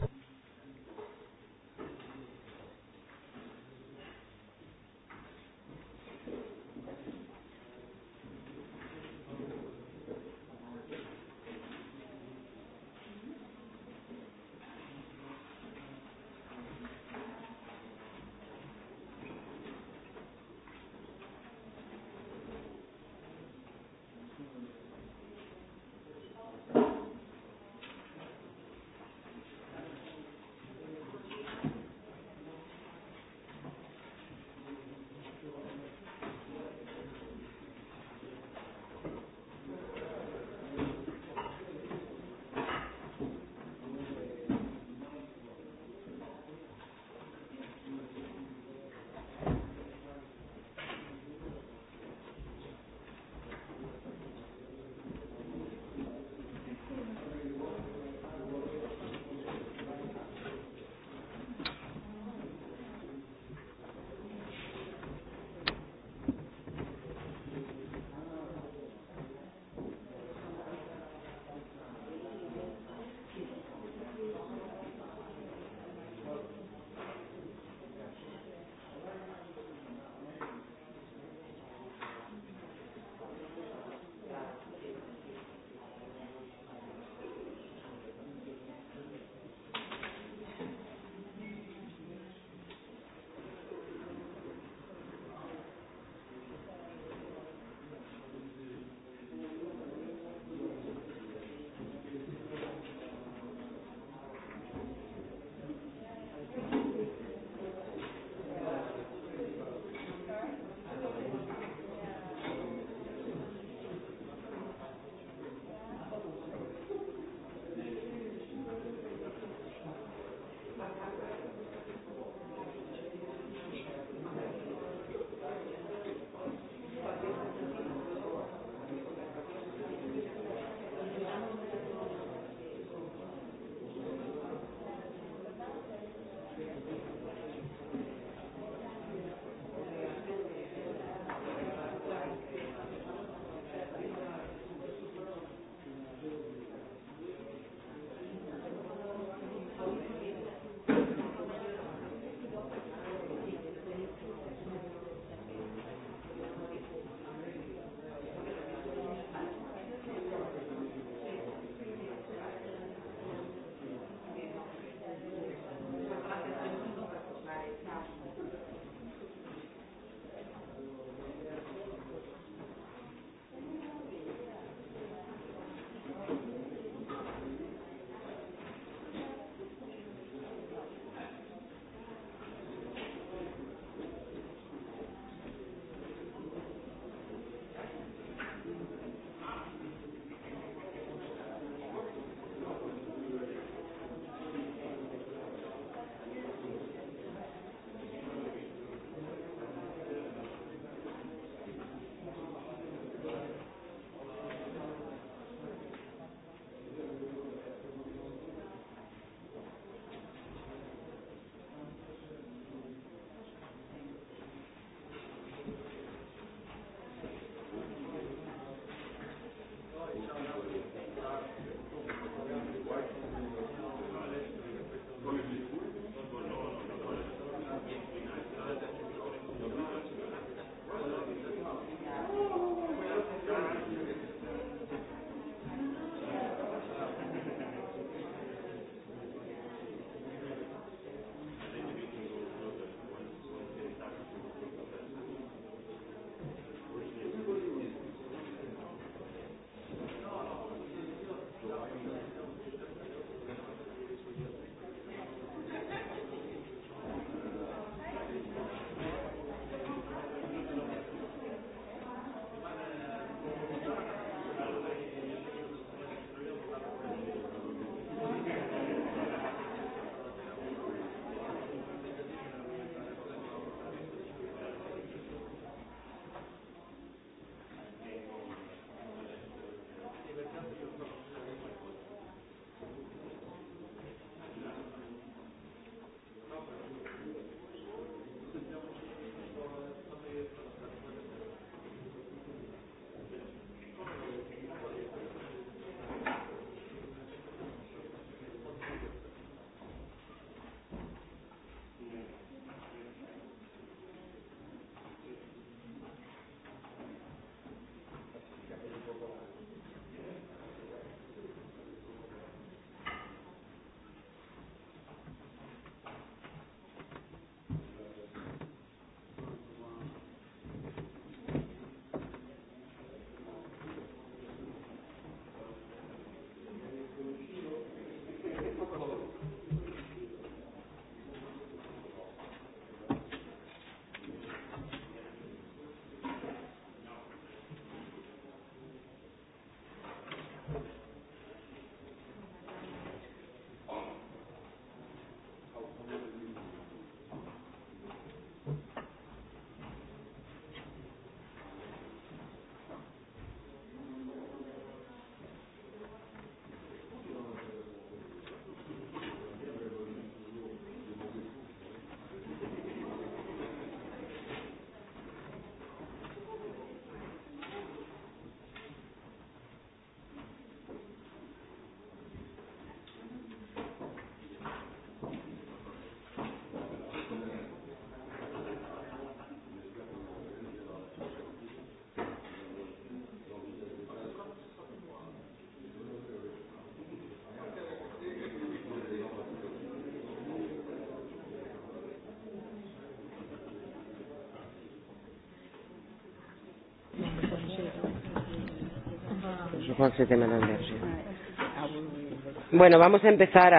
vamos a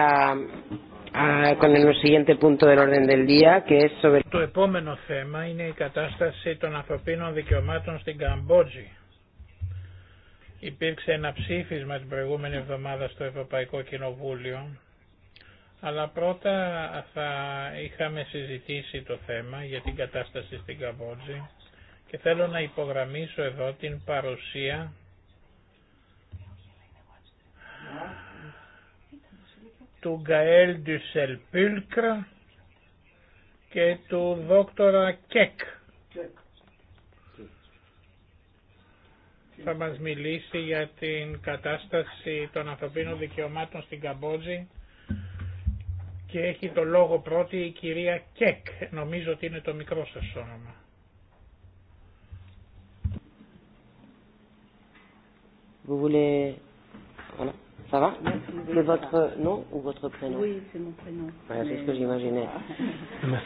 Το επόμενο θέμα είναι η κατάσταση των ανθρωπίνων δικαιωμάτων στην Καμπότζη. Υπήρξε ένα ψήφισμα την προηγούμενη εβδομάδα στο Ευρωπαϊκό Κοινοβούλιο, αλλά πρώτα θα είχαμε συζητήσει το θέμα για την κατάσταση στην Καμπότζη και θέλω να υπογραμμίσω εδώ την παρουσία του Γκαέλ Ντουσελ και του Δόκτωρα Κέκ. Θα μας μιλήσει για την κατάσταση των ανθρωπίνων δικαιωμάτων στην Καμπότζη και έχει το λόγο πρώτη η κυρία Κέκ. Νομίζω ότι είναι το μικρό σας όνομα. Vous Ça va C'est votre nom ou votre prénom Oui, c'est mon prénom. Voilà, c'est ce que j'imaginais.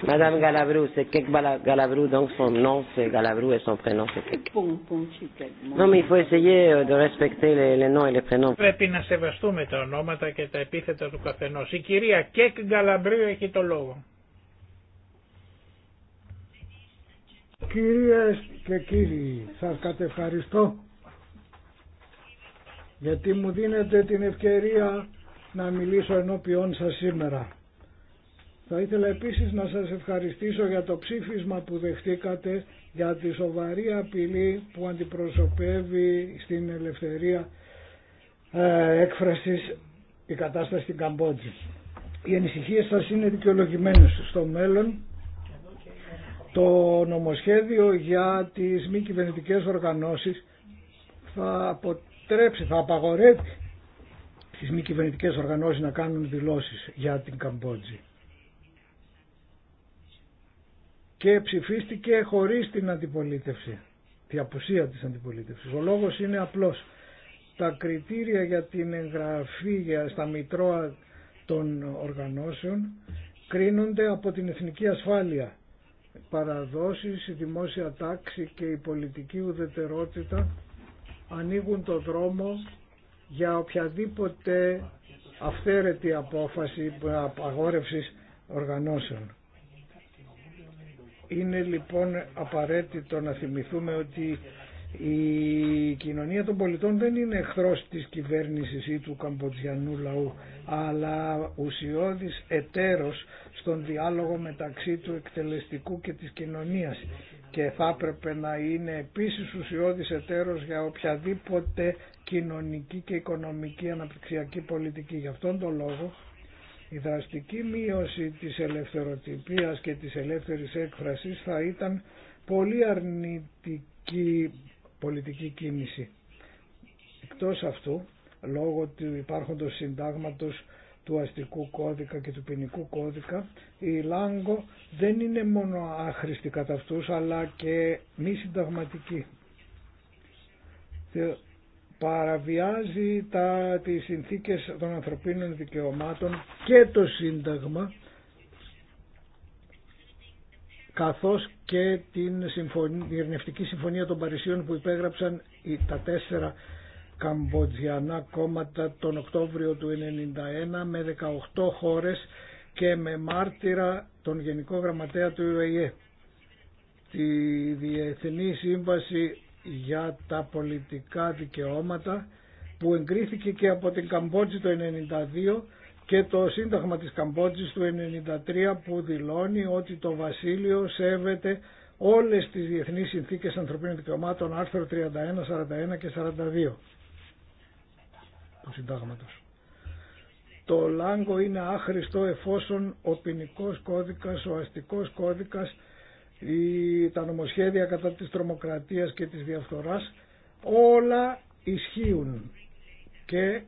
Madame Galabrou, c'est Kek Galabrou, donc son nom c'est Galabrou et son prénom c'est Kek. Non, mais il faut essayer de respecter les, les noms et les prénoms. Πρέπει να σεβαστούμε τα ονόματα και τα επίθετα του καθενός. Η κυρία Κεκ Γαλαμπρού έχει το λόγο. Κυρίες και κύριοι, σας κατευχαριστώ γιατί μου δίνετε την ευκαιρία να μιλήσω ενώπιόν σας σήμερα. Θα ήθελα επίσης να σας ευχαριστήσω για το ψήφισμα που δεχτήκατε για τη σοβαρή απειλή που αντιπροσωπεύει στην ελευθερία ε, έκφρασης η κατάσταση στην Καμπότζη. Οι ανησυχίε σας είναι δικαιολογημένες στο μέλλον. Το νομοσχέδιο για τις μη κυβερνητικέ οργανώσεις θα αποτελεί επιτρέψει, θα απαγορεύει τις μη κυβερνητικέ οργανώσεις να κάνουν δηλώσεις για την Καμπότζη. Και ψηφίστηκε χωρίς την αντιπολίτευση, τη απουσία της αντιπολίτευσης. Ο λόγος είναι απλός. Τα κριτήρια για την εγγραφή στα μητρώα των οργανώσεων κρίνονται από την εθνική ασφάλεια. Παραδόσεις, η δημόσια τάξη και η πολιτική ουδετερότητα ανοίγουν το δρόμο για οποιαδήποτε αυθαίρετη απόφαση απαγόρευσης οργανώσεων. Είναι λοιπόν απαραίτητο να θυμηθούμε ότι η κοινωνία των πολιτών δεν είναι εχθρός της κυβέρνησης ή του καμποτζιανού λαού αλλά ουσιώδης εταίρος στον διάλογο μεταξύ του εκτελεστικού και της κοινωνίας και θα έπρεπε να είναι επίσης ουσιώδης εταίρος για οποιαδήποτε κοινωνική και οικονομική αναπτυξιακή πολιτική. Γι' αυτόν τον λόγο η δραστική μείωση της ελευθεροτυπίας και της ελεύθερης έκφρασης θα ήταν πολύ αρνητική πολιτική κίνηση. Εκτός αυτού, λόγω του υπάρχοντος συντάγματος του αστικού κώδικα και του ποινικού κώδικα, η Λάγκο δεν είναι μόνο άχρηστη κατά αυτού, αλλά και μη συνταγματική. Παραβιάζει τα, τις συνθήκες των ανθρωπίνων δικαιωμάτων και το Σύνταγμα, καθώς και την, συμφωνία, Συμφωνία των Παρισίων που υπέγραψαν τα τέσσερα καμποτζιανά κόμματα τον Οκτώβριο του 1991 με 18 χώρες και με μάρτυρα τον Γενικό Γραμματέα του Ε.Ε. Τη Διεθνή Σύμβαση για τα Πολιτικά Δικαιώματα που εγκρίθηκε και από την Καμπότζη το 1992 και το Σύνταγμα της Καμπότζης του 1993 που δηλώνει ότι το Βασίλειο σέβεται όλες τις διεθνείς συνθήκες ανθρωπίνων δικαιωμάτων άρθρο 31, 41 και 42 του Το λάγκο είναι άχρηστο εφόσον ο ποινικό κώδικας, ο αστικός κώδικας, η, τα νομοσχέδια κατά της τρομοκρατίας και της διαφθοράς όλα ισχύουν και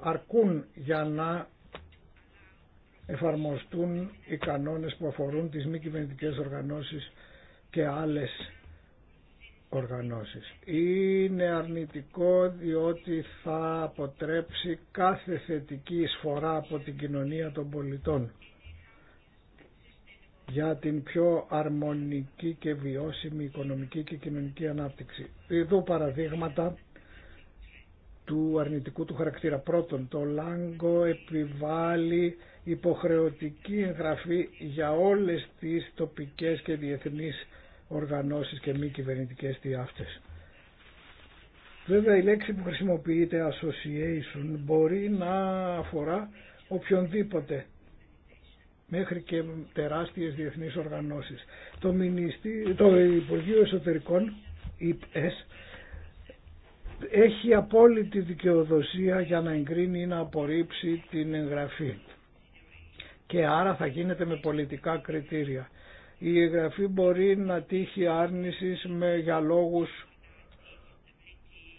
αρκούν για να εφαρμοστούν οι κανόνες που αφορούν τις μη κυβερνητικέ οργανώσεις και άλλες οργανώσεις. Είναι αρνητικό διότι θα αποτρέψει κάθε θετική εισφορά από την κοινωνία των πολιτών για την πιο αρμονική και βιώσιμη οικονομική και κοινωνική ανάπτυξη. Εδώ παραδείγματα του αρνητικού του χαρακτήρα. Πρώτον, το Λάγκο επιβάλλει υποχρεωτική εγγραφή για όλες τις τοπικές και διεθνείς οργανώσεις και μη κυβερνητικές διάφτες. Βέβαια η λέξη που χρησιμοποιείται association μπορεί να αφορά οποιονδήποτε μέχρι και τεράστιες διεθνείς οργανώσεις. Το, το Υπουργείο Εσωτερικών, ΙΠΕΣ, έχει απόλυτη δικαιοδοσία για να εγκρίνει ή να απορρίψει την εγγραφή. Και άρα θα γίνεται με πολιτικά κριτήρια η εγγραφή μπορεί να τύχει άρνησης με, για λόγους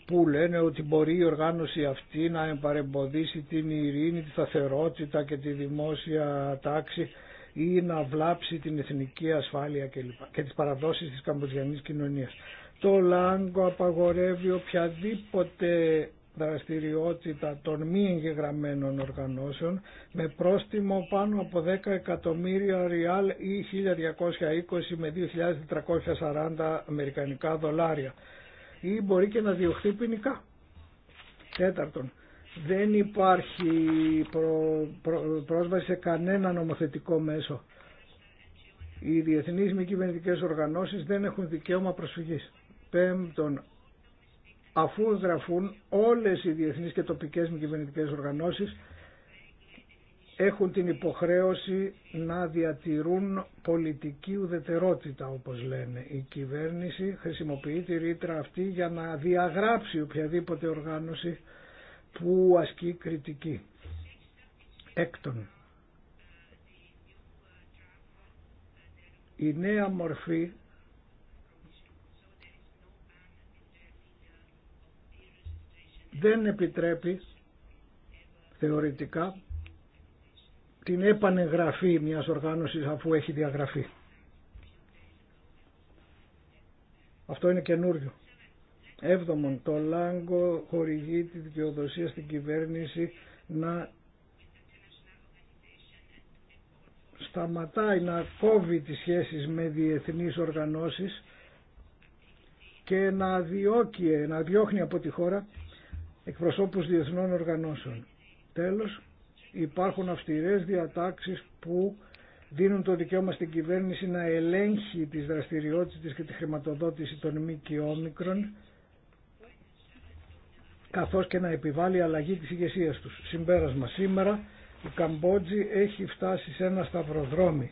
που λένε ότι μπορεί η οργάνωση αυτή να εμπαρεμποδίσει την ειρήνη, τη σταθερότητα και τη δημόσια τάξη ή να βλάψει την εθνική ασφάλεια και, λοιπά, και τις παραδόσεις της καμποζιανής κοινωνίας. Το Λάγκο απαγορεύει οποιαδήποτε δραστηριότητα των μη εγγεγραμμένων οργανώσεων με πρόστιμο πάνω από 10 εκατομμύρια ριάλ ή 1220 με 2.440 αμερικανικά δολάρια ή μπορεί και να διωχθεί ποινικά. Τέταρτον, δεν υπάρχει πρόσβαση σε κανένα νομοθετικό μέσο. Οι διεθνείς μη κυβερνητικές οργανώσεις δεν έχουν δικαίωμα προσφυγής. Πέμπτον, αφού δραφούν όλες οι διεθνείς και τοπικές μη κυβερνητικές οργανώσεις έχουν την υποχρέωση να διατηρούν πολιτική ουδετερότητα όπως λένε. Η κυβέρνηση χρησιμοποιεί τη ρήτρα αυτή για να διαγράψει οποιαδήποτε οργάνωση που ασκεί κριτική. Έκτον, η νέα μορφή δεν επιτρέπει θεωρητικά την επανεγγραφή μιας οργάνωσης αφού έχει διαγραφεί. Αυτό είναι καινούριο. Έβδομον, το Λάγκο χορηγεί τη δικαιοδοσία στην κυβέρνηση να σταματάει να κόβει τις σχέσεις με διεθνείς οργανώσεις και να διώκει, να διώχνει από τη χώρα εκπροσώπους διεθνών οργανώσεων. Τέλος, υπάρχουν αυστηρές διατάξεις που δίνουν το δικαίωμα στην κυβέρνηση να ελέγχει τις δραστηριότητες και τη χρηματοδότηση των κοιόμικρων καθώς και να επιβάλλει αλλαγή της ηγεσία τους. Συμπέρασμα σήμερα η Καμπότζη έχει φτάσει σε ένα σταυροδρόμι.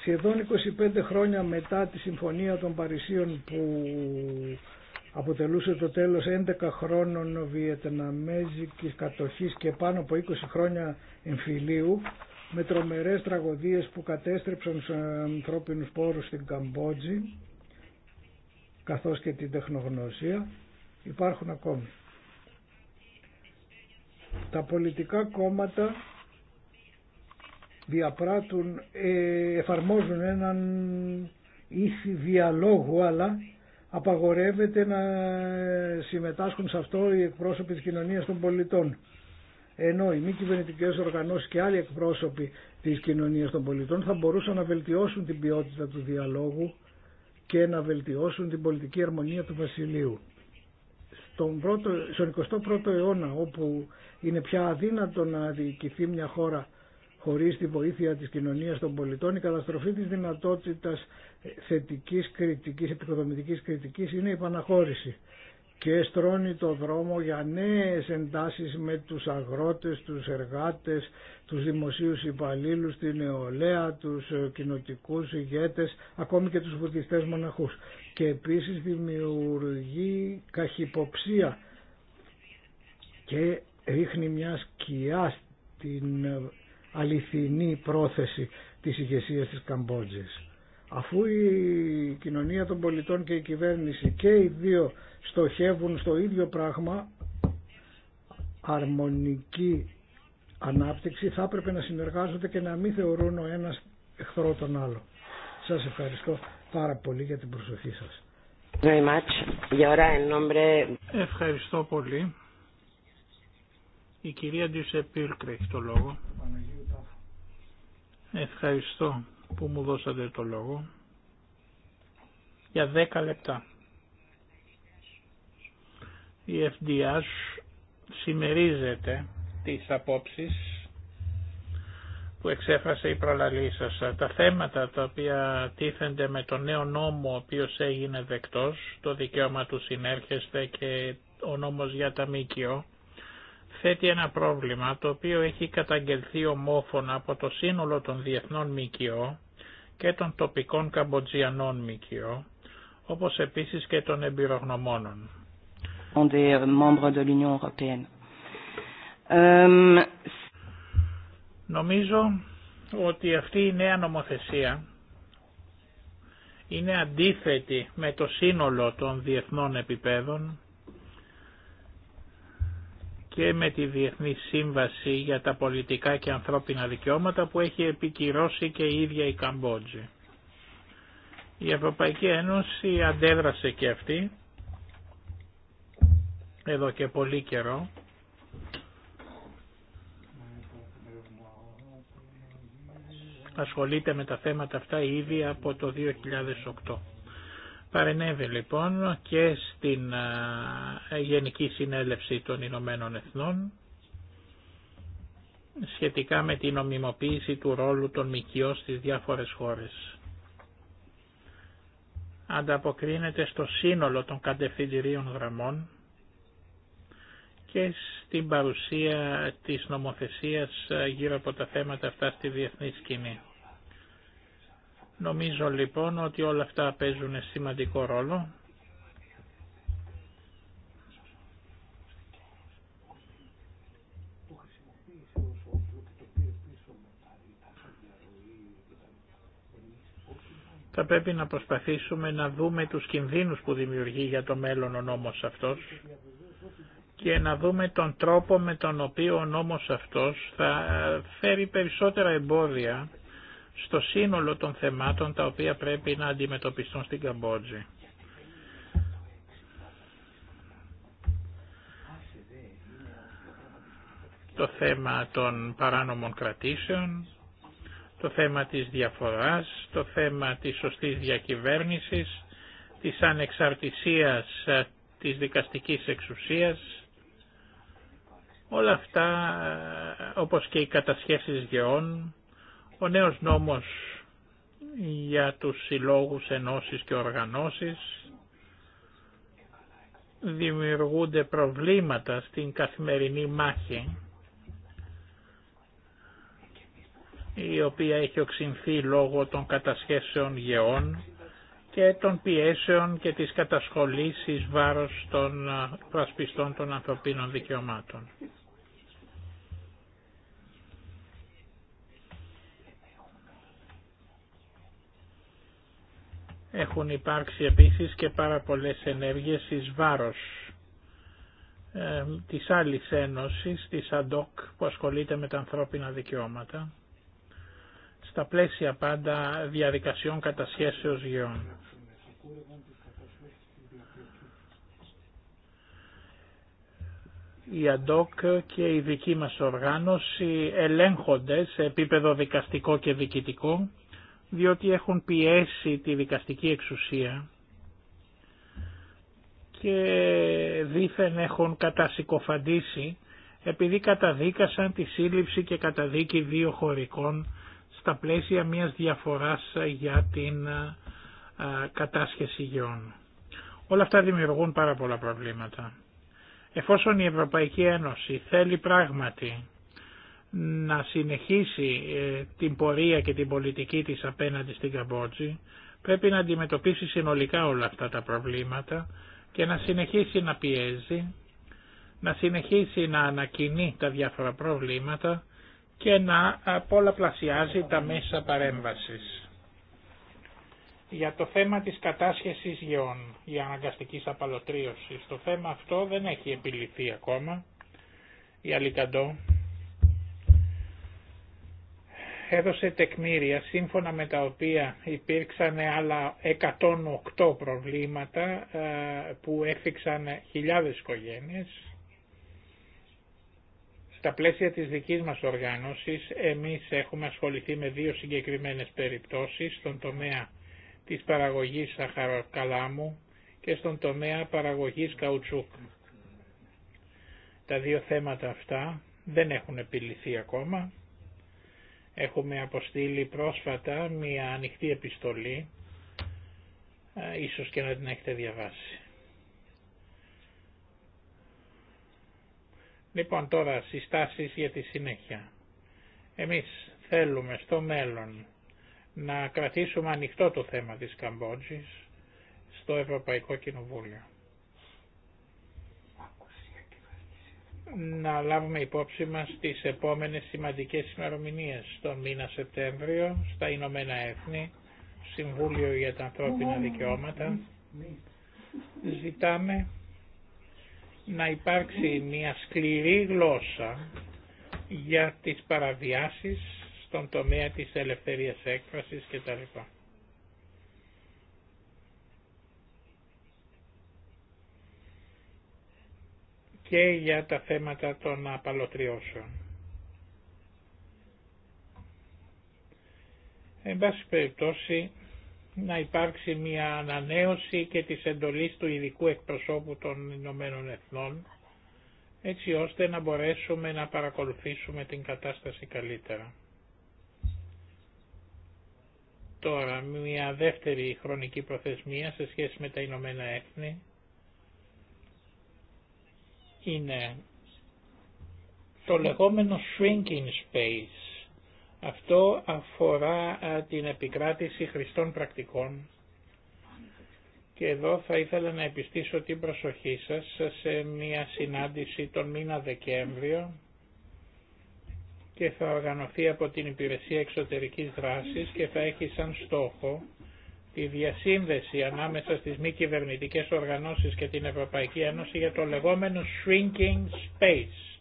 Σχεδόν 25 χρόνια μετά τη Συμφωνία των Παρισίων που αποτελούσε το τέλος 11 χρόνων βιετναμέζικης κατοχής και πάνω από 20 χρόνια εμφυλίου με τρομερές τραγωδίες που κατέστρεψαν στους ανθρώπινους πόρους στην Καμπότζη καθώς και την τεχνογνωσία υπάρχουν ακόμη. Τα πολιτικά κόμματα διαπράττουν, ε, εφαρμόζουν έναν ήθη διαλόγου αλλά απαγορεύεται να συμμετάσχουν σε αυτό οι εκπρόσωποι της κοινωνίας των πολιτών. Ενώ οι μη κυβερνητικέ οργανώσεις και άλλοι εκπρόσωποι της κοινωνίας των πολιτών θα μπορούσαν να βελτιώσουν την ποιότητα του διαλόγου και να βελτιώσουν την πολιτική αρμονία του Βασιλείου. Στον, στον 21ο αιώνα όπου είναι πια αδύνατο να διοικηθεί μια χώρα χωρίς τη βοήθεια της κοινωνίας των πολιτών η καταστροφή της δυνατότητας θετικής κριτικής, επικοδομητικής κριτικής είναι η παναχώρηση και στρώνει το δρόμο για νέες εντάσεις με τους αγρότες, τους εργάτες, τους δημοσίους υπαλλήλους, την νεολαία, τους κοινοτικούς ηγέτες, ακόμη και τους βουτιστές μοναχούς. Και επίσης δημιουργεί καχυποψία και ρίχνει μια σκιά στην αληθινή πρόθεση της ηγεσία της Καμπότζης. Αφού η κοινωνία των πολιτών και η κυβέρνηση και οι δύο στοχεύουν στο ίδιο πράγμα, αρμονική ανάπτυξη θα έπρεπε να συνεργάζονται και να μην θεωρούν ο ένας εχθρό τον άλλο. Σας ευχαριστώ πάρα πολύ για την προσοχή σας. Ευχαριστώ πολύ. Η κυρία Ντιουσεπίλκ έχει το λόγο. Ευχαριστώ που μου δώσατε το λόγο. Για 10 λεπτά. Η FDR συμμερίζεται τις απόψεις που εξέφρασε η προλαλή Τα θέματα τα οποία τίθενται με το νέο νόμο ο οποίος έγινε δεκτός, το δικαίωμα του συνέρχεστε και ο νόμος για τα μήκυο, θέτει ένα πρόβλημα το οποίο έχει καταγγελθεί ομόφωνα από το σύνολο των διεθνών ΜΚΟ και των τοπικών Καμποτζιανών ΜΚΟ, όπως επίσης και των εμπειρογνωμόνων. Euh, euh, Νομίζω ότι αυτή η νέα νομοθεσία είναι αντίθετη με το σύνολο των διεθνών επιπέδων και με τη Διεθνή Σύμβαση για τα Πολιτικά και Ανθρώπινα Δικαιώματα που έχει επικυρώσει και η ίδια η Καμπότζη. Η Ευρωπαϊκή Ένωση αντέδρασε και αυτή εδώ και πολύ καιρό ασχολείται με τα θέματα αυτά ήδη από το 2008. Παρενέβη λοιπόν και στην Γενική Συνέλευση των Ηνωμένων Εθνών σχετικά με την ομιμοποίηση του ρόλου των ΜΚΙΟ στις διάφορες χώρες. Ανταποκρίνεται στο σύνολο των κατευθυντηρίων γραμμών και στην παρουσία της νομοθεσίας γύρω από τα θέματα αυτά στη διεθνή σκηνή. Νομίζω λοιπόν ότι όλα αυτά παίζουν σημαντικό ρόλο. Θα πρέπει να προσπαθήσουμε να δούμε τους κινδύνους που δημιουργεί για το μέλλον ο νόμος αυτός και να δούμε τον τρόπο με τον οποίο ο νόμος αυτός θα φέρει περισσότερα εμπόδια στο σύνολο των θεμάτων τα οποία πρέπει να αντιμετωπιστούν στην Καμπότζη. Το θέμα των παράνομων κρατήσεων, το θέμα της διαφοράς, το θέμα της σωστής διακυβέρνησης, της ανεξαρτησίας ε, της δικαστικής εξουσίας, όλα αυτά ε, όπως και οι κατασχέσεις γεών, ο νέος νόμος για τους συλλόγους, ενώσεις και οργανώσεις δημιουργούνται προβλήματα στην καθημερινή μάχη η οποία έχει οξυνθεί λόγω των κατασχέσεων γεών και των πιέσεων και της κατασχολής εις βάρος των πρασπιστών των ανθρωπίνων δικαιωμάτων. Έχουν υπάρξει επίσης και πάρα πολλές ενέργειες εις βάρος ε, της άλλης ένωσης, της ΑΝΤΟΚ που ασχολείται με τα ανθρώπινα δικαιώματα, στα πλαίσια πάντα διαδικασιών κατασχέσεως γεών. η ΑΝΤΟΚ και η δική μας οργάνωση ελέγχονται σε επίπεδο δικαστικό και διοικητικό διότι έχουν πιέσει τη δικαστική εξουσία και δήθεν έχουν κατασυκοφαντήσει επειδή καταδίκασαν τη σύλληψη και καταδίκη δύο χωρικών στα πλαίσια μιας διαφοράς για την κατάσχεση γεών. Όλα αυτά δημιουργούν πάρα πολλά προβλήματα. Εφόσον η Ευρωπαϊκή Ένωση θέλει πράγματι να συνεχίσει ε, την πορεία και την πολιτική της απέναντι στην Καμπότζη, πρέπει να αντιμετωπίσει συνολικά όλα αυτά τα προβλήματα και να συνεχίσει να πιέζει, να συνεχίσει να ανακοινεί τα διάφορα προβλήματα και να πολλαπλασιάζει τα μέσα παρέμβασης. Για το θέμα της κατάσχεσης γεών, για αναγκαστικής απαλωτρίωσης, το θέμα αυτό δεν έχει επιληθεί ακόμα. Η Αλικαντό έδωσε τεκμήρια σύμφωνα με τα οποία υπήρξαν άλλα 108 προβλήματα ε, που έφυξαν χιλιάδες οικογένειες. Στα πλαίσια της δικής μας οργάνωσης εμείς έχουμε ασχοληθεί με δύο συγκεκριμένες περιπτώσεις στον τομέα της παραγωγής σαχαροκαλάμου και στον τομέα παραγωγής καουτσούκ. Τα δύο θέματα αυτά δεν έχουν επιληθεί ακόμα Έχουμε αποστείλει πρόσφατα μια ανοιχτή επιστολή, ε, ίσως και να την έχετε διαβάσει. Λοιπόν τώρα συστάσεις για τη συνέχεια. Εμείς θέλουμε στο μέλλον να κρατήσουμε ανοιχτό το θέμα της Καμπότζης στο Ευρωπαϊκό Κοινοβούλιο. να λάβουμε υπόψη μας τις επόμενες σημαντικές ημερομηνίε τον μήνα Σεπτέμβριο στα Ηνωμένα Έθνη, Συμβούλιο για τα Ανθρώπινα Δικαιώματα. Ζητάμε να υπάρξει μια σκληρή γλώσσα για τις παραβιάσεις στον τομέα της ελευθερίας έκφρασης κτλ. και για τα θέματα των απαλωτριώσεων. Εν πάση περιπτώσει, να υπάρξει μια ανανέωση και της εντολής του ειδικού εκπροσώπου των Ηνωμένων Εθνών, έτσι ώστε να μπορέσουμε να παρακολουθήσουμε την κατάσταση καλύτερα. Τώρα, μια δεύτερη χρονική προθεσμία σε σχέση με τα Ηνωμένα Έθνη, είναι το λεγόμενο shrinking space. Αυτό αφορά την επικράτηση χρηστών πρακτικών και εδώ θα ήθελα να επιστήσω την προσοχή σας σε μια συνάντηση τον μήνα Δεκέμβριο και θα οργανωθεί από την Υπηρεσία Εξωτερικής Δράσης και θα έχει σαν στόχο τη διασύνδεση ανάμεσα στις μη κυβερνητικέ οργανώσεις και την Ευρωπαϊκή Ένωση για το λεγόμενο shrinking space,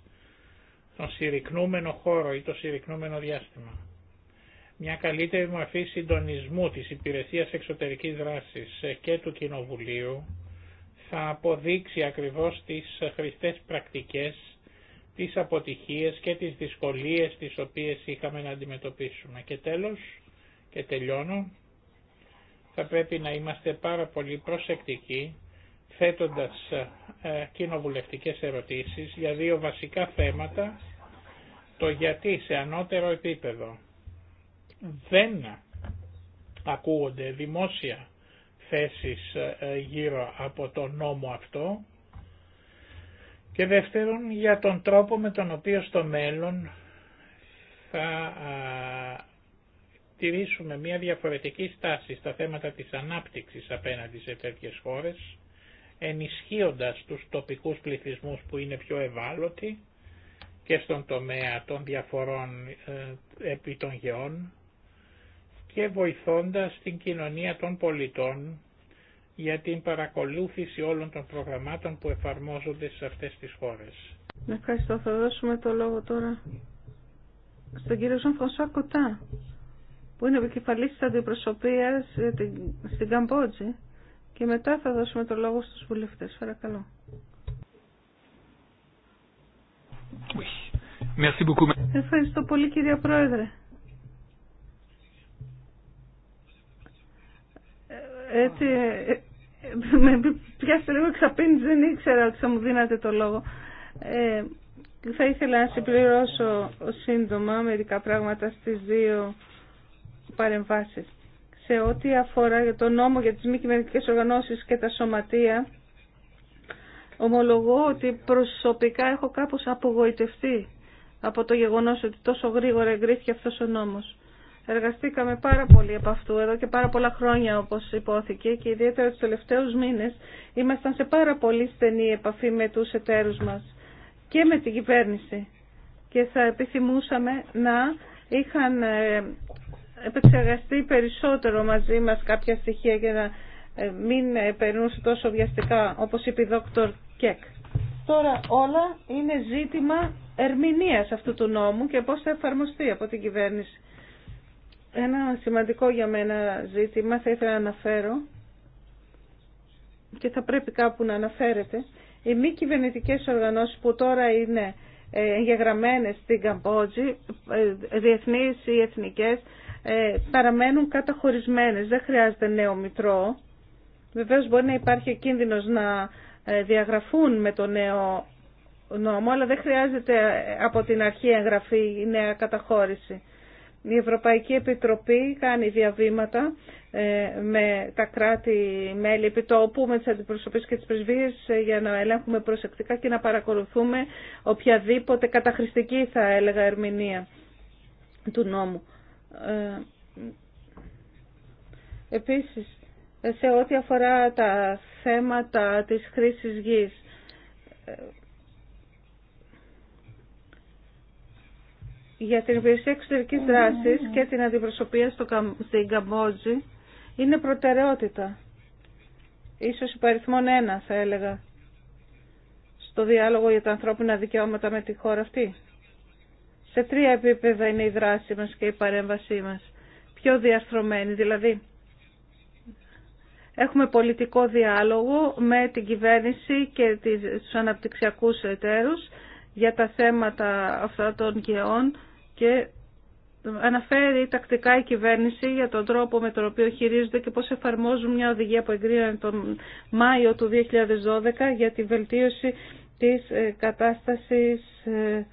τον συρρυκνούμενο χώρο ή το συρρυκνούμενο διάστημα. Μια καλύτερη μορφή συντονισμού της υπηρεσίας εξωτερικής δράσης και του Κοινοβουλίου θα αποδείξει ακριβώς τις χρηστές πρακτικές, τις αποτυχίες και τις δυσκολίες τις οποίες είχαμε να αντιμετωπίσουμε. Και τέλος, και τελειώνω, θα πρέπει να είμαστε πάρα πολύ προσεκτικοί θέτοντας ε, ε, κοινοβουλευτικές ερωτήσεις για δύο βασικά θέματα, το γιατί σε ανώτερο επίπεδο δεν ακούγονται δημόσια θέσεις ε, γύρω από το νόμο αυτό και δεύτερον για τον τρόπο με τον οποίο στο μέλλον θα τηρήσουμε μια διαφορετική στάση στα θέματα της ανάπτυξης απέναντι σε τέτοιες χώρες, ενισχύοντας τους τοπικούς πληθυσμούς που είναι πιο ευάλωτοι και στον τομέα των διαφορών ε, επί των γεών και βοηθώντας την κοινωνία των πολιτών για την παρακολούθηση όλων των προγραμμάτων που εφαρμόζονται σε αυτές τις χώρες. Ευχαριστώ. Θα δώσουμε το λόγο τώρα στον κύριο που είναι επικεφαλής της αντιπροσωπείας ε, στην Καμπότζη και μετά θα δώσουμε το λόγο στους βουλευτές. Παρακαλώ. Ευχαριστώ πολύ κύριε Πρόεδρε. Ε, έτσι, ε, με πιάσετε λίγο εξαπίνης, δεν ήξερα ότι θα μου δίνατε το λόγο. θα ήθελα να συμπληρώσω σύντομα μερικά πράγματα στις δύο παρεμβάσεις. Σε ό,τι αφορά για τον νόμο για τις μη κυβερνητικέ οργανώσεις και τα σωματεία, ομολογώ ότι προσωπικά έχω κάπως απογοητευτεί από το γεγονός ότι τόσο γρήγορα εγκρίθηκε αυτός ο νόμος. Εργαστήκαμε πάρα πολύ από αυτού εδώ και πάρα πολλά χρόνια όπως υπόθηκε και ιδιαίτερα τους τελευταίους μήνες ήμασταν σε πάρα πολύ στενή επαφή με τους εταίρους μας και με την κυβέρνηση και θα επιθυμούσαμε να είχαν ε, επεξεργαστεί περισσότερο μαζί μας κάποια στοιχεία για να ε, μην ε, περνούσε τόσο βιαστικά όπως είπε η Δόκτωρ Κέκ. Τώρα όλα είναι ζήτημα ερμηνείας αυτού του νόμου και πώς θα εφαρμοστεί από την κυβέρνηση. Ένα σημαντικό για μένα ζήτημα θα ήθελα να αναφέρω και θα πρέπει κάπου να αναφέρεται. Οι μη κυβερνητικέ οργανώσεις που τώρα είναι ε, εγγεγραμμένες στην Καμπότζη, διεθνείς ή εθνικές, ε, παραμένουν καταχωρισμένες. Δεν χρειάζεται νέο μητρό. Βεβαίως μπορεί να υπάρχει κίνδυνος να ε, διαγραφούν με το νέο νόμο, αλλά δεν χρειάζεται ε, από την αρχή εγγραφή η νέα καταχώρηση. Η Ευρωπαϊκή Επιτροπή κάνει διαβήματα με τα κράτη-μέλη επιτόπου, με τις αντιπροσωπείς και τις πρεσβείες για να ελέγχουμε προσεκτικά και να παρακολουθούμε οποιαδήποτε καταχρηστική θα έλεγα ερμηνεία του νόμου. Ε, επίσης, σε ό,τι αφορά τα θέματα της χρήσης γης, ε, για την υπηρεσία εξωτερικής δράσης και την αντιπροσωπεία στο, στην Καμπότζη είναι προτεραιότητα. Ίσως υπαριθμόν ένα θα έλεγα στο διάλογο για τα ανθρώπινα δικαιώματα με τη χώρα αυτή. Σε τρία επίπεδα είναι η δράση μας και η παρέμβασή μας. Πιο διαρθρωμένη, δηλαδή έχουμε πολιτικό διάλογο με την κυβέρνηση και τους αναπτυξιακούς εταίρους για τα θέματα αυτά των γεών και αναφέρει τακτικά η κυβέρνηση για τον τρόπο με τον οποίο χειρίζεται και πώς εφαρμόζουν μια οδηγία που εγκρίνανε τον Μάιο του 2012 για τη βελτίωση της ε, κατάστασης ε,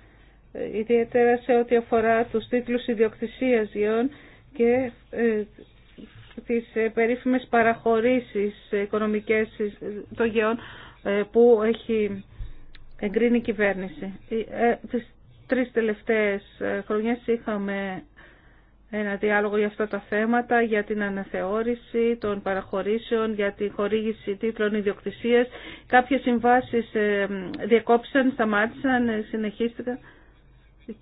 ιδιαίτερα σε ό,τι αφορά τους τίτλους ιδιοκτησίας γεών και ε, τις ε, περίφημες παραχωρήσεις οικονομικές των γεών ε, που έχει εγκρίνει η κυβέρνηση. Τις τρεις τελευταίες χρονιές είχαμε ένα διάλογο για αυτά τα θέματα, για την αναθεώρηση των παραχωρήσεων, για τη χορήγηση τίτλων ιδιοκτησίας. Κάποιες συμβάσεις διακόψαν, σταμάτησαν, συνεχίστηκαν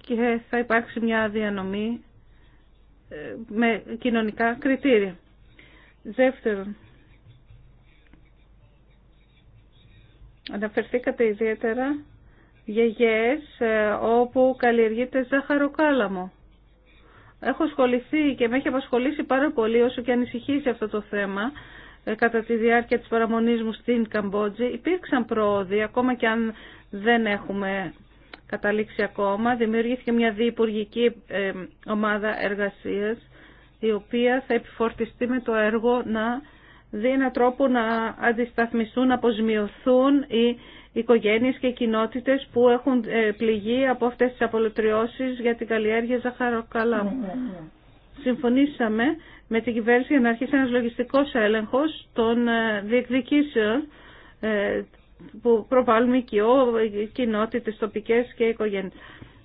και θα υπάρξει μια διανομή ε, με κοινωνικά κριτήρια. Δεύτερον, αναφερθήκατε ιδιαίτερα για γεγές ε, όπου καλλιεργείται ζάχαρο Έχω ασχοληθεί και με έχει απασχολήσει πάρα πολύ όσο και ανησυχήσει αυτό το θέμα ε, κατά τη διάρκεια της παραμονής μου στην Καμπότζη. Υπήρξαν πρόοδοι, ακόμα και αν δεν έχουμε καταλήξει ακόμα. Δημιουργήθηκε μια διυπουργική ε, ομάδα εργασίας η οποία θα επιφορτιστεί με το έργο να δει έναν τρόπο να αντισταθμιστούν, να αποζημιωθούν οι οικογένειες και οι κοινότητες που έχουν ε, πληγεί από αυτές τις απολυτριώσεις για την καλλιέργεια ζαχαροκαλάμου. Ναι, ναι, ναι. Συμφωνήσαμε με την κυβέρνηση για να αρχίσει ένας λογιστικός έλεγχος των ε, διεκδικήσεων που προβάλλουν οικειό, κοινότητες τοπικές και οικογένειες.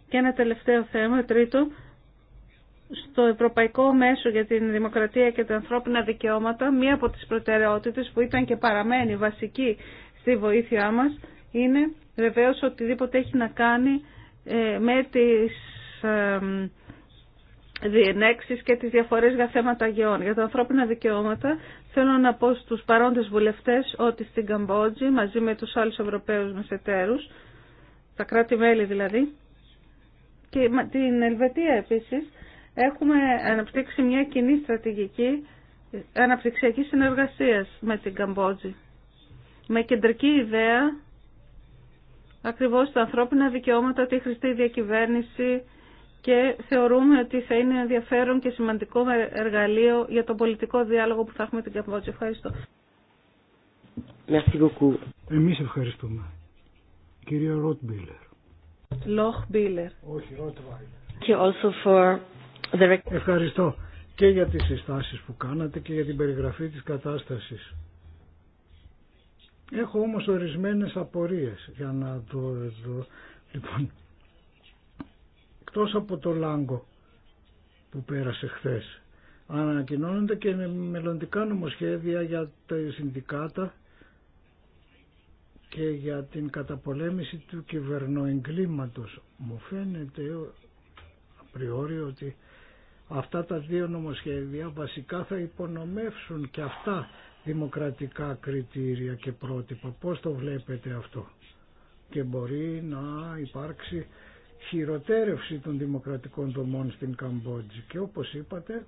Και ένα τελευταίο θέμα, τρίτο, στο Ευρωπαϊκό Μέσο για την Δημοκρατία και τα Ανθρώπινα Δικαιώματα, μία από τις προτεραιότητες που ήταν και παραμένει βασική στη βοήθειά μας, είναι βεβαίως οτιδήποτε έχει να κάνει ε, με τις διενέξεις και τις διαφορές για θέματα γεών. Για τα ανθρώπινα δικαιώματα Θέλω να πω στους παρόντες βουλευτές ότι στην Καμπότζη μαζί με τους άλλους Ευρωπαίους μας εταίρους, τα κράτη-μέλη δηλαδή, και την Ελβετία επίσης, έχουμε αναπτύξει μια κοινή στρατηγική αναπτυξιακή συνεργασίας με την Καμπότζη. Με κεντρική ιδέα ακριβώς τα ανθρώπινα δικαιώματα, τη χρηστή διακυβέρνηση, και θεωρούμε ότι θα είναι ενδιαφέρον και σημαντικό εργαλείο για τον πολιτικό διάλογο που θα έχουμε την Καμπότζη. Ευχαριστώ. Εμείς ευχαριστούμε. Κυρία Ροτμπίλερ. Λοχ Μπίλερ. Όχι, Ροτ The... Ευχαριστώ και για τις συστάσεις που κάνατε και για την περιγραφή της κατάστασης. Έχω όμως ορισμένες απορίες για να το δω. Λοιπόν, τόσο από το Λάγκο που πέρασε χθες. Ανακοινώνονται και μελλοντικά νομοσχέδια για τα συνδικάτα και για την καταπολέμηση του κυβερνοεγκλήματος. Μου φαίνεται απριόριο ότι αυτά τα δύο νομοσχέδια βασικά θα υπονομεύσουν και αυτά δημοκρατικά κριτήρια και πρότυπα. Πώς το βλέπετε αυτό και μπορεί να υπάρξει χειροτέρευση των δημοκρατικών δομών στην Καμπότζη και όπως είπατε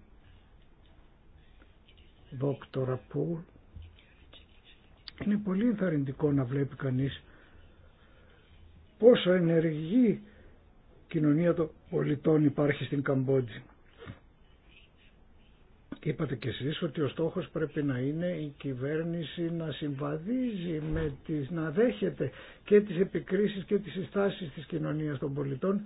δόκτωρα που, είναι πολύ ενθαρρυντικό να βλέπει κανείς πόσο ενεργή κοινωνία των πολιτών υπάρχει στην Καμπότζη. Είπατε και εσείς ότι ο στόχος πρέπει να είναι η κυβέρνηση να συμβαδίζει με τις, να δέχεται και τις επικρίσεις και τις συστάσεις της κοινωνίας των πολιτών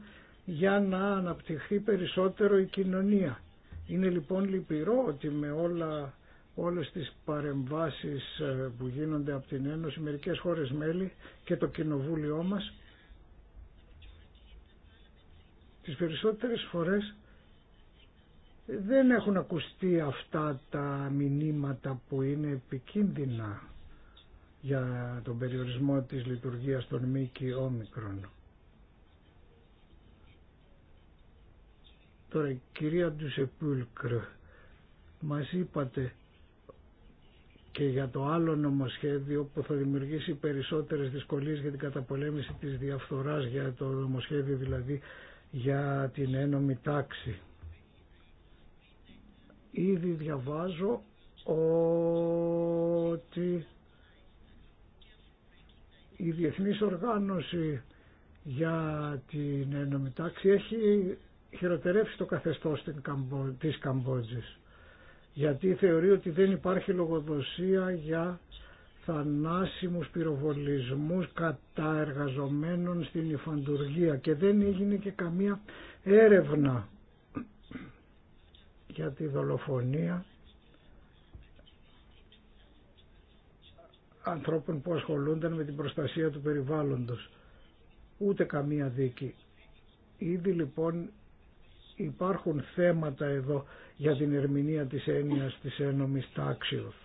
για να αναπτυχθεί περισσότερο η κοινωνία. Είναι λοιπόν λυπηρό ότι με όλα, όλες τις παρεμβάσεις ε, που γίνονται από την Ένωση μερικές χώρες μέλη και το κοινοβούλιο μας τις περισσότερες φορές δεν έχουν ακουστεί αυτά τα μηνύματα που είναι επικίνδυνα για τον περιορισμό της λειτουργίας των μήκη όμικρον. Τώρα η κυρία Ντουσεπούλκρ μας είπατε και για το άλλο νομοσχέδιο που θα δημιουργήσει περισσότερες δυσκολίες για την καταπολέμηση της διαφθοράς για το νομοσχέδιο δηλαδή για την ένομη τάξη. Ήδη διαβάζω ότι η Διεθνής Οργάνωση για την Ένωμη έχει χειροτερεύσει το καθεστώς της Καμπότζης γιατί θεωρεί ότι δεν υπάρχει λογοδοσία για θανάσιμους πυροβολισμούς κατά εργαζομένων στην υφαντουργία και δεν έγινε και καμία έρευνα για τη δολοφονία ανθρώπων που ασχολούνταν με την προστασία του περιβάλλοντος. Ούτε καμία δίκη. Ήδη λοιπόν υπάρχουν θέματα εδώ για την ερμηνεία της έννοιας της ένομης τάξιος.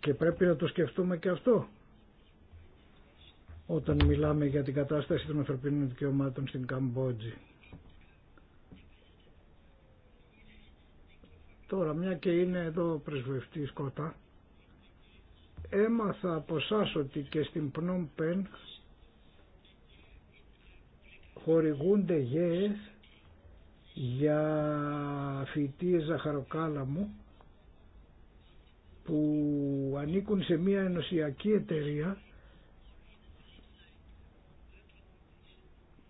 Και πρέπει να το σκεφτούμε και αυτό όταν μιλάμε για την κατάσταση των ανθρωπίνων δικαιωμάτων στην Καμπότζη. Τώρα, μια και είναι εδώ ο πρεσβευτής Κότα, έμαθα από εσά ότι και στην Πνόμ Πεν χορηγούνται γέες για φυτίες ζαχαροκάλαμου που ανήκουν σε μια ενωσιακή εταιρεία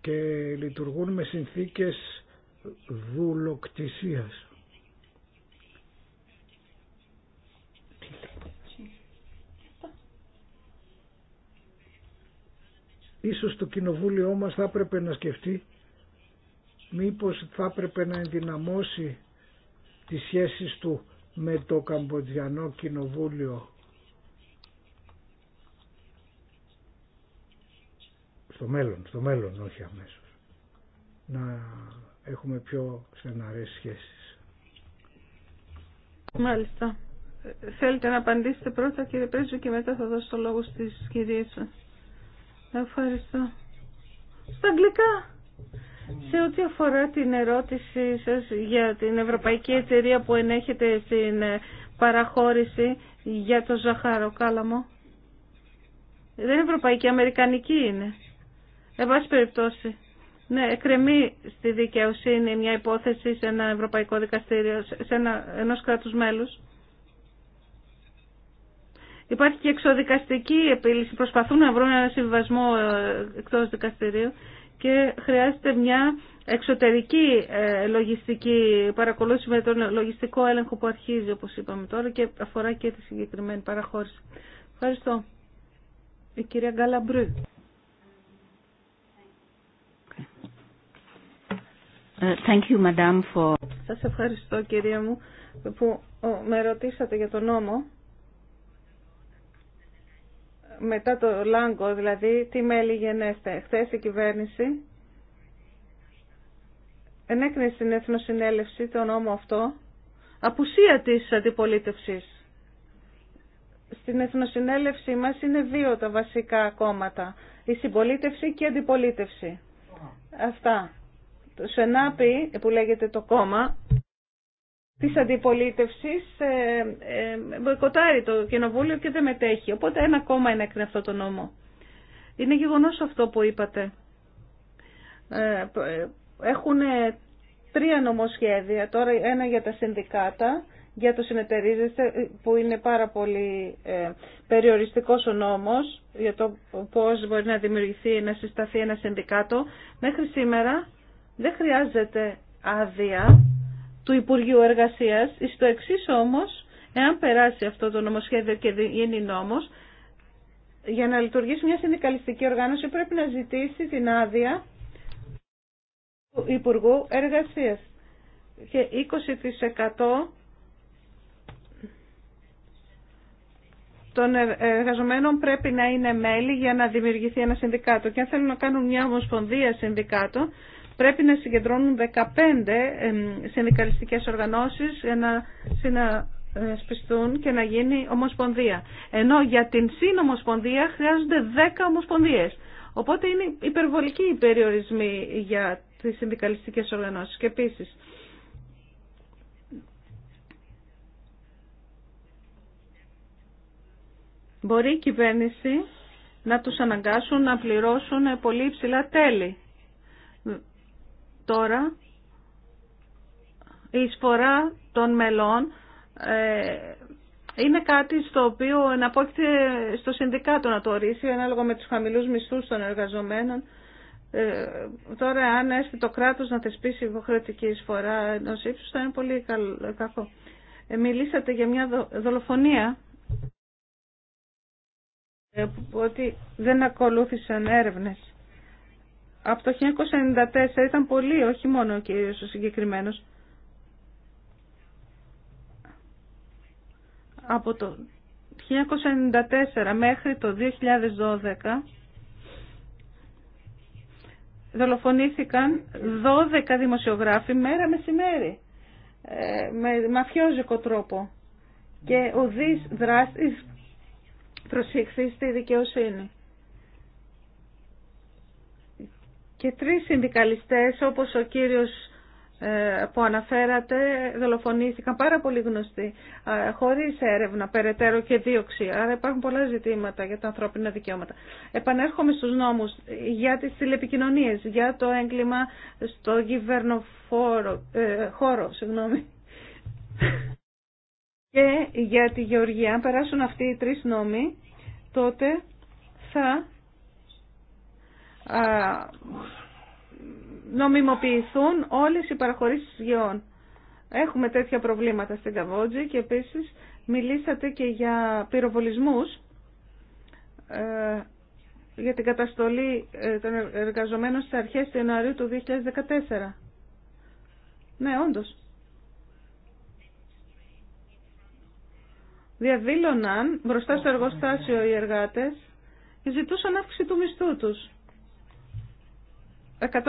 και λειτουργούν με συνθήκες δουλοκτησίας. Ίσως το κοινοβούλιο μας θα έπρεπε να σκεφτεί μήπως θα έπρεπε να ενδυναμώσει τις σχέσεις του με το Καμποτζιανό Κοινοβούλιο στο μέλλον, στο μέλλον όχι αμέσως να έχουμε πιο στεναρές σχέσεις Μάλιστα ε, Θέλετε να απαντήσετε πρώτα κύριε Πρέσβη και μετά θα δώσω το λόγο στις κυρίες σας Ευχαριστώ. Στα αγγλικά. Σε ό,τι αφορά την ερώτηση σας για την Ευρωπαϊκή Εταιρεία που ενέχεται στην ε, παραχώρηση για το ζαχαροκάλαμο. Δεν είναι ευρωπαϊκή, αμερικανική είναι. Εν πάση περιπτώσει. Ναι, εκκρεμεί στη δικαιοσύνη μια υπόθεση σε ένα ευρωπαϊκό δικαστήριο, σε ένα, ενός κράτους μέλους. Υπάρχει και εξωδικαστική επίλυση. Προσπαθούν να βρουν ένα συμβασμό ε, εκτός δικαστηρίου και χρειάζεται μια εξωτερική ε, λογιστική παρακολούθηση με τον λογιστικό έλεγχο που αρχίζει όπως είπαμε τώρα και αφορά και τη συγκεκριμένη παραχώρηση. Ευχαριστώ. Η κυρία Γκαλαμπρού. Ε, thank you, Σας ευχαριστώ κυρία μου που με ρωτήσατε για τον νόμο μετά το Λάγκο, δηλαδή τι μέλη γενέστε. Χθε η κυβέρνηση ενέκρινε στην Εθνοσυνέλευση το νόμο αυτό, απουσία της αντιπολίτευσης. Στην Εθνοσυνέλευση μας είναι δύο τα βασικά κόμματα, η συμπολίτευση και η αντιπολίτευση. Αυτά. Το ΣΕΝΑΠΗ που λέγεται το κόμμα της αντιπολίτευσης ε, ε, μποϊκοτάρει το κοινοβούλιο και δεν μετέχει. Οπότε ένα κόμμα ενέκρινε αυτό το νόμο. Είναι γεγονός αυτό που είπατε. Ε, έχουν τρία νομοσχέδια, τώρα ένα για τα συνδικάτα, για το συνεταιρίζεστε που είναι πάρα πολύ περιοριστικός ο νόμος για το πώς μπορεί να δημιουργηθεί, να συσταθεί ένα συνδικάτο. Μέχρι σήμερα δεν χρειάζεται άδεια του Υπουργείου Εργασίας. το εξή όμως, εάν περάσει αυτό το νομοσχέδιο και γίνει νόμος, για να λειτουργήσει μια συνδικαλιστική οργάνωση πρέπει να ζητήσει την άδεια του Υπουργού Εργασίας. Και 20% των ε, εργαζομένων πρέπει να είναι μέλη για να δημιουργηθεί ένα συνδικάτο. Και αν θέλουν να κάνουν μια ομοσπονδία συνδικάτων, πρέπει να συγκεντρώνουν 15 συνδικαλιστικές οργανώσεις για να συνασπιστούν και να γίνει ομοσπονδία. Ενώ για την συνομοσπονδία χρειάζονται 10 ομοσπονδίες. Οπότε είναι υπερβολική η περιορισμοί για τις συνδικαλιστικές οργανώσεις. Και επίσης, μπορεί η κυβέρνηση να τους αναγκάσουν να πληρώσουν πολύ υψηλά τέλη τώρα η εισφορά των μελών ε, είναι κάτι στο οποίο εναπόκειται στο συνδικάτο να το ορίσει, ανάλογα με τους χαμηλούς μισθούς των εργαζομένων. Ε, τώρα, αν έρθει το κράτος να θεσπίσει υποχρεωτική εισφορά ενό ύψους, θα είναι πολύ κακό. Ε, μιλήσατε για μια δολοφονία, ε, ότι δεν ακολούθησαν έρευνες. Από το 1994 ήταν πολύ, όχι μόνο ο κύριος ο συγκεκριμένος. Από το 1994 μέχρι το 2012 δολοφονήθηκαν 12 δημοσιογράφοι μέρα μεσημέρι ε, με μαφιόζικο τρόπο και ο δράστης προσήχθη στη δικαιοσύνη. και τρεις συνδικαλιστές όπως ο κύριος ε, που αναφέρατε δολοφονήθηκαν πάρα πολύ γνωστοί χωρίς έρευνα, περαιτέρω και δίωξη. Άρα υπάρχουν πολλά ζητήματα για τα ανθρώπινα δικαιώματα. Επανέρχομαι στους νόμους για τις τηλεπικοινωνίες, για το έγκλημα στο κυβερνοφόρο, ε, χώρο, συγγνώμη. Και για τη Γεωργία, αν περάσουν αυτοί οι τρεις νόμοι, τότε θα νομιμοποιηθούν όλες οι παραχωρήσεις γεών. Έχουμε τέτοια προβλήματα στην Καβότζη και επίσης μιλήσατε και για πυροβολισμούς, ε, για την καταστολή ε, των εργαζομένων στις αρχές του Ιανουαρίου του 2014. Ναι, όντως. Διαδήλωναν μπροστά στο εργοστάσιο οι εργάτες και ζητούσαν αύξηση του μισθού τους. 177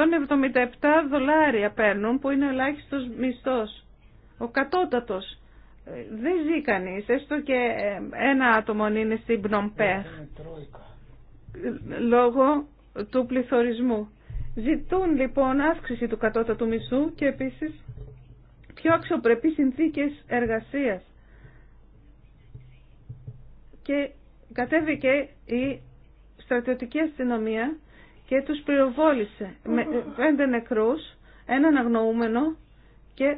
δολάρια παίρνουν που είναι ο ελάχιστος μισθός. Ο κατώτατο. Ε, δεν ζει κανεί. έστω και ε, ένα άτομο είναι στην Πνομπέχ. Λόγω του πληθωρισμού. Ζητούν λοιπόν αύξηση του κατώτατου μισθού και επίσης πιο αξιοπρέπει συνθήκες εργασίας. Και κατέβηκε η στρατιωτική αστυνομία και τους πυροβόλησε με πέντε νεκρούς, έναν αγνοούμενο και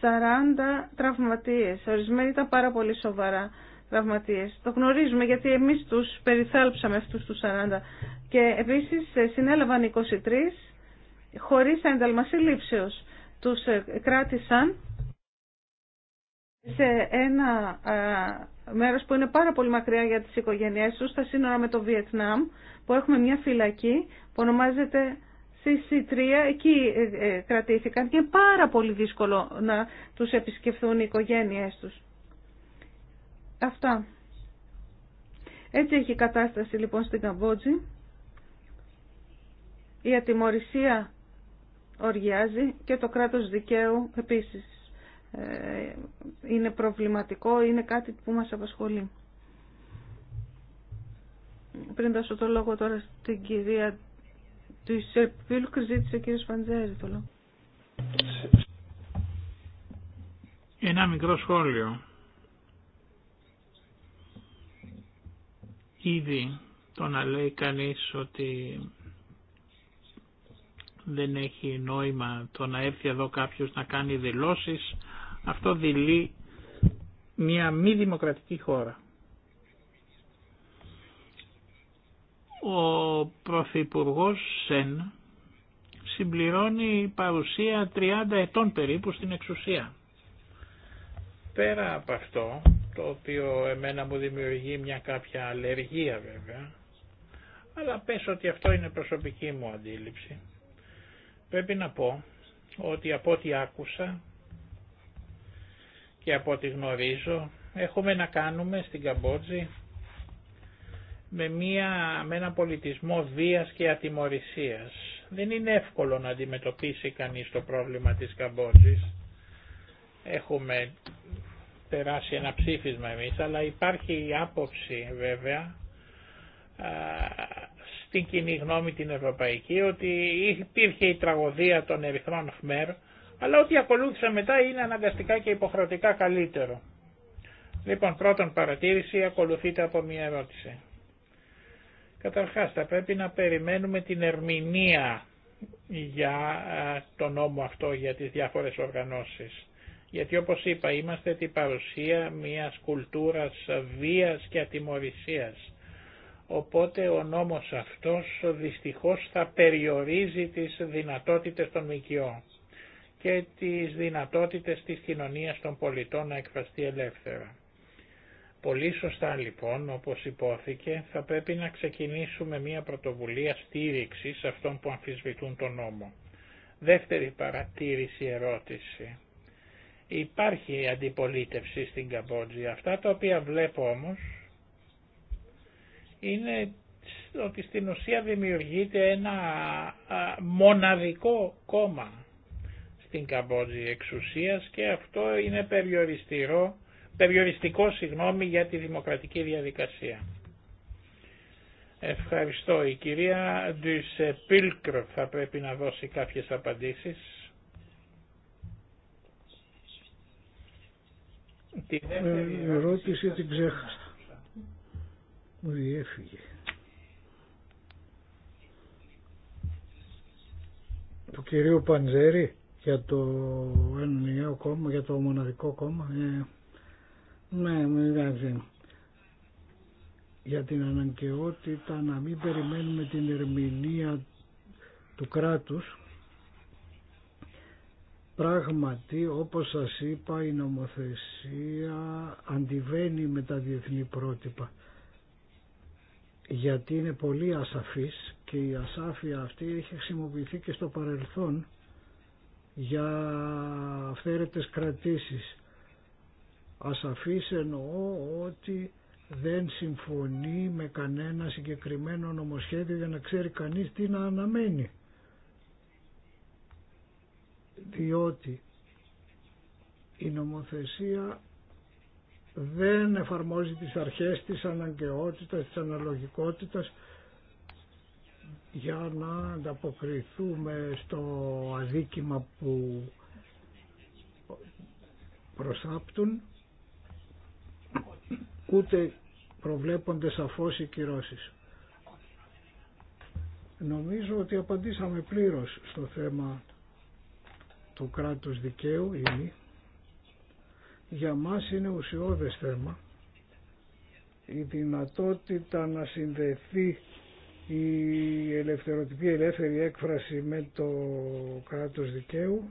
40 τραυματίες. Ορισμένοι ήταν πάρα πολύ σοβαρά τραυματίες. Το γνωρίζουμε γιατί εμείς τους περιθάλψαμε αυτούς τους 40. Και επίσης ε, συνέλαβαν 23 χωρίς ένταλμα σύλληψεως. Τους ε, κράτησαν σε ένα ε, μέρος που είναι πάρα πολύ μακριά για τις οικογένειές τους, στα σύνορα με το Βιετνάμ, που έχουμε μια φυλακή που ονομάζεται CC3, εκεί ε, ε, κρατήθηκαν και είναι πάρα πολύ δύσκολο να τους επισκεφθούν οι οικογένειές τους. Αυτά. Έτσι έχει η κατάσταση λοιπόν στην Καμπότζη. Η ατιμορρησία οργιάζει και το κράτος δικαίου επίσης. Ε, είναι προβληματικό, είναι κάτι που μας απασχολεί. Πριν δώσω το λόγο τώρα στην κυρία του Σερπίλκ, ζήτησε ο κύριος Παντζέρη το λόγο. Ένα μικρό σχόλιο. Ήδη το να λέει κανείς ότι δεν έχει νόημα το να έρθει εδώ κάποιος να κάνει δηλώσεις αυτό δηλεί μια μη δημοκρατική χώρα. Ο Πρωθυπουργό Σεν συμπληρώνει παρουσία 30 ετών περίπου στην εξουσία. Πέρα από αυτό, το οποίο εμένα μου δημιουργεί μια κάποια αλλεργία βέβαια, αλλά πες ότι αυτό είναι προσωπική μου αντίληψη. Πρέπει να πω ότι από ό,τι άκουσα και από ό,τι γνωρίζω έχουμε να κάνουμε στην Καμπότζη με, μια, με ένα πολιτισμό βίας και ατιμορρησίας. Δεν είναι εύκολο να αντιμετωπίσει κανείς το πρόβλημα της Καμπότζης. Έχουμε περάσει ένα ψήφισμα εμείς, αλλά υπάρχει η άποψη βέβαια στην κοινή γνώμη την ευρωπαϊκή ότι υπήρχε η τραγωδία των Ερυθρών Χμέρ αλλά ό,τι ακολούθησε μετά είναι αναγκαστικά και υποχρεωτικά καλύτερο. Λοιπόν, πρώτον παρατήρηση ακολουθείται από μια ερώτηση. Καταρχάς, θα πρέπει να περιμένουμε την ερμηνεία για το νόμο αυτό, για τις διάφορες οργανώσεις. Γιατί όπως είπα, είμαστε την παρουσία μιας κουλτούρας βίας και ατιμορρησίας. Οπότε ο νόμος αυτός δυστυχώς θα περιορίζει τις δυνατότητες των μικιών και τις δυνατότητες της κοινωνίας των πολιτών να εκφραστεί ελεύθερα. Πολύ σωστά λοιπόν, όπως υπόθηκε, θα πρέπει να ξεκινήσουμε μια πρωτοβουλία στήριξης αυτών που αμφισβητούν τον νόμο. Δεύτερη παρατήρηση ερώτηση. Υπάρχει αντιπολίτευση στην Καμπότζη. Αυτά τα οποία βλέπω όμως είναι ότι στην ουσία δημιουργείται ένα μοναδικό κόμμα την Καμπότζη εξουσίας και αυτό είναι περιοριστικό, περιοριστικό συγγνώμη, για τη δημοκρατική διαδικασία. Ευχαριστώ. Η κυρία Ντουισεπίλκρ θα πρέπει να δώσει κάποιες απαντήσεις. Η ε, ερώτηση την ξέχασα. Μου διέφυγε. Του κυρίου Παντζέρη για το ενιαίο κόμμα, για το μοναδικό κόμμα. Ε, ναι, Για την αναγκαιότητα να μην περιμένουμε την ερμηνεία του κράτους. Πράγματι, όπως σας είπα, η νομοθεσία αντιβαίνει με τα διεθνή πρότυπα γιατί είναι πολύ ασαφής και η ασάφεια αυτή έχει χρησιμοποιηθεί και στο παρελθόν για αυθαίρετες κρατήσεις. Ασαφής εννοώ ότι δεν συμφωνεί με κανένα συγκεκριμένο νομοσχέδιο για να ξέρει κανείς τι να αναμένει. Διότι η νομοθεσία δεν εφαρμόζει τις αρχές της αναγκαιότητας, της αναλογικότητας για να ανταποκριθούμε στο αδίκημα που προσάπτουν ούτε προβλέπονται σαφώς οι κυρώσεις. Νομίζω ότι απαντήσαμε πλήρως στο θέμα του κράτους δικαίου ήδη. Για μας είναι ουσιώδες θέμα η δυνατότητα να συνδεθεί η ελευθερωτική ελεύθερη έκφραση με το κράτος δικαίου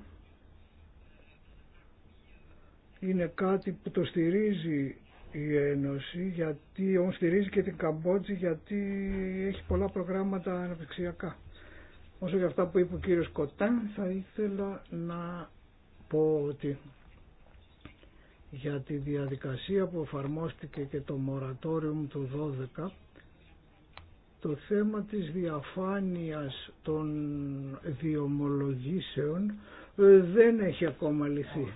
είναι κάτι που το στηρίζει η Ένωση γιατί όμως στηρίζει και την Καμπότζη γιατί έχει πολλά προγράμματα αναπτυξιακά. Όσο για αυτά που είπε ο κύριος Κοτάν θα ήθελα να πω ότι για τη διαδικασία που εφαρμόστηκε και το μορατόριο του 12 το θέμα της διαφάνειας των διομολογήσεων ε, δεν έχει ακόμα λυθεί.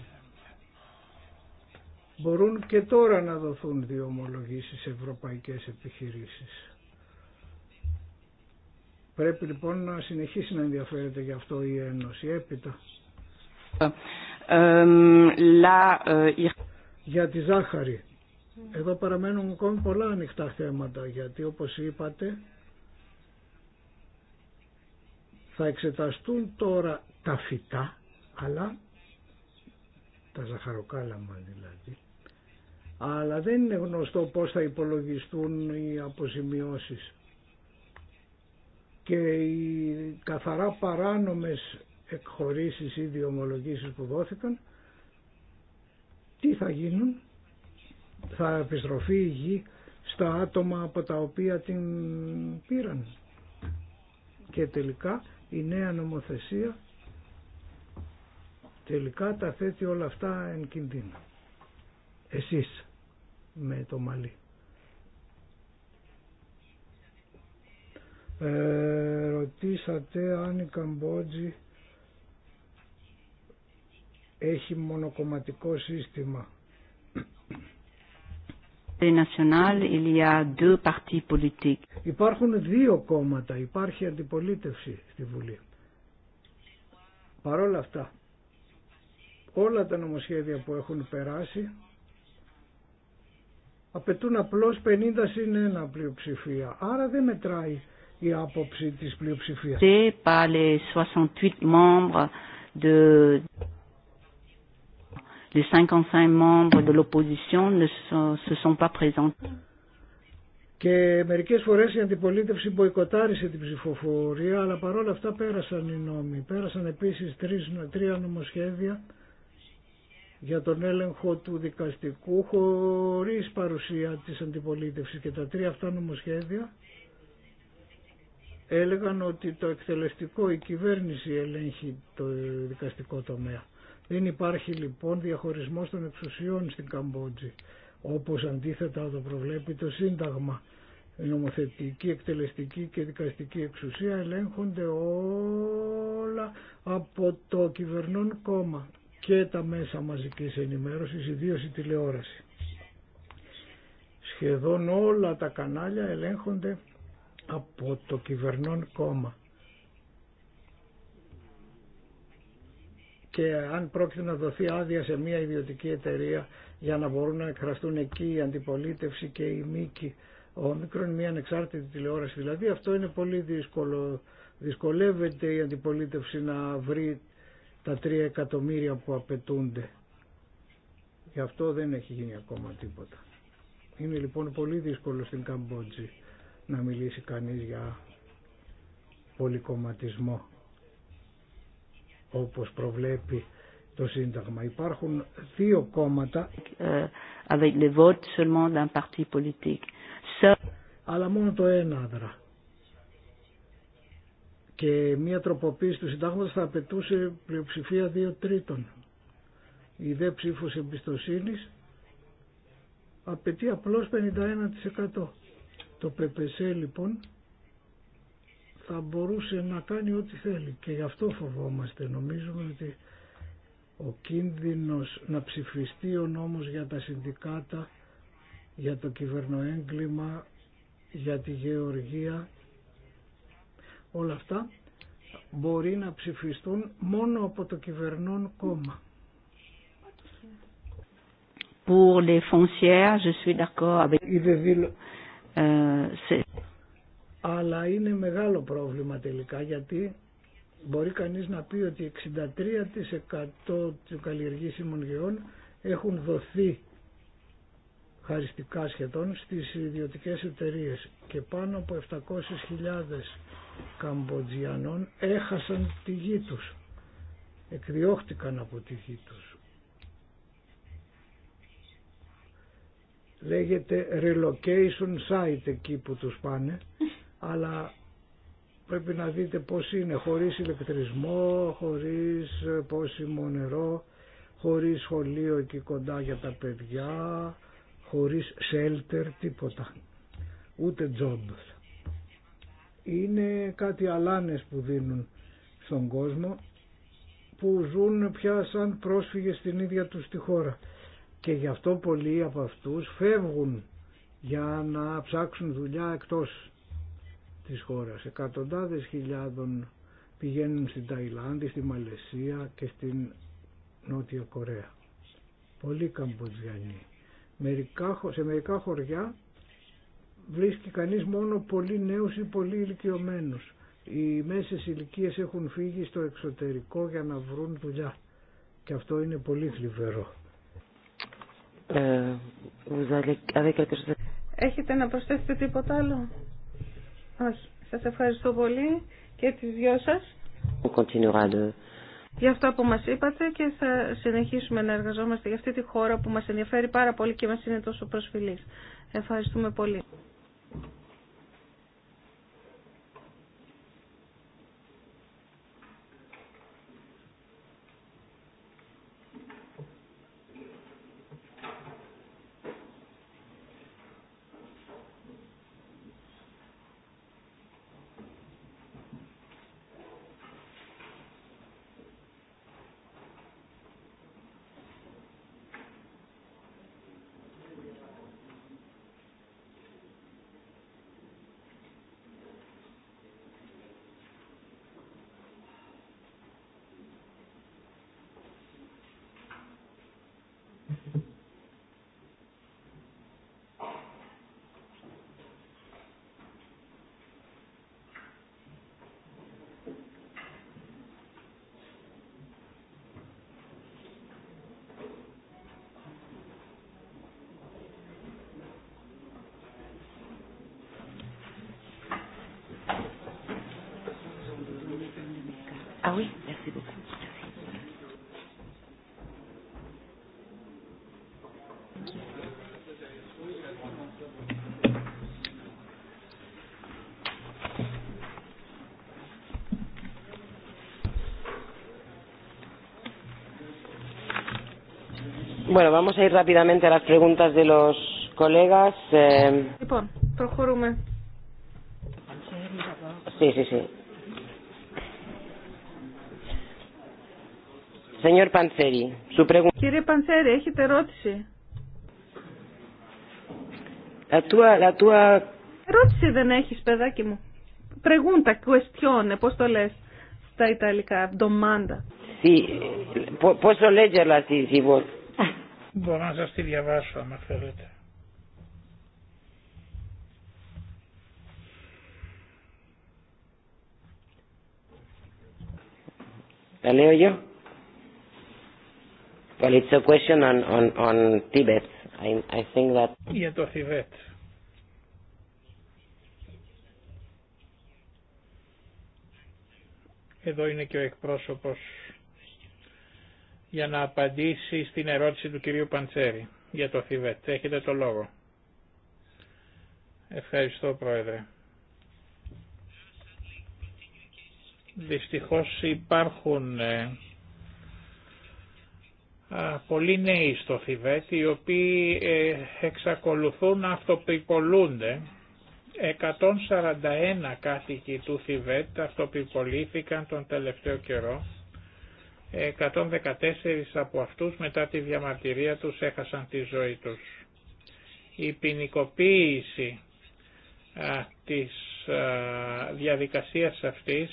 Μπορούν και τώρα να δοθούν διομολογήσεις σε ευρωπαϊκές επιχειρήσεις. Πρέπει λοιπόν να συνεχίσει να ενδιαφέρεται γι' αυτό η Ένωση έπειτα. Ε, ε, για τη ζάχαρη εδώ παραμένουν ακόμη πολλά ανοιχτά θέματα γιατί όπως είπατε θα εξεταστούν τώρα τα φυτά αλλά τα ζαχαροκάλαμα δηλαδή αλλά δεν είναι γνωστό πώς θα υπολογιστούν οι αποζημιώσεις και οι καθαρά παράνομες εκχωρήσεις ή διομολογήσεις που δόθηκαν τι θα γίνουν θα επιστροφεί η γη στα άτομα από τα οποία την πήραν. Και τελικά η νέα νομοθεσία τελικά τα θέτει όλα αυτά εν κίνδυνα. Εσείς με το μαλλί. Ε, ρωτήσατε αν η Καμπότζη έχει μονοκομματικό σύστημα. Υπάρχουν δύο κόμματα, υπάρχει αντιπολίτευση στη Βουλή. Παρόλα αυτά, όλα τα νομοσχέδια που έχουν περάσει απαιτούν απλώς 50 συν 1 πλειοψηφία. Άρα δεν μετράει η άποψη της πλειοψηφίας les 55 membres de l'opposition ne se sont pas Και μερικέ φορέ η αντιπολίτευση μποϊκοτάρισε την ψηφοφορία, αλλά παρόλα αυτά πέρασαν οι νόμοι. Πέρασαν επίση τρία νομοσχέδια για τον έλεγχο του δικαστικού χωρί παρουσία της αντιπολίτευση και τα τρία αυτά νομοσχέδια έλεγαν ότι το εκτελεστικό, η κυβέρνηση ελέγχει το δικαστικό τομέα. Δεν υπάρχει λοιπόν διαχωρισμός των εξουσιών στην Καμπότζη, όπως αντίθετα το προβλέπει το Σύνταγμα. Η νομοθετική, εκτελεστική και δικαστική εξουσία ελέγχονται όλα από το κυβερνών κόμμα και τα μέσα μαζικής ενημέρωσης, ιδίως η τηλεόραση. Σχεδόν όλα τα κανάλια ελέγχονται από το κυβερνών κόμμα. και αν πρόκειται να δοθεί άδεια σε μια ιδιωτική εταιρεία για να μπορούν να εκφραστούν εκεί η αντιπολίτευση και η μήκη ο μικρόν μια ανεξάρτητη τηλεόραση δηλαδή αυτό είναι πολύ δύσκολο δυσκολεύεται η αντιπολίτευση να βρει τα τρία εκατομμύρια που απαιτούνται γι' αυτό δεν έχει γίνει ακόμα τίποτα είναι λοιπόν πολύ δύσκολο στην Καμπότζη να μιλήσει κανείς για πολυκομματισμό όπως προβλέπει το Σύνταγμα. Υπάρχουν δύο κόμματα ε, seulement d'un parti politique. αλλά μόνο το ένα άδρα. Και μια τροποποίηση του Συντάγματος θα απαιτούσε πλειοψηφία δύο τρίτων. Η δε ψήφος εμπιστοσύνης απαιτεί απλώς 51%. Το ΠΠΣ λοιπόν θα μπορούσε να κάνει ό,τι θέλει και γι' αυτό φοβόμαστε. Νομίζουμε ότι ο κίνδυνος να ψηφιστεί ο νόμος για τα συνδικάτα, για το κυβερνοέγκλημα, για τη γεωργία, όλα αυτά μπορεί να ψηφιστούν μόνο από το κυβερνών κόμμα. Pour les foncières, je suis d'accord avec αλλά είναι μεγάλο πρόβλημα τελικά γιατί μπορεί κανείς να πει ότι 63% του καλλιεργήσιμων γεών έχουν δοθεί χαριστικά σχεδόν στις ιδιωτικές εταιρείε και πάνω από 700.000 Καμποτζιανών έχασαν τη γη τους, εκδιώχτηκαν από τη γη τους. Λέγεται relocation site εκεί που τους πάνε αλλά πρέπει να δείτε πώς είναι χωρίς ηλεκτρισμό, χωρίς πόσιμο νερό, χωρίς σχολείο εκεί κοντά για τα παιδιά, χωρίς σέλτερ, τίποτα. Ούτε job. Είναι κάτι αλάνες που δίνουν στον κόσμο που ζουν πια σαν πρόσφυγες στην ίδια τους τη χώρα. Και γι' αυτό πολλοί από αυτούς φεύγουν για να ψάξουν δουλειά εκτός της χώρας. Εκατοντάδες χιλιάδων πηγαίνουν στην Ταϊλάνδη, στη Μαλαισία και στην Νότια Κορέα. Πολλοί Καμποτζιανοί. Μερικά, σε μερικά χωριά βρίσκει κανείς μόνο πολύ νέους ή πολύ ηλικιωμένους. Οι μέσες ηλικίε έχουν φύγει στο εξωτερικό για να βρουν δουλειά. Και αυτό είναι πολύ θλιβερό. Ε, Έχετε να προσθέσετε τίποτα άλλο. Όχι. Σας ευχαριστώ πολύ και τις δυο σας. Για αυτό που μας είπατε και θα συνεχίσουμε να εργαζόμαστε για αυτή τη χώρα που μας ενδιαφέρει πάρα πολύ και μας είναι τόσο προσφυλής. Ευχαριστούμε πολύ. Bueno, vamos a ir rápidamente a las preguntas de los colegas. Eh... Λοιπόν, προχωρούμε. Sí, sí, sí. Señor Panceri, su pregunta. Κύριε Panceri, έχετε ερώτηση. La tua, la tua... Ερώτηση δεν έχεις, παιδάκι μου. Pregunta, questione, πώς το λες στα Ιταλικά, domanda. Sì, posso leggerla, sì, sì, Μπορώ να σας τη διαβάσω άμα θέλετε. Τα λέω εγώ. Well, it's a question on, on, on Tibet. I, I think that... Για το Θιβέτ. Εδώ είναι και ο εκπρόσωπος για να απαντήσει στην ερώτηση του κυρίου Παντσέρη για το Θιβέτ. Έχετε το λόγο. Ευχαριστώ Πρόεδρε. Δυστυχώς υπάρχουν ε, πολλοί νέοι στο Θιβέτ οι οποίοι ε, εξακολουθούν να αυτοπιπολούνται. 141 κάτοικοι του Θιβέτ αυτοπιπολήθηκαν τον τελευταίο καιρό 114 από αυτούς μετά τη διαμαρτυρία τους έχασαν τη ζωή τους. Η ποινικοποίηση α, της α, διαδικασίας αυτής,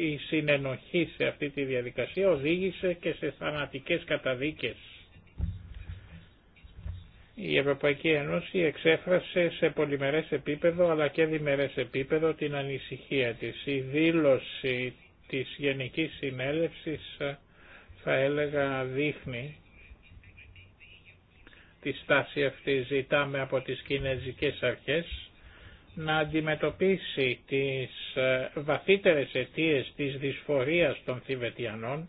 η συνενοχή σε αυτή τη διαδικασία οδήγησε και σε θανατικές καταδίκες. Η Ευρωπαϊκή Ένωση εξέφρασε σε πολυμερές επίπεδο αλλά και διμερές επίπεδο την ανησυχία της. Η δήλωση της Γενικής Συνέλευσης θα έλεγα δείχνει τη στάση αυτή ζητάμε από τις κινέζικες αρχές να αντιμετωπίσει τις ε, βαθύτερες αιτίες της δυσφορίας των Θηβετιανών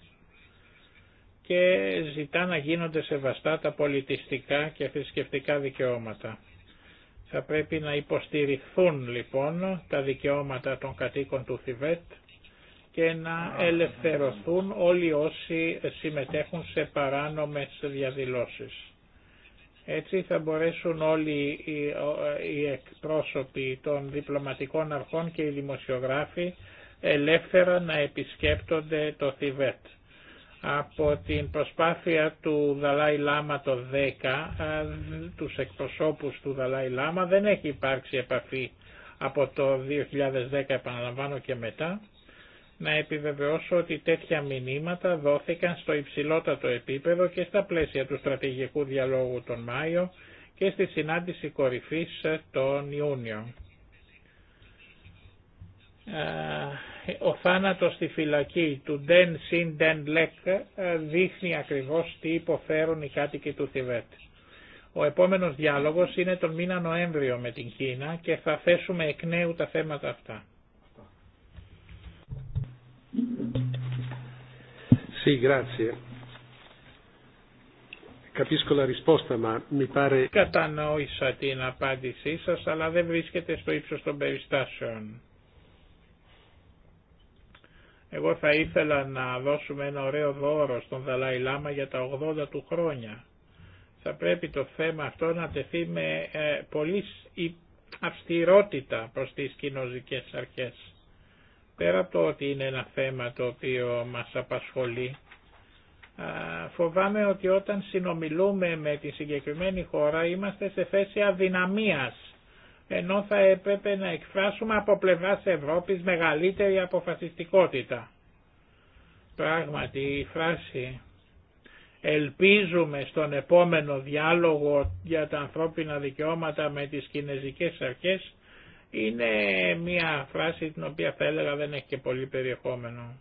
και ζητά να γίνονται σεβαστά τα πολιτιστικά και θρησκευτικά δικαιώματα. Θα πρέπει να υποστηριχθούν λοιπόν τα δικαιώματα των κατοίκων του Θιβέτ και να ελευθερωθούν όλοι όσοι συμμετέχουν σε παράνομες διαδηλώσεις. Έτσι θα μπορέσουν όλοι οι εκπρόσωποι των διπλωματικών αρχών και οι δημοσιογράφοι ελεύθερα να επισκέπτονται το Θιβέτ. Από την προσπάθεια του Δαλάη Λάμα το 10, τους εκπροσώπους του Δαλάη Λάμα δεν έχει υπάρξει επαφή από το 2010 επαναλαμβάνω και μετά να επιβεβαιώσω ότι τέτοια μηνύματα δόθηκαν στο υψηλότατο επίπεδο και στα πλαίσια του στρατηγικού διαλόγου τον Μάιο και στη συνάντηση κορυφής τον Ιούνιο. Ο θάνατος στη φυλακή του Ντεν Σιν Ντεν Λεκ ε, δείχνει ακριβώς τι υποφέρουν οι κάτοικοι του Θιβέτ. Ο επόμενος διάλογος είναι τον μήνα Νοέμβριο με την Κίνα και θα θέσουμε εκ νέου τα θέματα αυτά. Sì, grazie. Capisco la risposta, ma mi pare... Κατανόησα την απάντησή σας, αλλά δεν βρίσκεται στο ύψος των περιστάσεων. Εγώ θα ήθελα να δώσουμε ένα ωραίο δώρο στον Δαλάη Λάμα για τα 80 του χρόνια. Θα πρέπει το θέμα αυτό να τεθεί με ε, πολύ αυστηρότητα προς τις κοινοζικές αρχές. Πέρα από το ότι είναι ένα θέμα το οποίο μας απασχολεί, φοβάμαι ότι όταν συνομιλούμε με τη συγκεκριμένη χώρα είμαστε σε θέση αδυναμίας, ενώ θα έπρεπε να εκφράσουμε από πλευράς Ευρώπης μεγαλύτερη αποφασιστικότητα. Πράγματι η φράση ελπίζουμε στον επόμενο διάλογο για τα ανθρώπινα δικαιώματα με τις κινέζικες αρχές είναι μια φράση την οποία θα έλεγα δεν έχει και πολύ περιεχόμενο.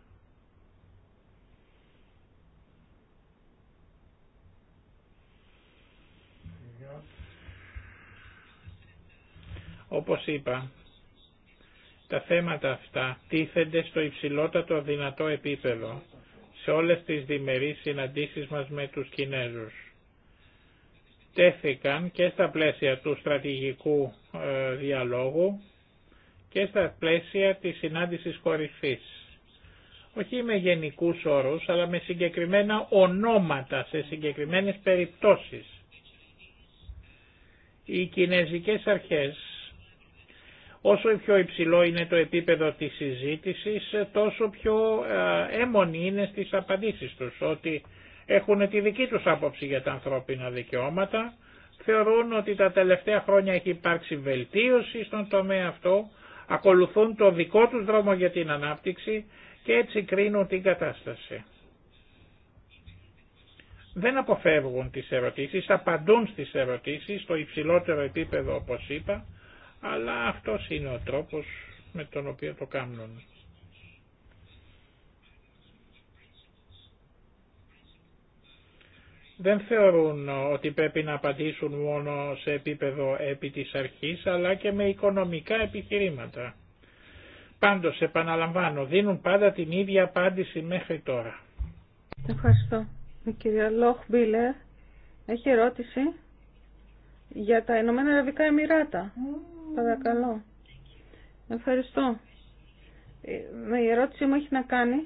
Όπως είπα, τα θέματα αυτά τίθενται στο υψηλότατο δυνατό επίπεδο σε όλες τις διμερείς συναντήσεις μας με τους Κινέζους τέθηκαν και στα πλαίσια του στρατηγικού ε, διαλόγου και στα πλαίσια της συνάντησης κορυφής. Όχι με γενικούς όρους, αλλά με συγκεκριμένα ονόματα σε συγκεκριμένες περιπτώσεις. Οι κινέζικες αρχές, όσο πιο υψηλό είναι το επίπεδο της συζήτησης, τόσο πιο ε, έμονοι είναι στις απαντήσεις τους, ότι έχουν τη δική τους άποψη για τα ανθρώπινα δικαιώματα, θεωρούν ότι τα τελευταία χρόνια έχει υπάρξει βελτίωση στον τομέα αυτό, ακολουθούν το δικό τους δρόμο για την ανάπτυξη και έτσι κρίνουν την κατάσταση. Δεν αποφεύγουν τις ερωτήσεις, απαντούν στις ερωτήσεις στο υψηλότερο επίπεδο όπως είπα, αλλά αυτός είναι ο τρόπος με τον οποίο το κάνουν. δεν θεωρούν ότι πρέπει να απαντήσουν μόνο σε επίπεδο επί της αρχής, αλλά και με οικονομικά επιχειρήματα. Πάντως, επαναλαμβάνω, δίνουν πάντα την ίδια απάντηση μέχρι τώρα. Ευχαριστώ. Η κυρία Λόχ Μπίλε έχει ερώτηση για τα Ηνωμένα Αραβικά Εμμυράτα. Παρακαλώ. Ευχαριστώ. Ε, η ερώτησή μου έχει να κάνει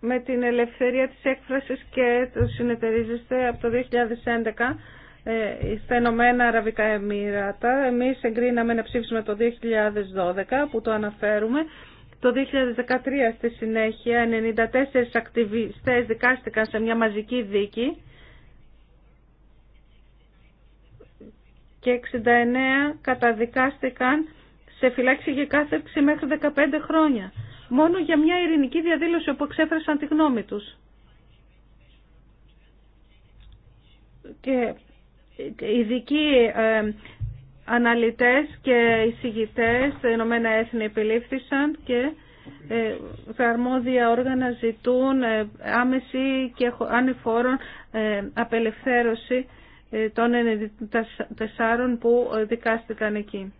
με την ελευθερία της έκφρασης και το συνεταιρίζεστε από το 2011 ε, στα Ενωμένα Αραβικά Εμμυράτα. Εμείς εγκρίναμε ένα ψήφισμα το 2012 που το αναφέρουμε. Το 2013 στη συνέχεια 94 ακτιβιστές δικάστηκαν σε μια μαζική δίκη και 69 καταδικάστηκαν σε φυλάξη και κάθεξη μέχρι 15 χρόνια μόνο για μια ειρηνική διαδήλωση όπου εξέφρασαν τη γνώμη τους. Και ειδικοί ε, αναλυτές και εισηγητές στα Ηνωμένα Έθνη επιλήφθησαν και ε, τα αρμόδια όργανα ζητούν ε, άμεση και ανηφόρον ε, απελευθέρωση ε, των 94 που δικάστηκαν εκεί.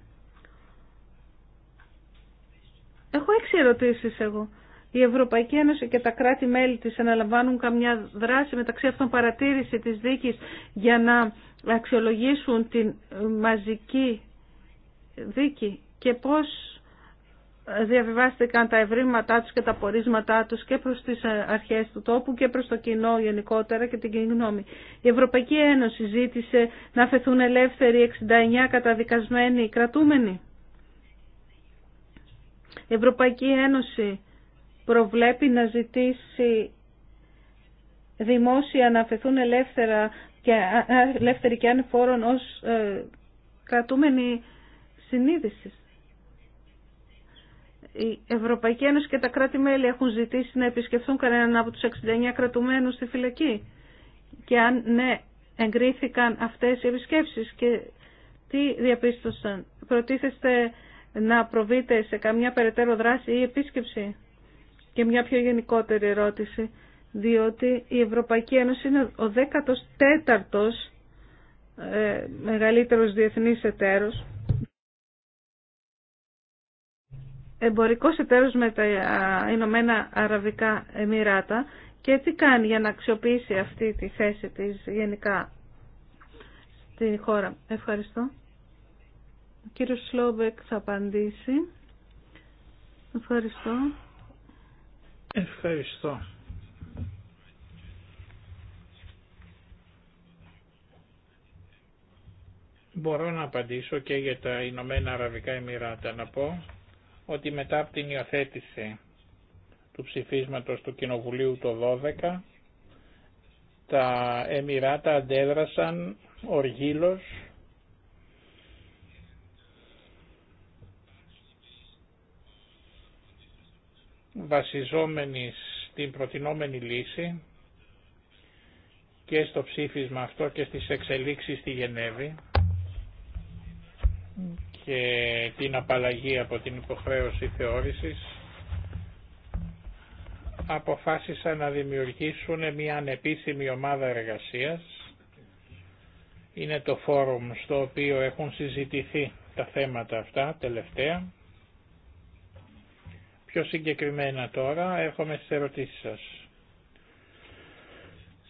Έχω έξι ερωτήσει εγώ. Η Ευρωπαϊκή Ένωση και τα κράτη-μέλη της αναλαμβάνουν καμιά δράση μεταξύ αυτών παρατήρηση της δίκης για να αξιολογήσουν την μαζική δίκη και πώς διαβιβάστηκαν τα ευρήματά τους και τα πορίσματά τους και προς τις αρχές του τόπου και προς το κοινό γενικότερα και την κοινή γνώμη. Η Ευρωπαϊκή Ένωση ζήτησε να αφαιθούν ελεύθεροι 69 καταδικασμένοι κρατούμενοι. Η Ευρωπαϊκή Ένωση προβλέπει να ζητήσει δημόσια να αφαιθούν ελεύθερα και, ελεύθεροι και ανεφόρων ως ε, κρατούμενοι συνείδησης. Η Ευρωπαϊκή Ένωση και τα κράτη-μέλη έχουν ζητήσει να επισκεφθούν κανέναν από τους 69 κρατουμένους στη φυλακή. Και αν ναι, εγκρίθηκαν αυτές οι επισκέψεις και τι διαπίστωσαν. Προτίθεστε να προβείτε σε καμιά περαιτέρω δράση ή επίσκεψη. Και μια πιο γενικότερη ερώτηση, διότι η Ευρωπαϊκή Ένωση είναι ο 14ος ε, μεγαλύτερος διεθνής εταίρος. Εμπορικός εταίρος με τα Ηνωμένα Αραβικά Εμμυράτα και τι κάνει για να αξιοποιήσει αυτή τη θέση της γενικά στη χώρα. Ευχαριστώ. Ο κύριος Σλόβεκ θα απαντήσει. Ευχαριστώ. Ευχαριστώ. Μπορώ να απαντήσω και για τα Ηνωμένα Αραβικά Εμμυράτα να πω ότι μετά από την υιοθέτηση του ψηφίσματος του Κοινοβουλίου το 12 τα Εμμυράτα αντέδρασαν οργήλως βασιζόμενοι στην προτινόμενη λύση και στο ψήφισμα αυτό και στις εξελίξεις στη Γενέβη και την απαλλαγή από την υποχρέωση θεώρησης αποφάσισαν να δημιουργήσουν μια ανεπίσημη ομάδα εργασίας. Είναι το φόρουμ στο οποίο έχουν συζητηθεί τα θέματα αυτά τελευταία Πιο συγκεκριμένα τώρα έρχομαι στις ερωτήσεις σας.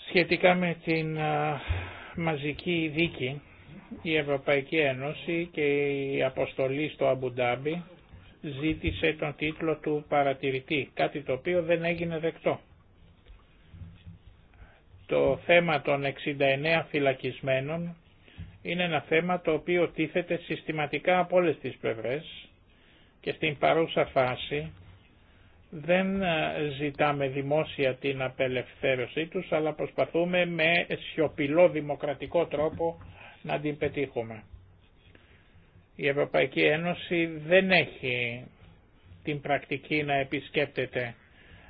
Σχετικά με την μαζική δίκη, η Ευρωπαϊκή Ένωση και η αποστολή στο Αμπουντάμπι ζήτησε τον τίτλο του παρατηρητή, κάτι το οποίο δεν έγινε δεκτό. Το θέμα των 69 φυλακισμένων είναι ένα θέμα το οποίο τίθεται συστηματικά από όλες τις πλευρές και στην παρούσα φάση δεν ε, ζητάμε δημόσια την απελευθέρωσή τους, αλλά προσπαθούμε με σιωπηλό δημοκρατικό τρόπο να την πετύχουμε. Η Ευρωπαϊκή Ένωση δεν έχει την πρακτική να επισκέπτεται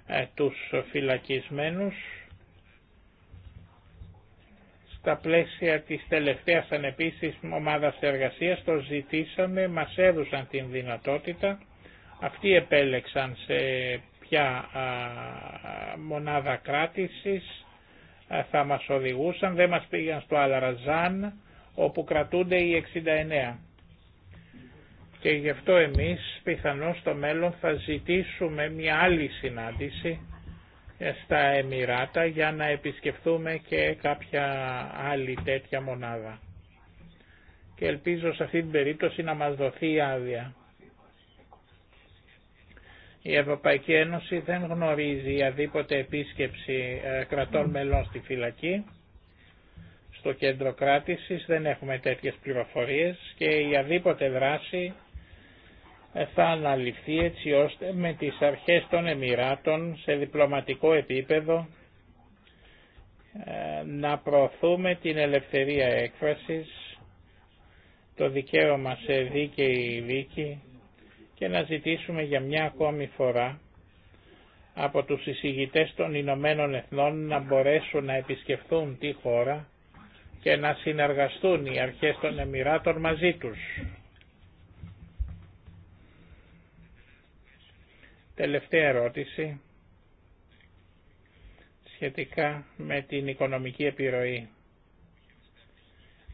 ε, τους φυλακισμένους. Στα πλαίσια της τελευταίας ανεπίσης ομάδας εργασίας το ζητήσαμε, μας έδωσαν την δυνατότητα αυτοί επέλεξαν σε ποια μονάδα κράτησης θα μας οδηγούσαν, δεν μας πήγαν στο Αλαραζάν όπου κρατούνται οι 69. Και γι' αυτό εμείς πιθανώς στο μέλλον θα ζητήσουμε μια άλλη συνάντηση ε, στα Εμμυράτα για να επισκεφθούμε και κάποια άλλη τέτοια μονάδα. Και ελπίζω σε αυτή την περίπτωση να μας δοθεί άδεια. Η Ευρωπαϊκή Ένωση δεν γνωρίζει αδίποτε επίσκεψη ε, κρατών μελών στη φυλακή. Στο κέντρο κράτησης δεν έχουμε τέτοιες πληροφορίες και η αδίποτε δράση ε, θα αναλυφθεί έτσι ώστε με τις αρχές των Εμμυράτων σε διπλωματικό επίπεδο ε, να προωθούμε την ελευθερία έκφρασης, το δικαίωμα σε δίκαιη δίκη, και να ζητήσουμε για μια ακόμη φορά από τους εισηγητές των Ηνωμένων Εθνών να μπορέσουν να επισκεφθούν τη χώρα και να συνεργαστούν οι αρχές των Εμμυράτων μαζί τους. Τελευταία ερώτηση σχετικά με την οικονομική επιρροή.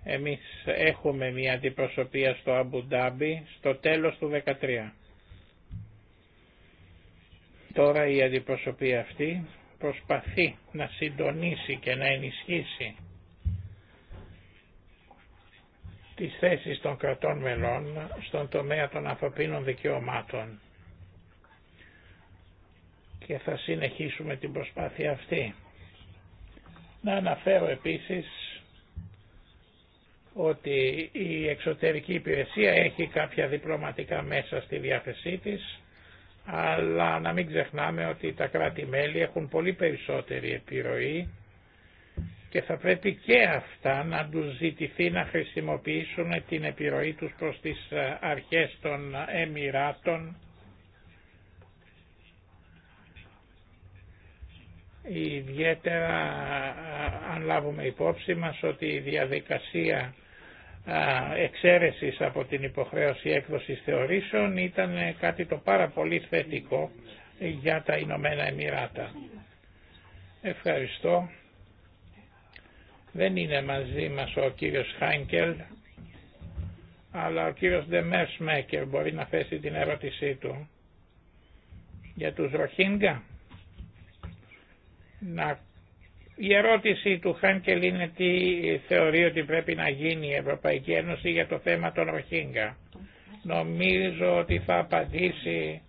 Εμείς έχουμε μια αντιπροσωπεία στο Αμπουντάμπι στο τέλος του 2013. Τώρα η αντιπροσωπεία αυτή προσπαθεί να συντονίσει και να ενισχύσει τις θέσεις των κρατών μελών στον τομέα των ανθρωπίνων δικαιωμάτων. Και θα συνεχίσουμε την προσπάθεια αυτή. Να αναφέρω επίσης ότι η εξωτερική υπηρεσία έχει κάποια διπλωματικά μέσα στη διάθεσή της, αλλά να μην ξεχνάμε ότι τα κράτη-μέλη έχουν πολύ περισσότερη επιρροή και θα πρέπει και αυτά να τους ζητηθεί να χρησιμοποιήσουν την επιρροή τους προς τις ε, αρχές των Εμμυράτων ιδιαίτερα ε, αν λάβουμε υπόψη μας ότι η διαδικασία εξαίρεσης από την υποχρέωση έκδοσης θεωρήσεων ήταν κάτι το πάρα πολύ θετικό για τα Ηνωμένα Εμμυράτα. Ευχαριστώ. Δεν είναι μαζί μας ο κύριος Χάινκελ, αλλά ο κύριος Δεμέρς Μέκερ μπορεί να θέσει την ερώτησή του. Για τους Ροχίνγκα, να η ερώτηση του Χάνκελ είναι τι θεωρεί ότι πρέπει να γίνει η Ευρωπαϊκή Ένωση για το θέμα των Ροχίνγκα. Νομίζω ότι θα απαντήσει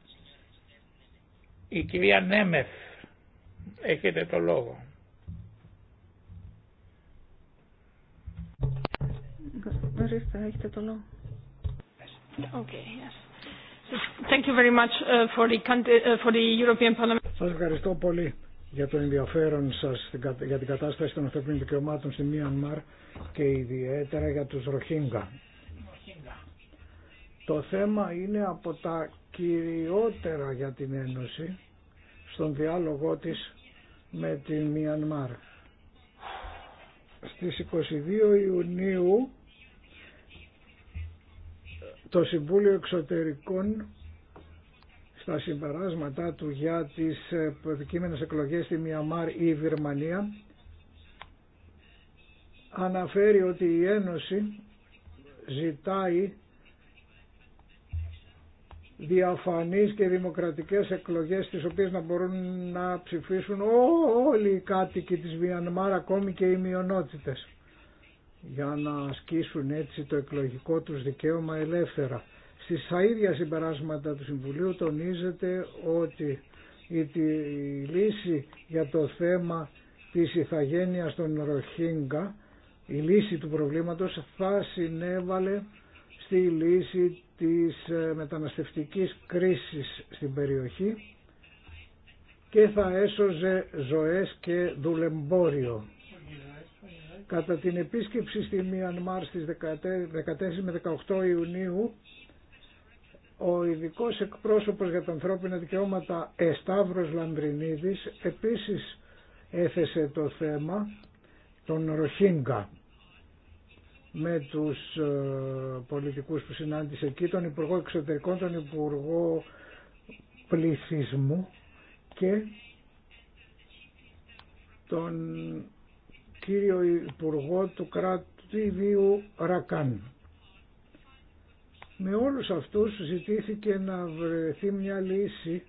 η κυρία Νέμεθ. Έχετε το λόγο. έχετε το λόγο. Okay, yes. Thank you very much uh, for the, uh, for the European Parliament. ευχαριστώ πολύ για το ενδιαφέρον σας για την κατάσταση των ανθρωπίνων δικαιωμάτων στη Μιανμάρ και ιδιαίτερα για τους Ροχίνγκα. Το θέμα είναι από τα κυριότερα για την Ένωση στον διάλογό της με τη Μιανμάρ. Στις 22 Ιουνίου το Συμβούλιο Εξωτερικών στα συμπεράσματά του για τις ε, επικείμενες εκλογές στη Μιαμάρ ή η Βυρμανία αναφέρει ότι η αναφερει οτι ζητάει διαφανείς και δημοκρατικές εκλογές τις οποίες να μπορούν να ψηφίσουν όλοι οι κάτοικοι της Μιανμάρ ακόμη και οι μειονότητες για να ασκήσουν έτσι το εκλογικό τους δικαίωμα ελεύθερα. Στις τα ίδια συμπεράσματα του Συμβουλίου τονίζεται ότι η λύση για το θέμα της ηθαγένειας των Ροχίνγκα, η λύση του προβλήματος θα συνέβαλε στη λύση της ε, μεταναστευτικής κρίσης στην περιοχή και θα έσωζε ζωές και δουλεμπόριο. Κατά την επίσκεψη στη Μιανμάρ στις 14 με 18 Ιουνίου ο ειδικό εκπρόσωπος για τα ανθρώπινα δικαιώματα Εσταύρος Λαμπρινίδης επίσης έθεσε το θέμα των Ροχίνγκα με τους ε, πολιτικούς που συνάντησε εκεί, τον Υπουργό Εξωτερικών, τον Υπουργό Πληθυσμού και τον κύριο Υπουργό του κράτου Ιδίου Ρακάν. Με όλους αυτούς ζητήθηκε να βρεθεί μια λύση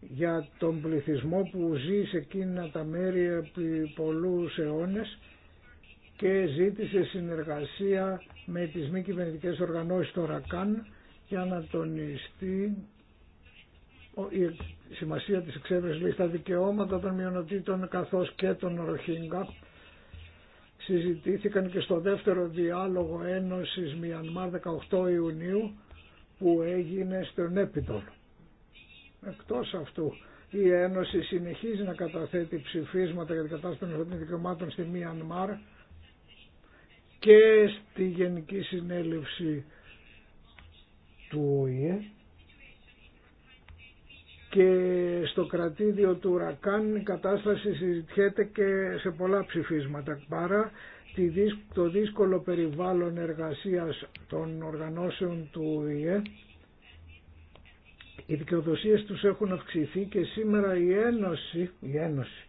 για τον πληθυσμό που ζει σε εκείνα τα μέρη επί πολλούς αιώνες και ζήτησε συνεργασία με τις μη κυβερνητικέ οργανώσεις στο ΡΑΚΑΝ για να τονιστεί η σημασία της εξέβρεσης στα δικαιώματα των μειονοτήτων καθώς και των Ροχίνγκα συζητήθηκαν και στο δεύτερο διάλογο Ένωσης Μιανμάρ 18 Ιουνίου που έγινε στον Έπιτον. Εκτός αυτού, η Ένωση συνεχίζει να καταθέτει ψηφίσματα για την κατάσταση των δικαιωμάτων στη Μιανμάρ και στη Γενική Συνέλευση του ΟΗΕ και στο κρατήδιο του Ρακάν η κατάσταση συζητιέται και σε πολλά ψηφίσματα παρά το δύσκολο περιβάλλον εργασίας των οργανώσεων του ΙΕ, οι δικαιοδοσίες τους έχουν αυξηθεί και σήμερα η Ένωση, η Ένωση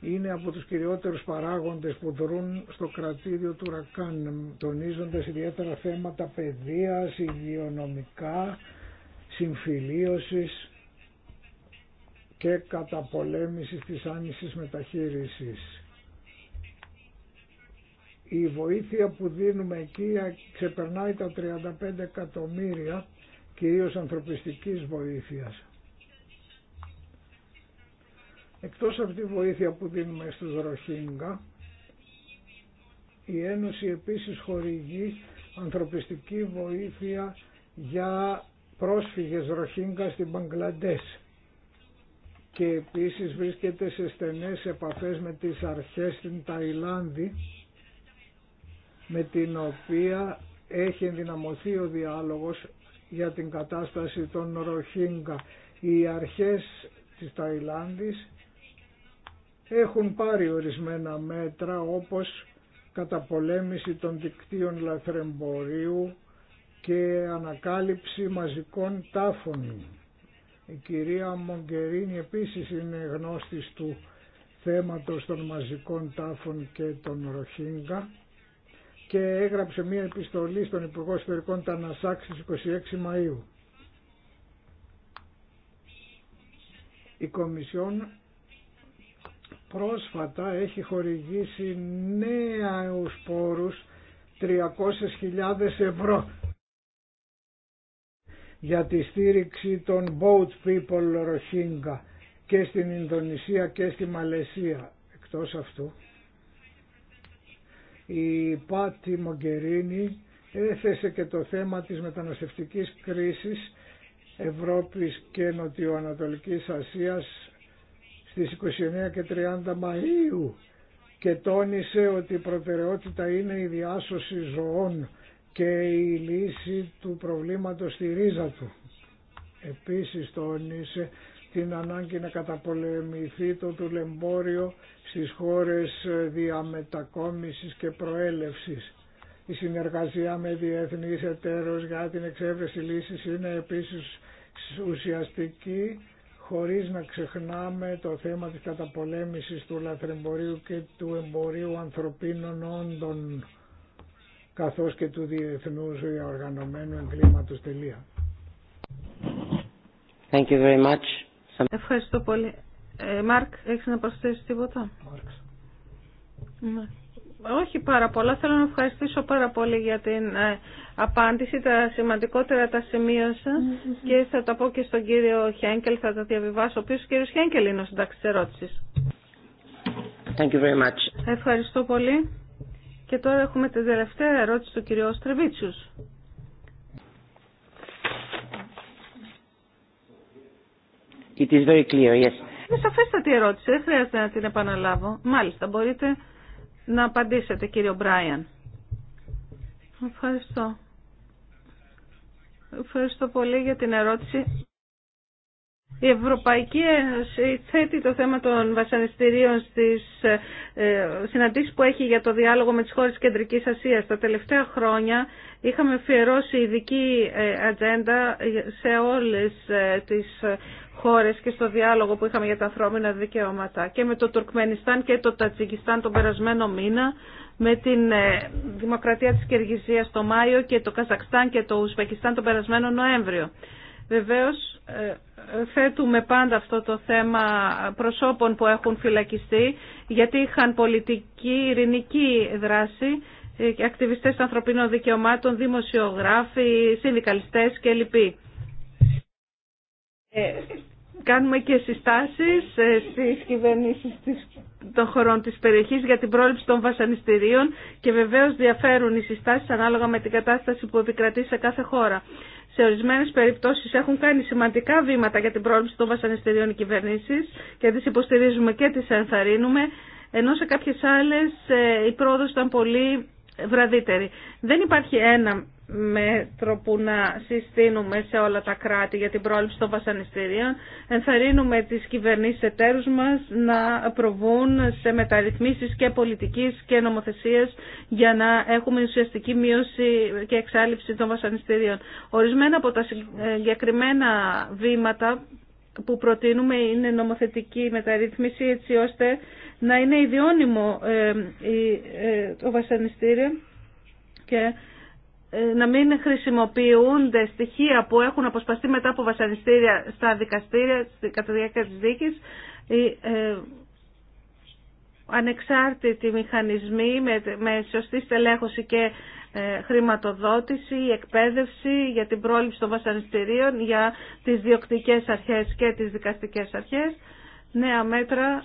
είναι από τους κυριότερους παράγοντες που δρούν στο κρατήδιο του Ρακάν, τονίζοντας ιδιαίτερα θέματα παιδείας, υγειονομικά, συμφιλίωσης και καταπολέμησης της άνησης μεταχείρισης. Η βοήθεια που δίνουμε εκεί ξεπερνάει τα 35 εκατομμύρια κυρίως ανθρωπιστικής βοήθειας. Εκτός από τη βοήθεια που δίνουμε στους Ροχίνγκα, η Ένωση επίσης χορηγεί ανθρωπιστική βοήθεια για πρόσφυγες Ροχίνγκα στην Μπαγκλαντές και επίσης βρίσκεται σε στενές επαφές με τις αρχές στην Ταϊλάνδη με την οποία έχει ενδυναμωθεί ο διάλογος για την κατάσταση των Ροχίνγκα. Οι αρχές της Ταϊλάνδης έχουν πάρει ορισμένα μέτρα όπως καταπολέμηση των δικτύων λαθρεμπορίου και ανακάλυψη μαζικών τάφων. Η κυρία Μογκερίνη επίσης είναι γνώστης του θέματος των μαζικών τάφων και των Ροχίνγκα και έγραψε μία επιστολή στον Υπουργό Ιστορικών Τανασάκ 26 Μαΐου. Η Κομισιόν πρόσφατα έχει χορηγήσει νέα πόρους 300.000 ευρώ για τη στήριξη των Boat People Rohingya και στην Ινδονησία και στη Μαλαισία. Εκτός αυτού, η Πάτη Μογκερίνη έθεσε και το θέμα της μεταναστευτικής κρίσης Ευρώπης και Νοτιοανατολικής Ασίας στις 29 και 30 Μαΐου και τόνισε ότι η προτεραιότητα είναι η διάσωση ζωών και η λύση του προβλήματος στη ρίζα του. Επίσης τόνισε την ανάγκη να καταπολεμηθεί το τουλεμπόριο στις χώρες διαμετακόμισης και προέλευσης. Η συνεργασία με διεθνείς εταίρους για την εξέβρεση λύσης είναι επίσης ουσιαστική χωρίς να ξεχνάμε το θέμα της καταπολέμησης του λαθρεμπορίου και του εμπορίου ανθρωπίνων όντων καθώς και του διεθνούς οργανωμένου εγκλήματος. Τελεία. Thank you very much. Ευχαριστώ πολύ. Ε, Μάρκ, έχεις να προσθέσεις τίποτα. Ναι. Όχι πάρα πολλά. Θέλω να ευχαριστήσω πάρα πολύ για την ε, απάντηση. Τα σημαντικότερα τα σημείωσα mm -hmm. και θα τα πω και στον κύριο Χένκελ, θα τα διαβιβάσω. Ο οποίος ο κύριος Χένκελ είναι ο συντάξης ερώτησης. Thank you very much. Ευχαριστώ πολύ. Και τώρα έχουμε τη τελευταία ερώτηση του κυρίου Στρεβίτσιους. It is very clear, Είναι σαφέστατη ερώτηση, δεν χρειάζεται να την επαναλάβω. Μάλιστα, μπορείτε να απαντήσετε κύριο Μπράιαν. Ευχαριστώ. Ευχαριστώ πολύ για την ερώτηση. Η Ευρωπαϊκή Ένωση θέτει το θέμα των βασανιστήριων στις ε, συναντήσεις που έχει για το διάλογο με τις χώρες Κεντρικής Ασίας. Τα τελευταία χρόνια είχαμε αφιερώσει ειδική ε, ατζέντα σε όλες ε, τις χώρες και στο διάλογο που είχαμε για τα ανθρώπινα δικαιώματα και με το Τουρκμενιστάν και το Τατζικιστάν τον περασμένο μήνα με την Δημοκρατία της Κυργυζίας το Μάιο και το Καζακστάν και το Ουσπεκιστάν τον περασμένο Νοέμβριο. Βεβαίως ε, θέτουμε πάντα αυτό το θέμα προσώπων που έχουν φυλακιστεί γιατί είχαν πολιτική ειρηνική δράση ε, και ακτιβιστές ανθρωπίνων δικαιωμάτων, δημοσιογράφοι, συνδικαλιστές κλπ. Ε, κάνουμε και συστάσεις στις κυβερνήσεις των χωρών της περιοχής για την πρόληψη των βασανιστήριων και βεβαίως διαφέρουν οι συστάσεις ανάλογα με την κατάσταση που επικρατεί σε κάθε χώρα σε ορισμένε περιπτώσει έχουν κάνει σημαντικά βήματα για την πρόληψη των βασανιστήριων οι κυβερνήσει και τι υποστηρίζουμε και τι ενθαρρύνουμε, ενώ σε κάποιε άλλε ε, η πρόοδο ήταν πολύ βραδύτερη. Δεν υπάρχει ένα μέτρο που να συστήνουμε σε όλα τα κράτη για την πρόληψη των βασανιστήριων. Ενθαρρύνουμε τις κυβερνήσεις εταίρους μας να προβούν σε μεταρρυθμίσεις και πολιτικής και νομοθεσίας για να έχουμε ουσιαστική μείωση και εξάλληψη των βασανιστήριων. Ορισμένα από τα συγκεκριμένα βήματα που προτείνουμε είναι νομοθετική μεταρρύθμιση έτσι ώστε να είναι ιδιώνυμο ε, ε, το βασανιστήριο και ε, να μην χρησιμοποιούνται στοιχεία που έχουν αποσπαστεί μετά από βασανιστήρια στα δικαστήρια κατά τη διάρκεια της δίκης ε, ανεξάρτητοι μηχανισμοί με, με σωστή στελέχωση και ε, χρηματοδότηση, εκπαίδευση για την πρόληψη των βασανιστήριων για τις διοκτικές αρχές και τις δικαστικές αρχές νέα μέτρα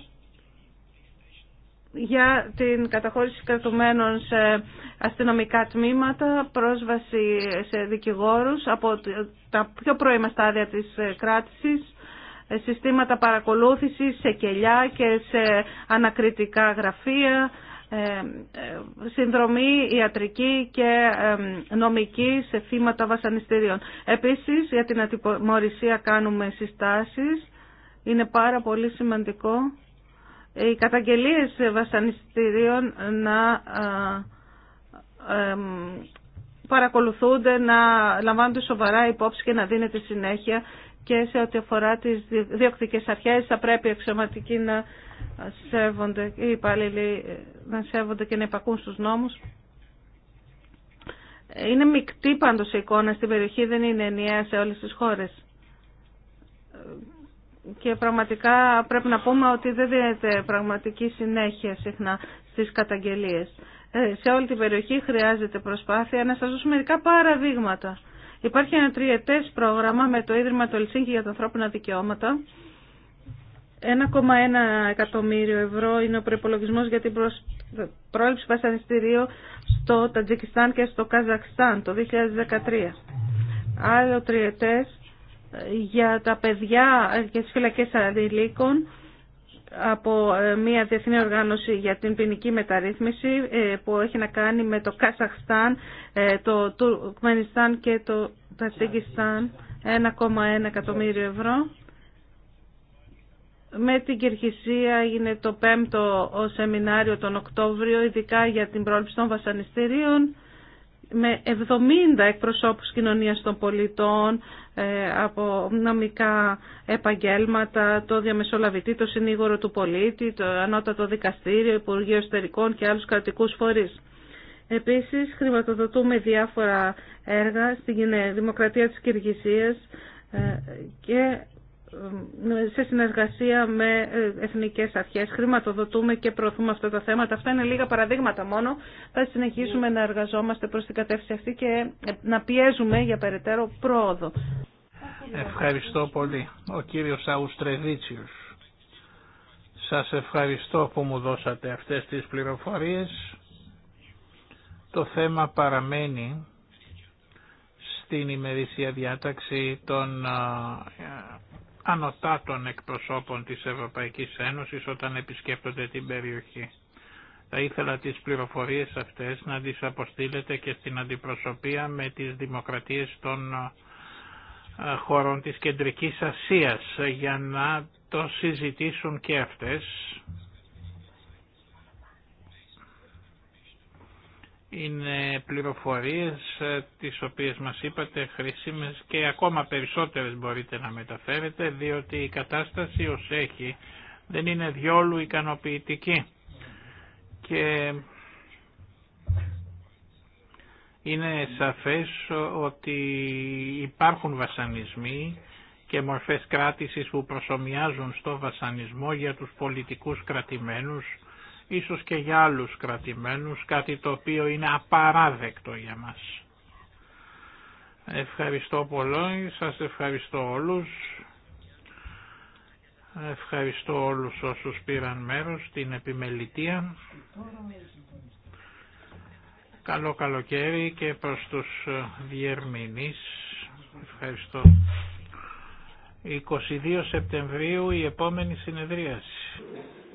για την καταχώρηση κρατουμένων σε αστυνομικά τμήματα, πρόσβαση σε δικηγόρους από τα πιο πρώιμα στάδια της ε, κράτησης, ε, συστήματα παρακολούθησης σε κελιά και σε ανακριτικά γραφεία, ε, συνδρομή ιατρική και νομική σε θύματα βασανιστήριων. Επίσης, για την ατιμορρησία κάνουμε συστάσεις. Είναι πάρα πολύ σημαντικό οι καταγγελίες βασανιστήριων να ε, ε, παρακολουθούνται, να λαμβάνονται σοβαρά υπόψη και να δίνεται συνέχεια και σε ό,τι αφορά τις διοκτικές αρχές θα πρέπει οι να σέβονται, ή υπάλληλοι ε, να σέβονται και να υπακούν στους νόμους. Είναι μεικτή πάντως η εικόνα στην περιοχή, δεν είναι ενιαία σε όλες τις χώρες και πραγματικά πρέπει να πούμε ότι δεν δίνεται πραγματική συνέχεια συχνά στις καταγγελίες. Ε, σε όλη την περιοχή χρειάζεται προσπάθεια. Να σας δώσω μερικά παραδείγματα. Υπάρχει ένα τριετές πρόγραμμα με το Ίδρυμα του Ελσίνκη για τα ανθρώπινα δικαιώματα. 1,1 εκατομμύριο ευρώ είναι ο προπολογισμό για την πρόληψη βασανιστήριου στο Τατζικιστάν και στο Καζακστάν το 2013. Άλλο τριετές για τα παιδιά και τις φυλακές αντιλίκων από ε, μια διεθνή οργάνωση για την ποινική μεταρρύθμιση ε, που έχει να κάνει με το Κασαχστάν, ε, το Τουρκμενιστάν και το Τατζικιστάν 1,1 εκατομμύριο ευρώ. Με την Κυρχησία είναι το πέμπτο σεμινάριο τον Οκτώβριο, ειδικά για την πρόληψη των βασανιστήριων με 70 εκπροσώπους κοινωνίας των πολιτών ε, από νομικά επαγγέλματα, το διαμεσολαβητή, το συνήγορο του πολίτη, το ανώτατο δικαστήριο, Υπουργείο Εστερικών και άλλους κρατικούς φορείς. Επίσης, χρηματοδοτούμε διάφορα έργα στην Δημοκρατία της Κυργυσίας ε, και σε συνεργασία με ε, εθνικές αρχές χρηματοδοτούμε και προωθούμε αυτά τα θέματα. Αυτά είναι λίγα παραδείγματα μόνο. Θα συνεχίσουμε να εργαζόμαστε προς την κατεύθυνση αυτή και ε, να πιέζουμε για περαιτέρω πρόοδο. Ευχαριστώ πολύ. Ο κύριος Αουστρεδίτσιος Σας ευχαριστώ που μου δώσατε αυτές τις πληροφορίες. Το θέμα παραμένει στην ημερήσια διάταξη των ε, ανωτά των εκπροσώπων της Ευρωπαϊκής Ένωσης όταν επισκέπτονται την περιοχή. Θα ήθελα τις πληροφορίες αυτές να τις αποστείλετε και στην αντιπροσωπεία με τις δημοκρατίες των χωρών της Κεντρικής Ασίας για να το συζητήσουν και αυτές είναι πληροφορίες ε, τις οποίες μας είπατε χρήσιμες και ακόμα περισσότερες μπορείτε να μεταφέρετε διότι η κατάσταση ως έχει δεν είναι διόλου ικανοποιητική και είναι σαφές ότι υπάρχουν βασανισμοί και μορφές κράτησης που προσωμιάζουν στο βασανισμό για τους πολιτικούς κρατημένους ίσως και για άλλους κρατημένους, κάτι το οποίο είναι απαράδεκτο για μας. Ευχαριστώ πολύ, σας ευχαριστώ όλους. Ευχαριστώ όλους όσους πήραν μέρος στην επιμελητία. Καλό καλοκαίρι και προς τους διερμηνείς. Ευχαριστώ. 22 Σεπτεμβρίου η επόμενη συνεδρίαση.